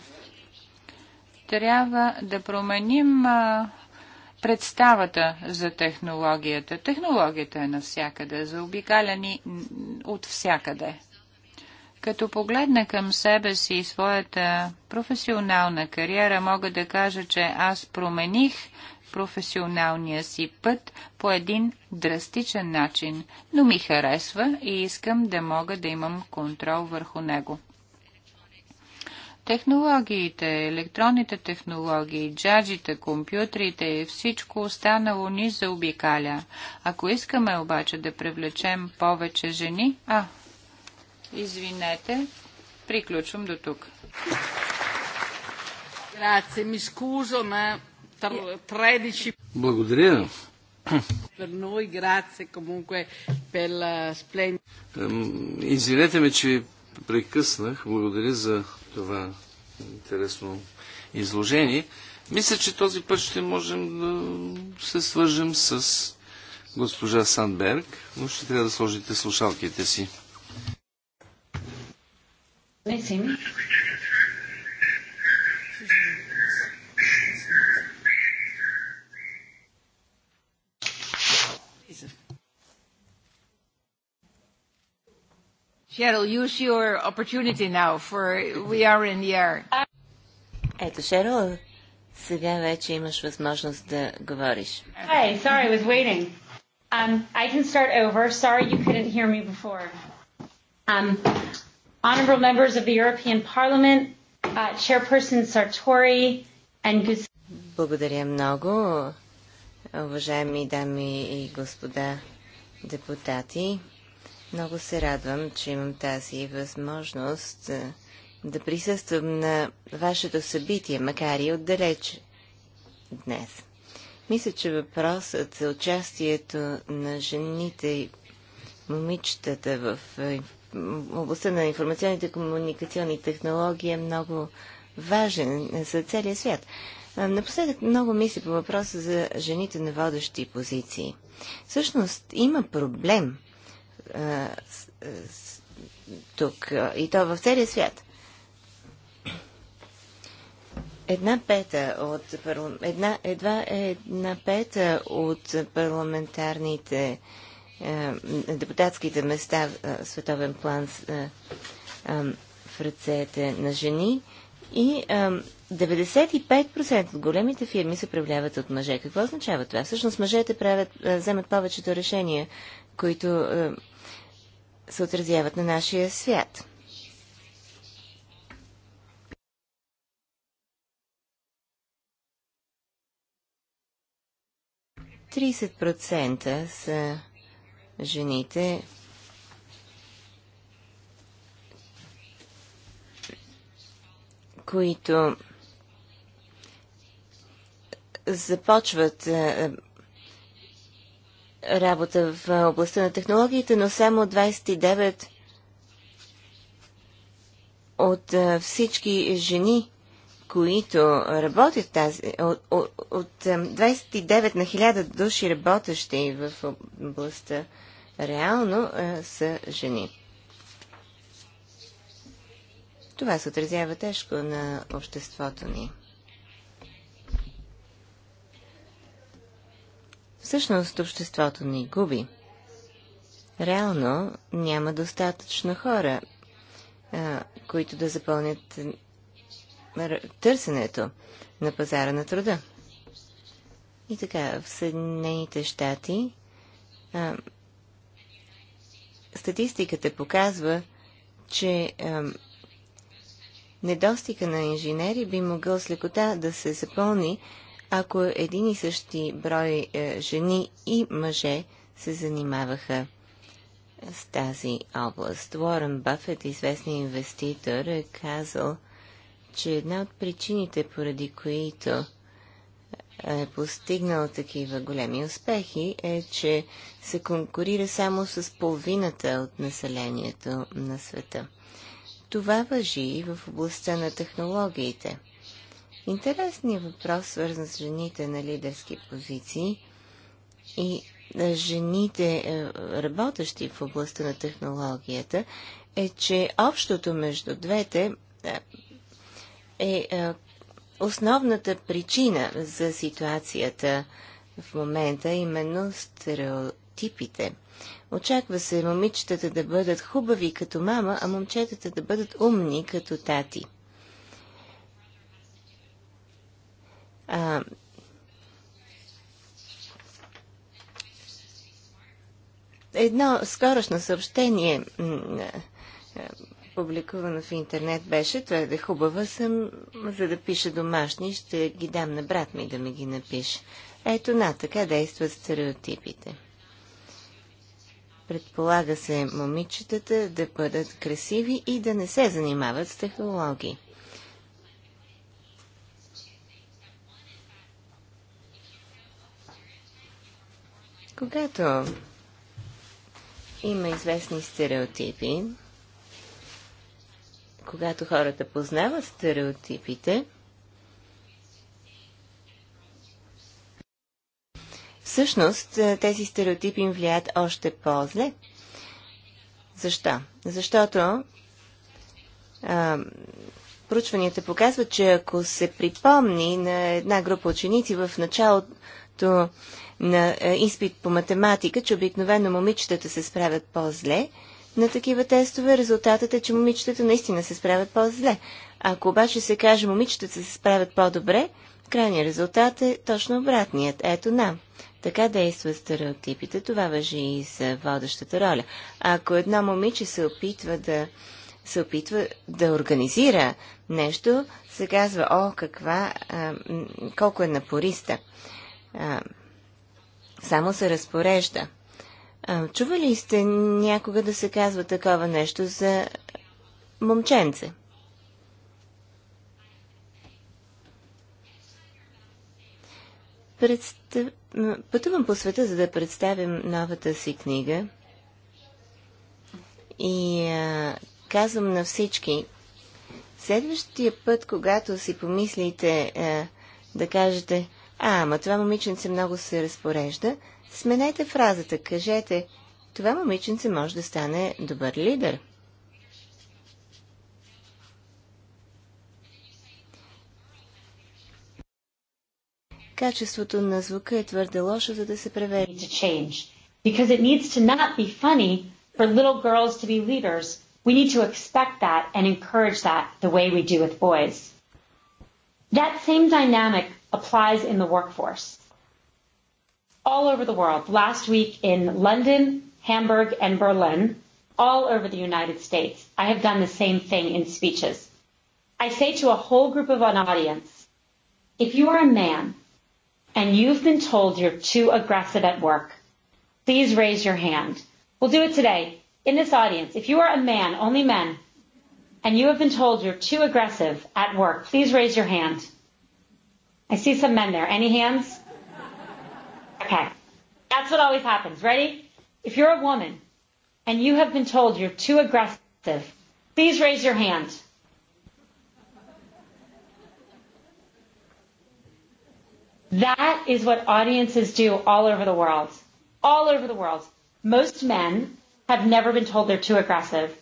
трябва да променим а, представата за технологията. Технологията е навсякъде, заобикаляни от всякъде. Като погледна към себе си и своята професионална кариера, мога да кажа, че аз промених професионалния си път по един драстичен начин, но ми харесва и искам да мога да имам контрол върху него. Технологиите, електронните технологии, джаджите, компютрите и всичко останало ни заобикаля. Ако искаме обаче да привлечем повече жени, а, Извинете, приключвам до тук. Благодаря. Извинете ме, че прекъснах. Благодаря за това интересно изложение. Мисля, че този път ще можем да се свържем с госпожа Сандберг, но ще трябва да сложите слушалките си. Не Cheryl, use your opportunity now, for we are in the air. Ето, Шерл, сега вече имаш възможност да говориш. Hi, sorry, I was waiting. Um, I can start over. Sorry you couldn't hear me before. Um, Honorable members of the European Parliament, uh, Chairperson Sartori and Gus... Благодаря много, уважаеми дами и господа депутати. Много се радвам, че имам тази възможност е, да присъствам на вашето събитие, макар и отдалеч днес. Мисля, че въпросът за участието на жените и момичетата в е, областта на информационните и комуникационни технологии е много важен за целия свят. Напоследък много мисли по въпроса за жените на водещи позиции. Всъщност има проблем а, с, тук а, и то в целия свят. Една пета от, една, едва една пета от парламентарните а, е, депутатските места в е, световен план е, в ръцете на жени и 95% от големите фирми се правляват от мъже. Какво означава това? Всъщност мъжете правят, вземат повечето решения, които се отразяват на нашия свят. Тридесет процента са жените които започват е, е, работа в областта на технологиите, но само 29 от е, всички жени, които работят тази, от, от, от 29 на 1000 души работещи в областта реално а, са жени. Това се отразява тежко на обществото ни. Всъщност обществото ни губи. Реално няма достатъчно хора, а, които да запълнят търсенето на пазара на труда. И така, в Съединените щати статистиката показва, че недостига на инженери би могъл с лекота да се запълни, ако един и същи брой е, жени и мъже се занимаваха с тази област. Уорън Бафет, известният инвеститор, е казал, че една от причините, поради които е постигнал такива големи успехи, е, че се конкурира само с половината от населението на света. Това въжи и в областта на технологиите. Интересният въпрос, свързан с жените на лидерски позиции и жените, е, работещи в областта на технологията, е, че общото между двете е, е основната причина за ситуацията в момента, е именно стереотипите. Очаква се момичетата да бъдат хубави като мама, а момчетата да бъдат умни като тати. А, едно скорошно съобщение публикувано в интернет беше да е хубава съм, за да пиша домашни, ще ги дам на брат ми да ми ги напише. Ето на, така действат стереотипите. Предполага се момичетата да бъдат красиви и да не се занимават с технологии. Когато има известни стереотипи, когато хората познават стереотипите, всъщност е, тези стереотипи им влияят още по-зле. Защо? Защото а, проучванията показват, че ако се припомни на една група ученици в началото на е, изпит по математика, че обикновено момичетата се справят по-зле, на такива тестове, резултатът е, че момичетата наистина се справят по-зле. Ако обаче се каже момичетата се справят по-добре, крайният резултат е точно обратният. Ето нам. Така действат стереотипите. Това въжи и за водещата роля. Ако едно момиче се опитва да се опитва да организира нещо, се казва, о, каква, а, колко е напориста. А, само се разпорежда. Чували сте някога да се казва такова нещо за момченце? Представ... Пътувам по света, за да представим новата си книга. И а, казвам на всички, следващия път, когато си помислите а, да кажете, а, ама това момиченце много се разпорежда, Сменете фразата, кажете, това момиченце може да стане добър лидер. Качеството на звука е твърде лошо, за да се превери. Because it needs to not be funny for little girls to be leaders. We need to expect that and encourage that the way we do with boys. That same dynamic applies in the workforce all over the world. Last week in London, Hamburg, and Berlin, all over the United States, I have done the same thing in speeches. I say to a whole group of an audience, if you are a man and you've been told you're too aggressive at work, please raise your hand. We'll do it today in this audience. If you are a man, only men, and you have been told you're too aggressive at work, please raise your hand. I see some men there. Any hands? Okay. That's what always happens. Ready? If you're a woman and you have been told you're too aggressive, please raise your hand. That is what audiences do all over the world. All over the world. Most men have never been told they're too aggressive.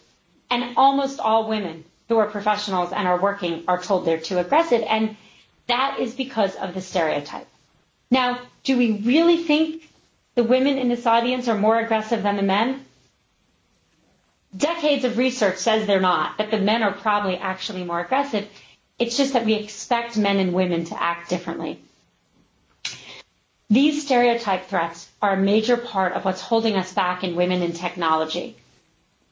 And almost all women who are professionals and are working are told they're too aggressive. And that is because of the stereotype. Now, Do we really think the women in this audience are more aggressive than the men? Decades of research says they're not, that the men are probably actually more aggressive. It's just that we expect men and women to act differently. These stereotype threats are a major part of what's holding us back in women in technology.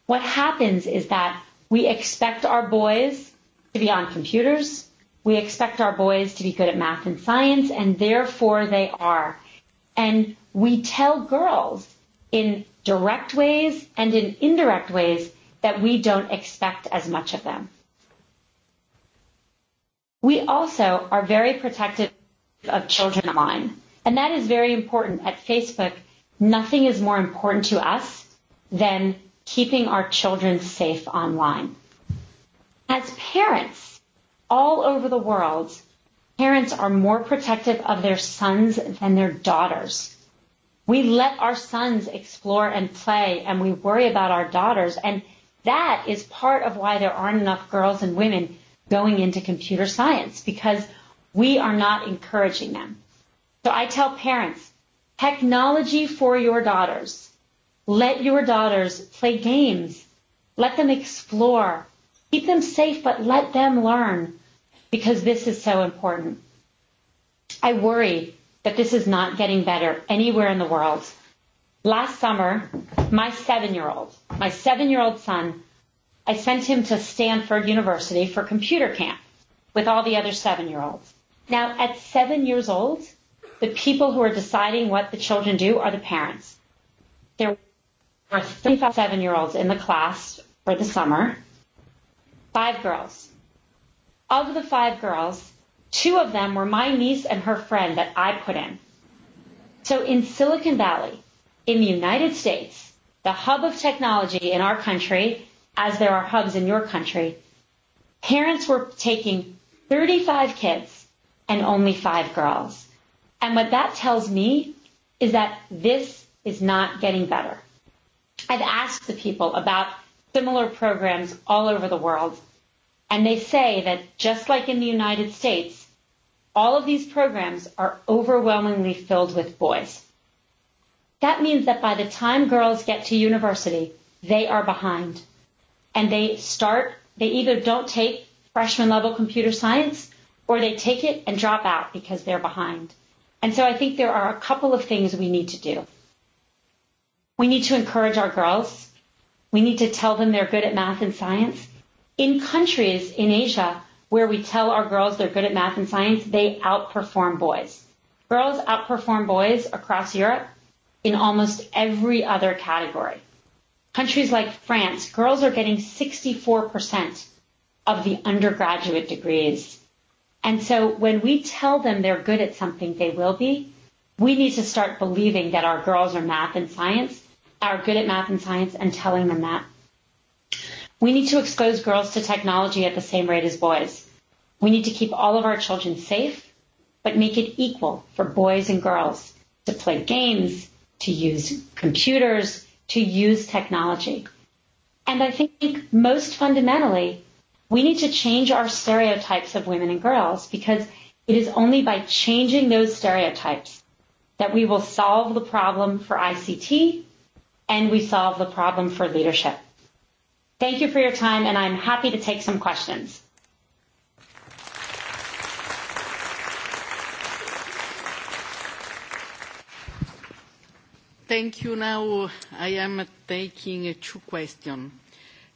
What happens is that we expect our boys to be on computers, We expect our boys to be good at math and science, and therefore they are. And we tell girls in direct ways and in indirect ways that we don't expect as much of them. We also are very protective of children online, and that is very important. At Facebook, nothing is more important to us than keeping our children safe online. As parents, all over the world, parents are more protective of their sons than their daughters. We let our sons explore and play and we worry about our daughters. And that is part of why there aren't enough girls and women going into computer science because we are not encouraging them. So I tell parents, technology for your daughters. Let your daughters play games. Let them explore. Keep them safe, but let them learn because this is so important. I worry that this is not getting better anywhere in the world. Last summer, my seven year old, my seven year old son, I sent him to Stanford University for computer camp with all the other seven year olds. Now, at seven years old, the people who are deciding what the children do are the parents. There were seven year olds in the class for the summer, five girls, Of the five girls, two of them were my niece and her friend that I put in. So in Silicon Valley, in the United States, the hub of technology in our country, as there are hubs in your country, parents were taking 35 kids and only five girls. And what that tells me is that this is not getting better. I've asked the people about similar programs all over the world And they say that just like in the United States, all of these programs are overwhelmingly filled with boys. That means that by the time girls get to university, they are behind. And they start, they either don't take freshman level computer science or they take it and drop out because they're behind. And so I think there are a couple of things we need to do. We need to encourage our girls. We need to tell them they're good at math and science. In countries in Asia where we tell our girls they're good at math and science, they outperform boys. Girls outperform boys across Europe in almost every other category. Countries like France, girls are getting 64% of the undergraduate degrees. And so when we tell them they're good at something, they will be. We need to start believing that our girls are math and science, are good at math and science, and telling them that. We need to expose girls to technology at the same rate as boys. We need to keep all of our children safe, but make it equal for boys and girls to play games, to use computers, to use technology. And I think most fundamentally, we need to change our stereotypes of women and girls because it is only by changing those stereotypes that we will solve the problem for ICT and we solve the problem for leadership. Thank you for your time, and I'm happy to take some questions. Thank you. Now I am taking two questions,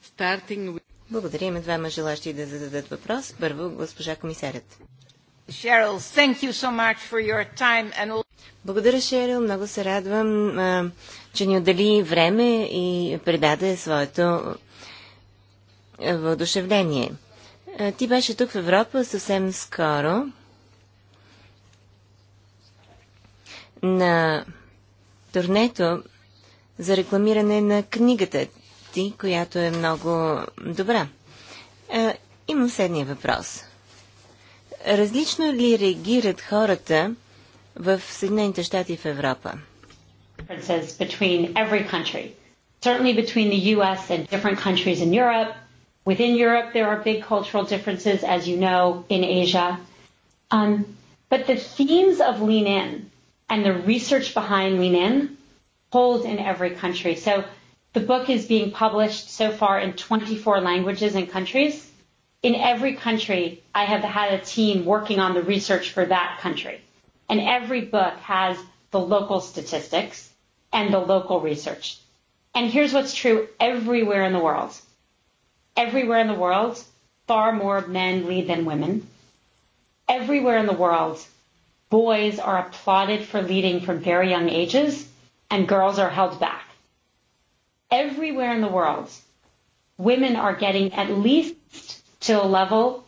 starting with... Благодаря. Има двама желащи да зададат въпрос. Първо, госпожа комисарят. Шерил, thank you so much for your time and... all. Благодаря, Шерил. Много се радвам, че ни отдели време и предаде своето е, въодушевление. Е, ти беше тук в Европа съвсем скоро на турнето за рекламиране на книгата ти, която е много добра. Е, имам следния въпрос. Различно ли реагират хората в Съединените щати и в Европа? Differences Between every country, certainly between the US and different countries in Europe, Within Europe, there are big cultural differences, as you know, in Asia. Um, but the themes of Lean In and the research behind Lean In hold in every country. So the book is being published so far in 24 languages and countries. In every country, I have had a team working on the research for that country. And every book has the local statistics and the local research. And here's what's true everywhere in the world everywhere in the world, far more men lead than women. Everywhere in the world, boys are applauded for leading from very young ages and girls are held back. Everywhere in the world, women are getting at least to a level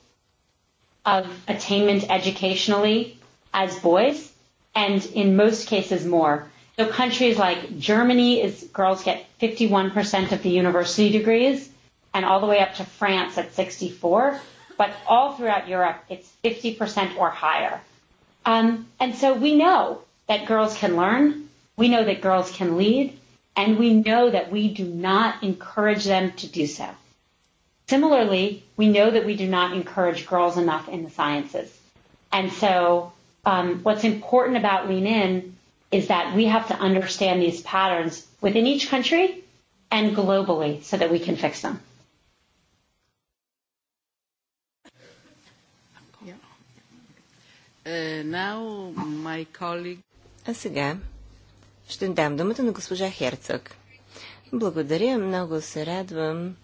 of attainment educationally as boys, and in most cases more. So countries like Germany is girls get 51% of the university degrees, and all the way up to France at 64. But all throughout Europe, it's 50% or higher. Um, and so we know that girls can learn. We know that girls can lead. And we know that we do not encourage them to do so. Similarly, we know that we do not encourage girls enough in the sciences. And so um, what's important about Lean In is that we have to understand these patterns within each country and globally so that we can fix them. Uh, colleague... А сега ще дам думата на госпожа Херцог. Благодаря, много се радвам,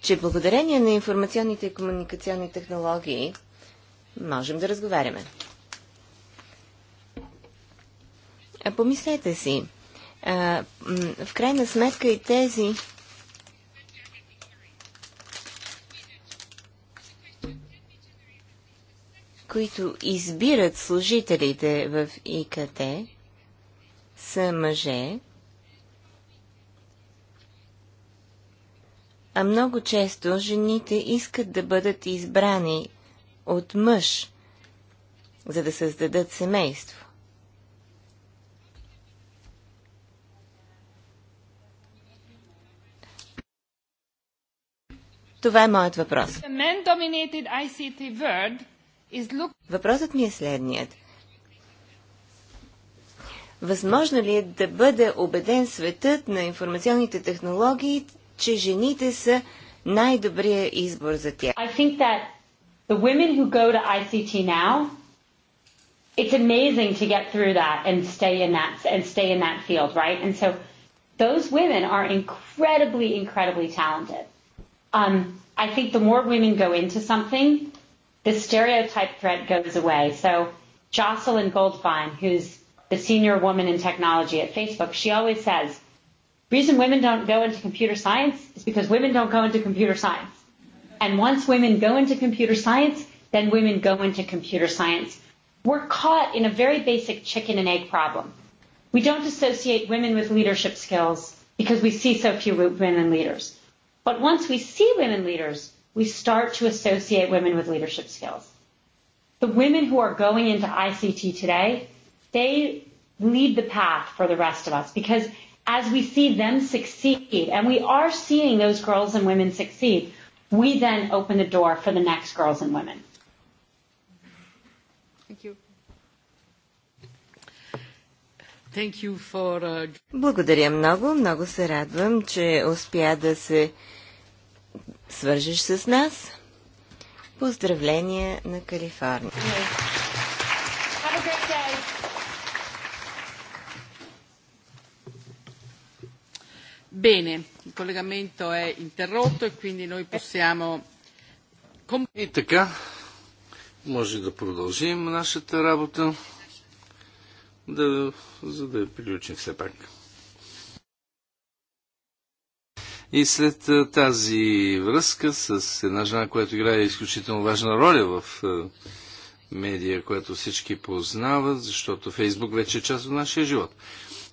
че благодарение на информационните и комуникационни технологии можем да разговаряме. А помислете си, а, в крайна сметка и тези, които избират служителите в ИКТ, са мъже, а много често жените искат да бъдат избрани от мъж, за да създадат семейство. Това е моят въпрос. Въпросът ми е следният. Възможно ли е да бъде убеден светът на информационните технологии, че жените са най-добрия избор за тях? the women who go to ICT now, it's amazing to get through that and stay in that and stay in that field, right? And so those women are incredibly, incredibly talented. Um, I think the more women go into something, the stereotype threat goes away. So Jocelyn Goldfein, who's the senior woman in technology at Facebook, she always says, reason women don't go into computer science is because women don't go into computer science. And once women go into computer science, then women go into computer science. We're caught in a very basic chicken and egg problem. We don't associate women with leadership skills because we see so few women leaders. But once we see women leaders, we start to associate women with leadership skills. The women who are going into ICT today, they lead the path for the rest of us because as we see them succeed, and we are seeing those girls and women succeed, we then open the door for the next girls and women. Thank you. Thank you for... Благодаря много. Много се радвам, че успя да се свържеш с нас. Поздравления на Калифорния! Bene, il collegamento è interrotto e quindi noi possiamo... И така, може да продължим нашата работа, да, за да приключим все пак. И след тази връзка с една жена, която играе изключително важна роля в медия, която всички познават, защото Фейсбук вече е част от нашия живот.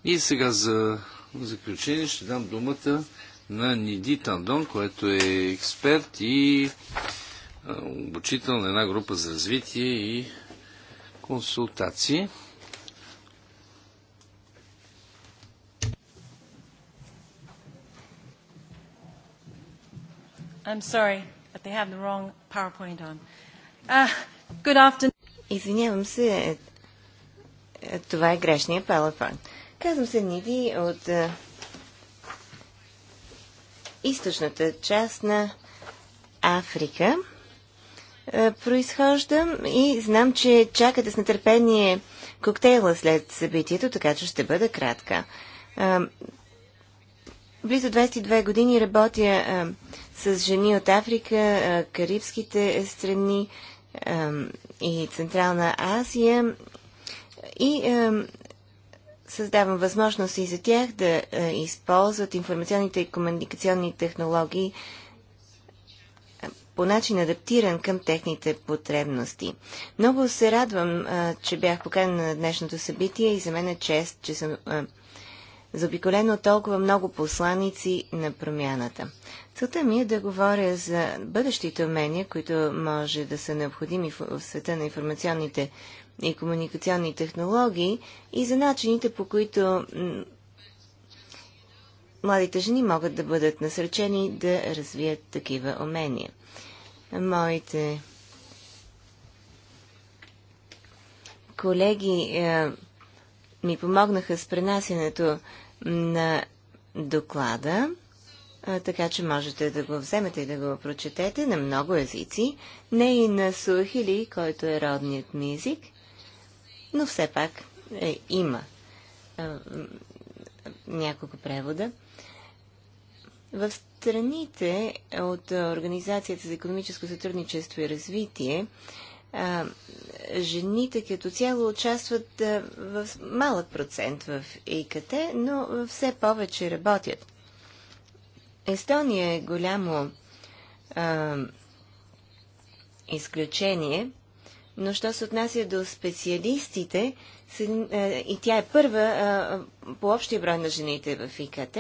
И сега за заключение ще дам думата на Ниди Тандон, който е експерт и обучител на една група за развитие и консултации. I'm sorry, but they have the wrong PowerPoint on. Uh, good afternoon. Извинявам се, е, е, това е грешния PowerPoint. Казвам се Ниви от е, източната част на Африка. произхождам и знам, че чакате с нетърпение коктейла след събитието, така че ще бъда кратка. близо 22 години работя с жени от Африка, Карибските страни и Централна Азия и създавам възможност и за тях да използват информационните и комуникационни технологии по начин адаптиран към техните потребности. Много се радвам, че бях поканена на днешното събитие и за мен е чест, че съм заобиколено толкова много посланици на промяната. Целта ми е да говоря за бъдещите умения, които може да са необходими в света на информационните и комуникационни технологии и за начините по които младите жени могат да бъдат насречени да развият такива умения. Моите колеги е, ми помогнаха с пренасенето на доклада, така че можете да го вземете и да го прочетете на много езици, не и на суахили, който е родният ми език, но все пак е, има е, няколко превода. В страните от Организацията за економическо сътрудничество и развитие а, жените като цяло участват а, в малък процент в ИКТ, но все повече работят. Естония е голямо а, изключение, но що се отнася до специалистите, и тя е първа по общия брой на жените в ИКТ,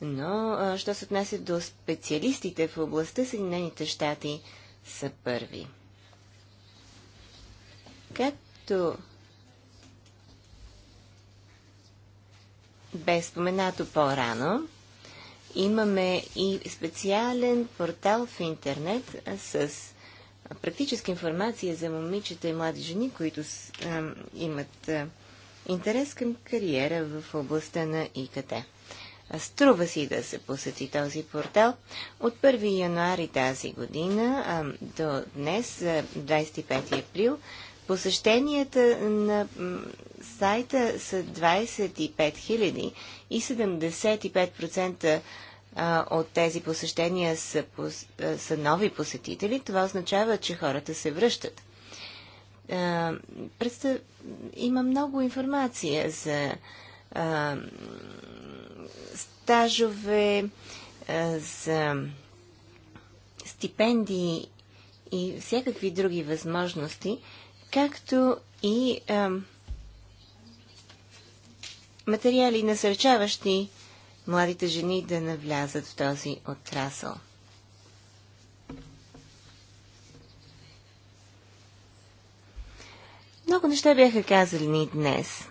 но що се отнася до специалистите в областта, Съединените щати са първи. Както бе споменато по-рано, имаме и специален портал в интернет с практическа информация за момичета и млади жени, които имат интерес към кариера в областта на ИКТ. Струва си да се посети този портал. От 1 януари тази година до днес, 25 април, Посещенията на сайта са 25 000 и 75% от тези посещения са, са нови посетители. Това означава, че хората се връщат. Представ... Има много информация за стажове, за стипендии и всякакви други възможности, както и а, материали, насърчаващи младите жени да навлязат в този отрасъл. Много неща бяха казани днес.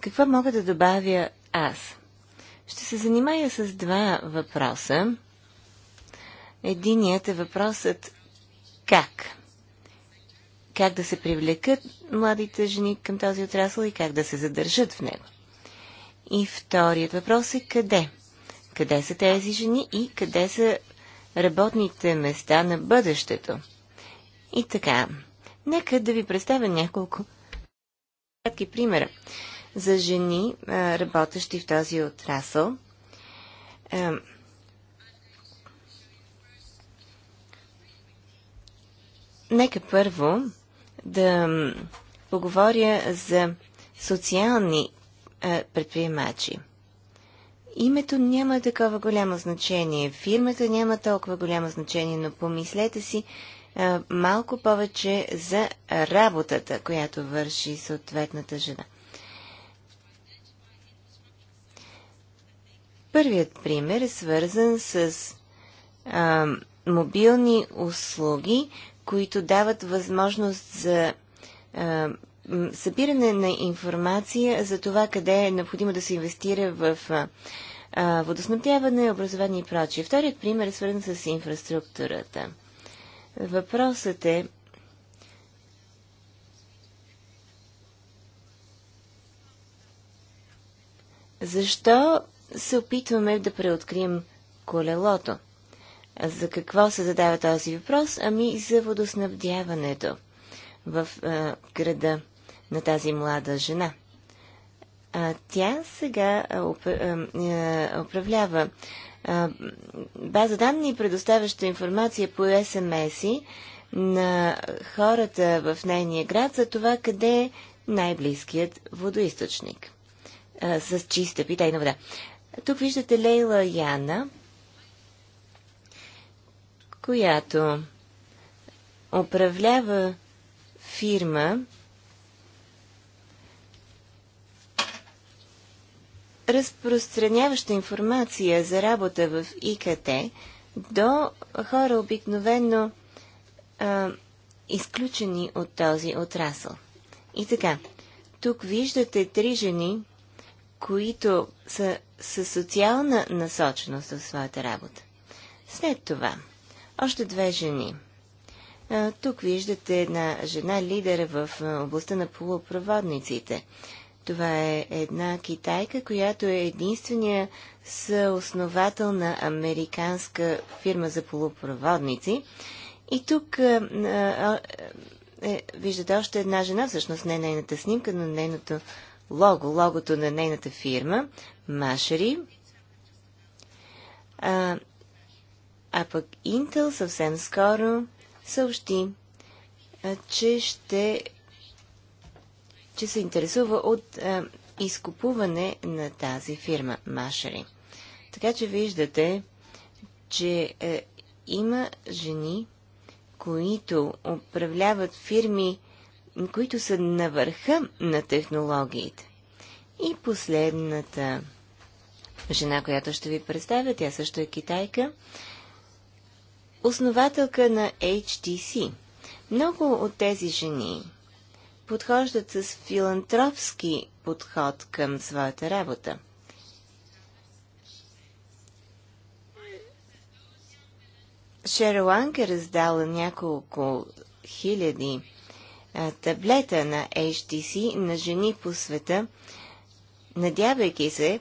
Какво мога да добавя аз? Ще се занимая с два въпроса. Единият е въпросът как – как да се привлекат младите жени към този отрасъл и как да се задържат в него. И вторият въпрос е къде? Къде са тези жени и къде са работните места на бъдещето? И така, нека да ви представя няколко кратки примера за жени, работещи в този отрасъл. Нека първо да поговоря за социални а, предприемачи. Името няма такова голямо значение, фирмата няма толкова голямо значение, но помислете си а, малко повече за работата, която върши съответната жена. Първият пример е свързан с а, мобилни услуги, които дават възможност за а, събиране на информация за това къде е необходимо да се инвестира в а, водоснабдяване, образование и прочие. Вторият пример е свързан с инфраструктурата. Въпросът е защо се опитваме да преоткрием колелото – за какво се задава този въпрос? Ами за водоснабдяването в а, града на тази млада жена. А, тя сега управлява база данни, предоставяща информация по СМС-и на хората в нейния град за това къде е най-близкият водоисточник а, с чиста питейна вода. Тук виждате Лейла Яна, която управлява фирма, разпространяваща информация за работа в ИКТ до хора обикновено а, изключени от този отрасъл. И така, тук виждате три жени, които са със социална насоченост в своята работа. След това – още две жени. Тук виждате една жена лидера в областта на полупроводниците. Това е една китайка, която е единствения съосновател на американска фирма за полупроводници. И тук е, виждате още една жена, всъщност не нейната снимка, но нейното лого, логото на нейната фирма, Машери. А пък Intel съвсем скоро съобщи, че ще че се интересува от а, изкупуване на тази фирма Машери. Така че виждате, че а, е, има жени, които управляват фирми, които са на върха на технологиите. И последната жена, която ще ви представя, тя също е китайка, основателка на HTC. Много от тези жени подхождат с филантропски подход към своята работа. Анг е раздала няколко хиляди а, таблета на HTC на жени по света, надявайки се,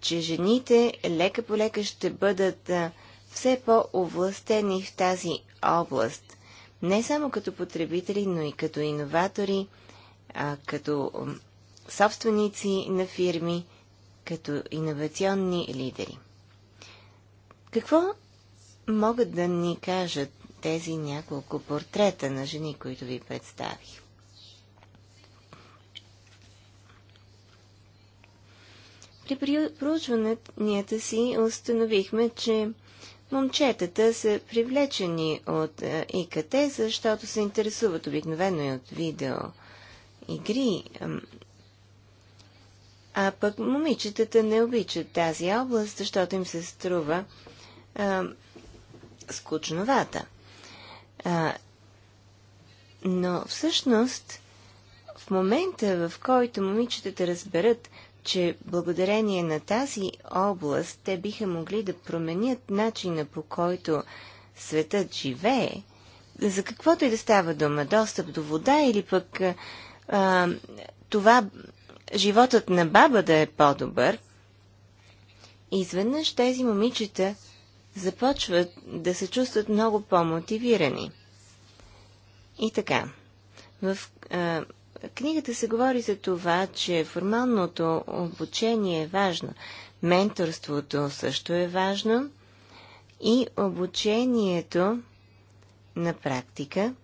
че жените лека по лека ще бъдат а, все по-овластени в тази област, не само като потребители, но и като иноватори, а като собственици на фирми, като иновационни лидери. Какво могат да ни кажат тези няколко портрета на жени, които ви представих? При проучванията си установихме, че момчетата са привлечени от е, ИКТ, защото се интересуват обикновено и от видео игри. А пък момичетата не обичат тази област, защото им се струва а, скучновата. А, но всъщност, в момента, в който момичетата разберат, че благодарение на тази област те биха могли да променят начина по който светът живее, за каквото и да става дума, достъп до вода или пък а, това животът на баба да е по-добър, изведнъж тези момичета започват да се чувстват много по-мотивирани. И така, в а, книгата се говори за това, че формалното обучение е важно. Менторството също е важно и обучението на практика.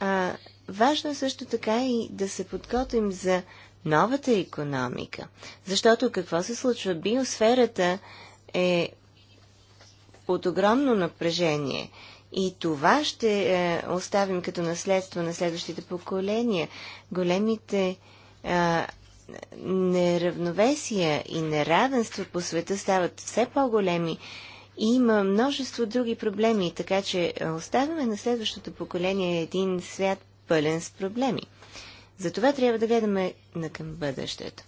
А, важно е също така и да се подготвим за новата економика. Защото какво се случва? Биосферата е под огромно напрежение. И това ще е, оставим като наследство на следващите поколения. Големите е, неравновесия и неравенства по света стават все по-големи и има множество други проблеми, така че е, оставяме на следващото поколение един свят пълен с проблеми. Затова трябва да гледаме на към бъдещето.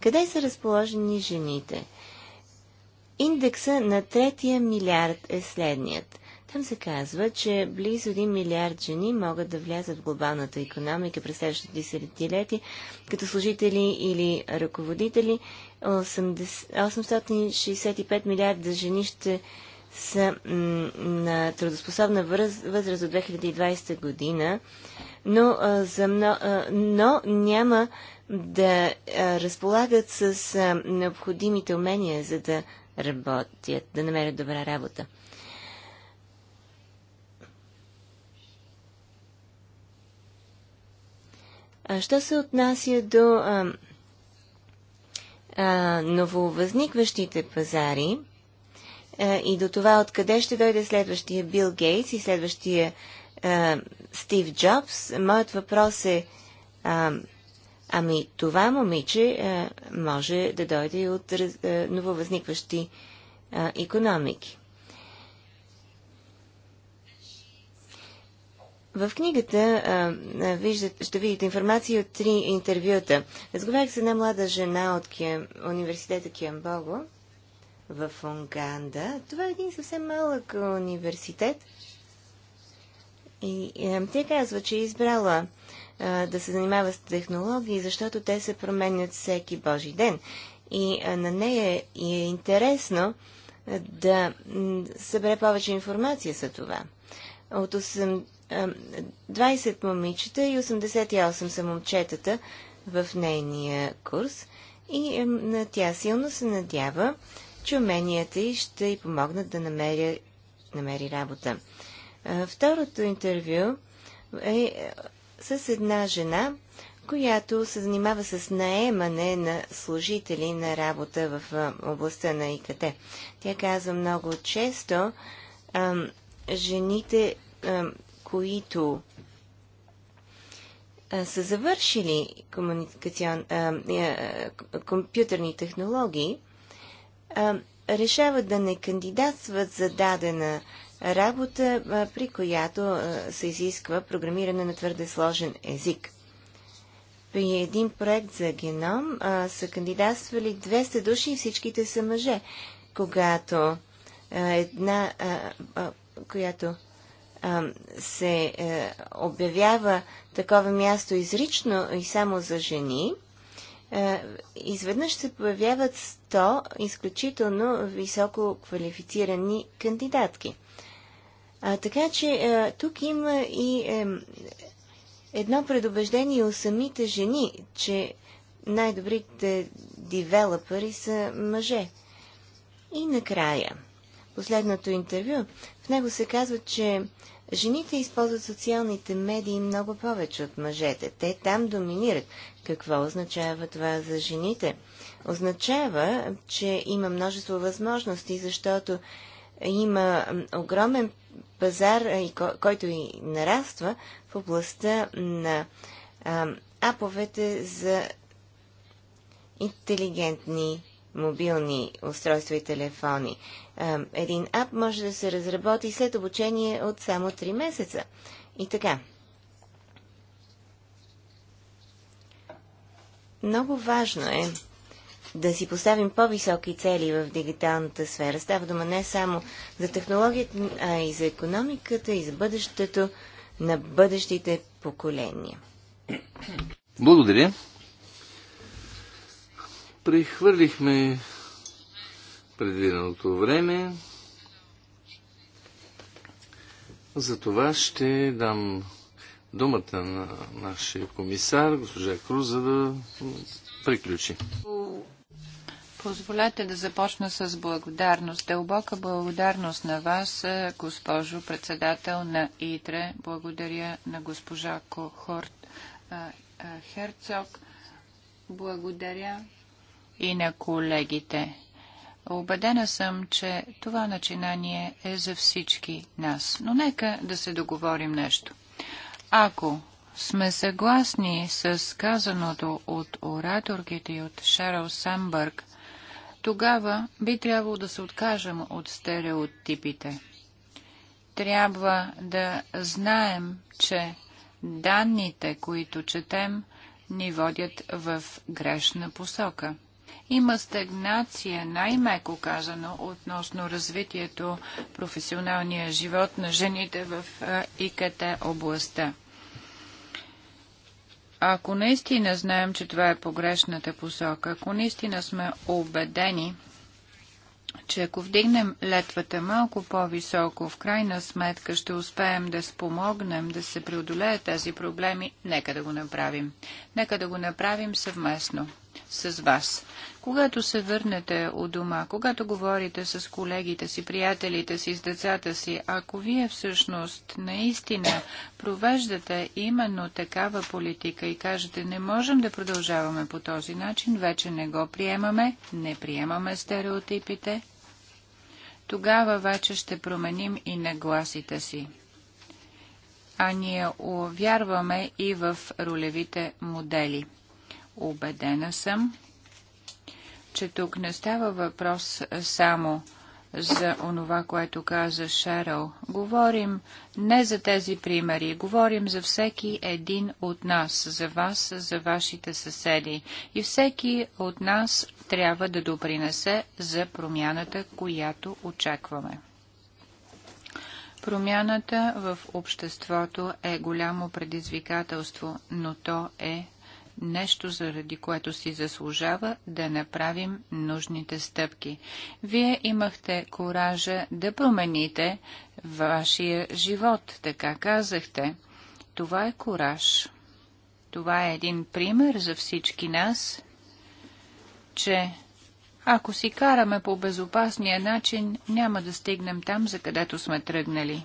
Къде са разположени жените? Индекса на третия милиард е следният. Там се казва, че близо 1 милиард жени могат да влязат в глобалната економика през следващото десетилетие като служители или ръководители. 865 милиарда жени ще са на трудоспособна възраст до 2020 година, но, за мно, но няма да разполагат с необходимите умения, за да работят, да намерят добра работа. Що се отнася до а, а, нововъзникващите пазари а, и до това откъде ще дойде следващия Бил Гейтс и следващия а, Стив Джобс, моят въпрос е а, ами това момиче а, може да дойде от а, нововъзникващи а, економики. В книгата а, ще видите информация от три интервюта. Разговарях с една млада жена от Кием, университета Киамбого в Унганда. Това е един съвсем малък университет. И е, тя казва, че е избрала да се занимава с технологии, защото те се променят всеки Божи ден. И на нея е интересно да събере повече информация за това. От 20 момичета и 88 са момчетата в нейния курс и на тя силно се надява, че уменията й ще й помогнат да намери, намери работа. Второто интервю е, е с една жена, която се занимава с наемане на служители на работа в областта на ИКТ. Тя казва много често, жените които а, са завършили комуникацион, а, а, компютърни технологии, а, решават да не кандидатстват за дадена работа, а, при която а, се изисква програмиране на твърде сложен език. При един проект за геном а, са кандидатствали 200 души и всичките са мъже. Когато а, една, а, а, която се е, обявява такова място изрично и само за жени, е, изведнъж се появяват 100 изключително високо квалифицирани кандидатки. А, така че а, е, тук има и е, едно предубеждение у самите жени, че най-добрите девелопери са мъже. И накрая, последното интервю, в него се казва, че Жените използват социалните медии много повече от мъжете. Те там доминират. Какво означава това за жените? Означава, че има множество възможности, защото има огромен пазар, който и нараства в областта на аповете за интелигентни мобилни устройства и телефони. Един ап може да се разработи след обучение от само 3 месеца. И така. Много важно е да си поставим по-високи цели в дигиталната сфера. Става дума не само за технологията, а и за економиката, и за бъдещето на бъдещите поколения. Благодаря. Прехвърлихме предвиденото време. За това ще дам думата на нашия комисар, госпожа Круз, за да приключи. Позволете да започна с благодарност. Дълбока благодарност на вас, госпожо председател на ИТРЕ. Благодаря на госпожа Кохорт Херцог. Благодаря и на колегите. Обедена съм, че това начинание е за всички нас. Но нека да се договорим нещо. Ако сме съгласни с казаното от ораторките и от Шерл Самбърг, тогава би трябвало да се откажем от стереотипите. Трябва да знаем, че данните, които четем, ни водят в грешна посока – има стагнация, най-меко казано, относно развитието професионалния живот на жените в ИКТ областта. Ако наистина знаем, че това е погрешната посока, ако наистина сме убедени, че ако вдигнем летвата малко по-високо, в крайна сметка ще успеем да спомогнем да се преодолеят тези проблеми, нека да го направим. Нека да го направим съвместно с вас. Когато се върнете у дома, когато говорите с колегите си, приятелите си, с децата си, ако вие всъщност наистина провеждате именно такава политика и кажете не можем да продължаваме по този начин, вече не го приемаме, не приемаме стереотипите, тогава вече ще променим и нагласите си. А ние вярваме и в ролевите модели. Обедена съм, че тук не става въпрос само за онова, което каза Шеръл. Говорим не за тези примери, говорим за всеки един от нас, за вас, за вашите съседи. И всеки от нас трябва да допринесе за промяната, която очакваме. Промяната в обществото е голямо предизвикателство, но то е нещо, заради което си заслужава да направим нужните стъпки. Вие имахте коража да промените вашия живот, така казахте. Това е кораж. Това е един пример за всички нас, че ако си караме по безопасния начин, няма да стигнем там, за където сме тръгнали.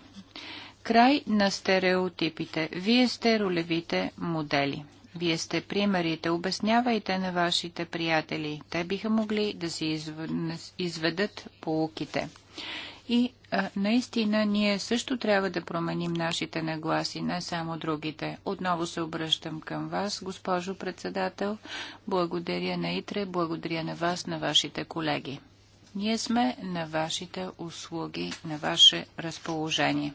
Край на стереотипите. Вие сте ролевите модели. Вие сте примерите. Обяснявайте на вашите приятели. Те биха могли да си изведат полуките. И а, наистина ние също трябва да променим нашите нагласи, не само другите. Отново се обръщам към вас, госпожо председател. Благодаря на Итре, благодаря на вас, на вашите колеги. Ние сме на вашите услуги, на ваше разположение.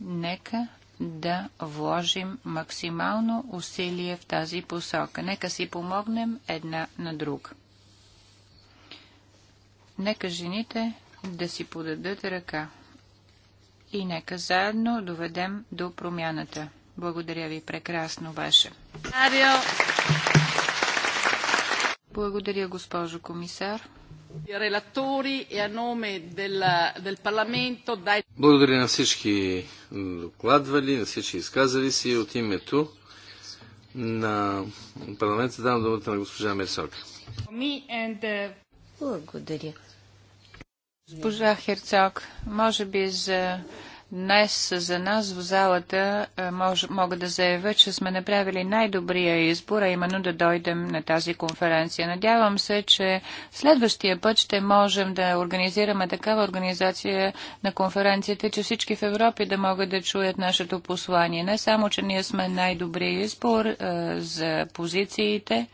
Нека да вложим максимално усилие в тази посока. Нека си помогнем една на друга. Нека жените да си подадат ръка и нека заедно доведем до промяната. Благодаря ви, прекрасно беше. Благодаря, госпожо комисар. E Благодаря на всички докладвали, на всички изказали си от името на парламента давам думата на госпожа Мерсока. Uh, Благодаря. Госпожа Херцог, може би за днес за нас в залата е, мож, мога да заявя, че сме направили най-добрия избор, а именно да дойдем на тази конференция. Надявам се, че следващия път ще можем да организираме такава организация на конференцията, че всички в Европи да могат да чуят нашето послание. Не само, че ние сме най-добрия избор а, е, за позициите,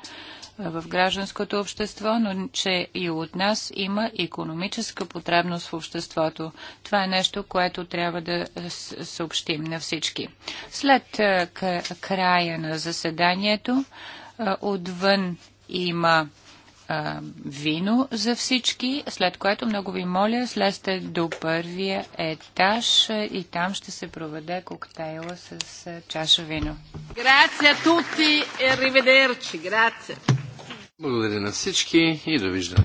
в гражданското общество, но че и от нас има економическа потребност в обществото. Това е нещо, което трябва да съобщим на всички. След е, края на заседанието, е, отвън има е, вино за всички, след което много ви моля, слезте до първия етаж и там ще се проведе коктейла с чаша вино. Грация тути и e Грация! Благодаря на всички и довиждане.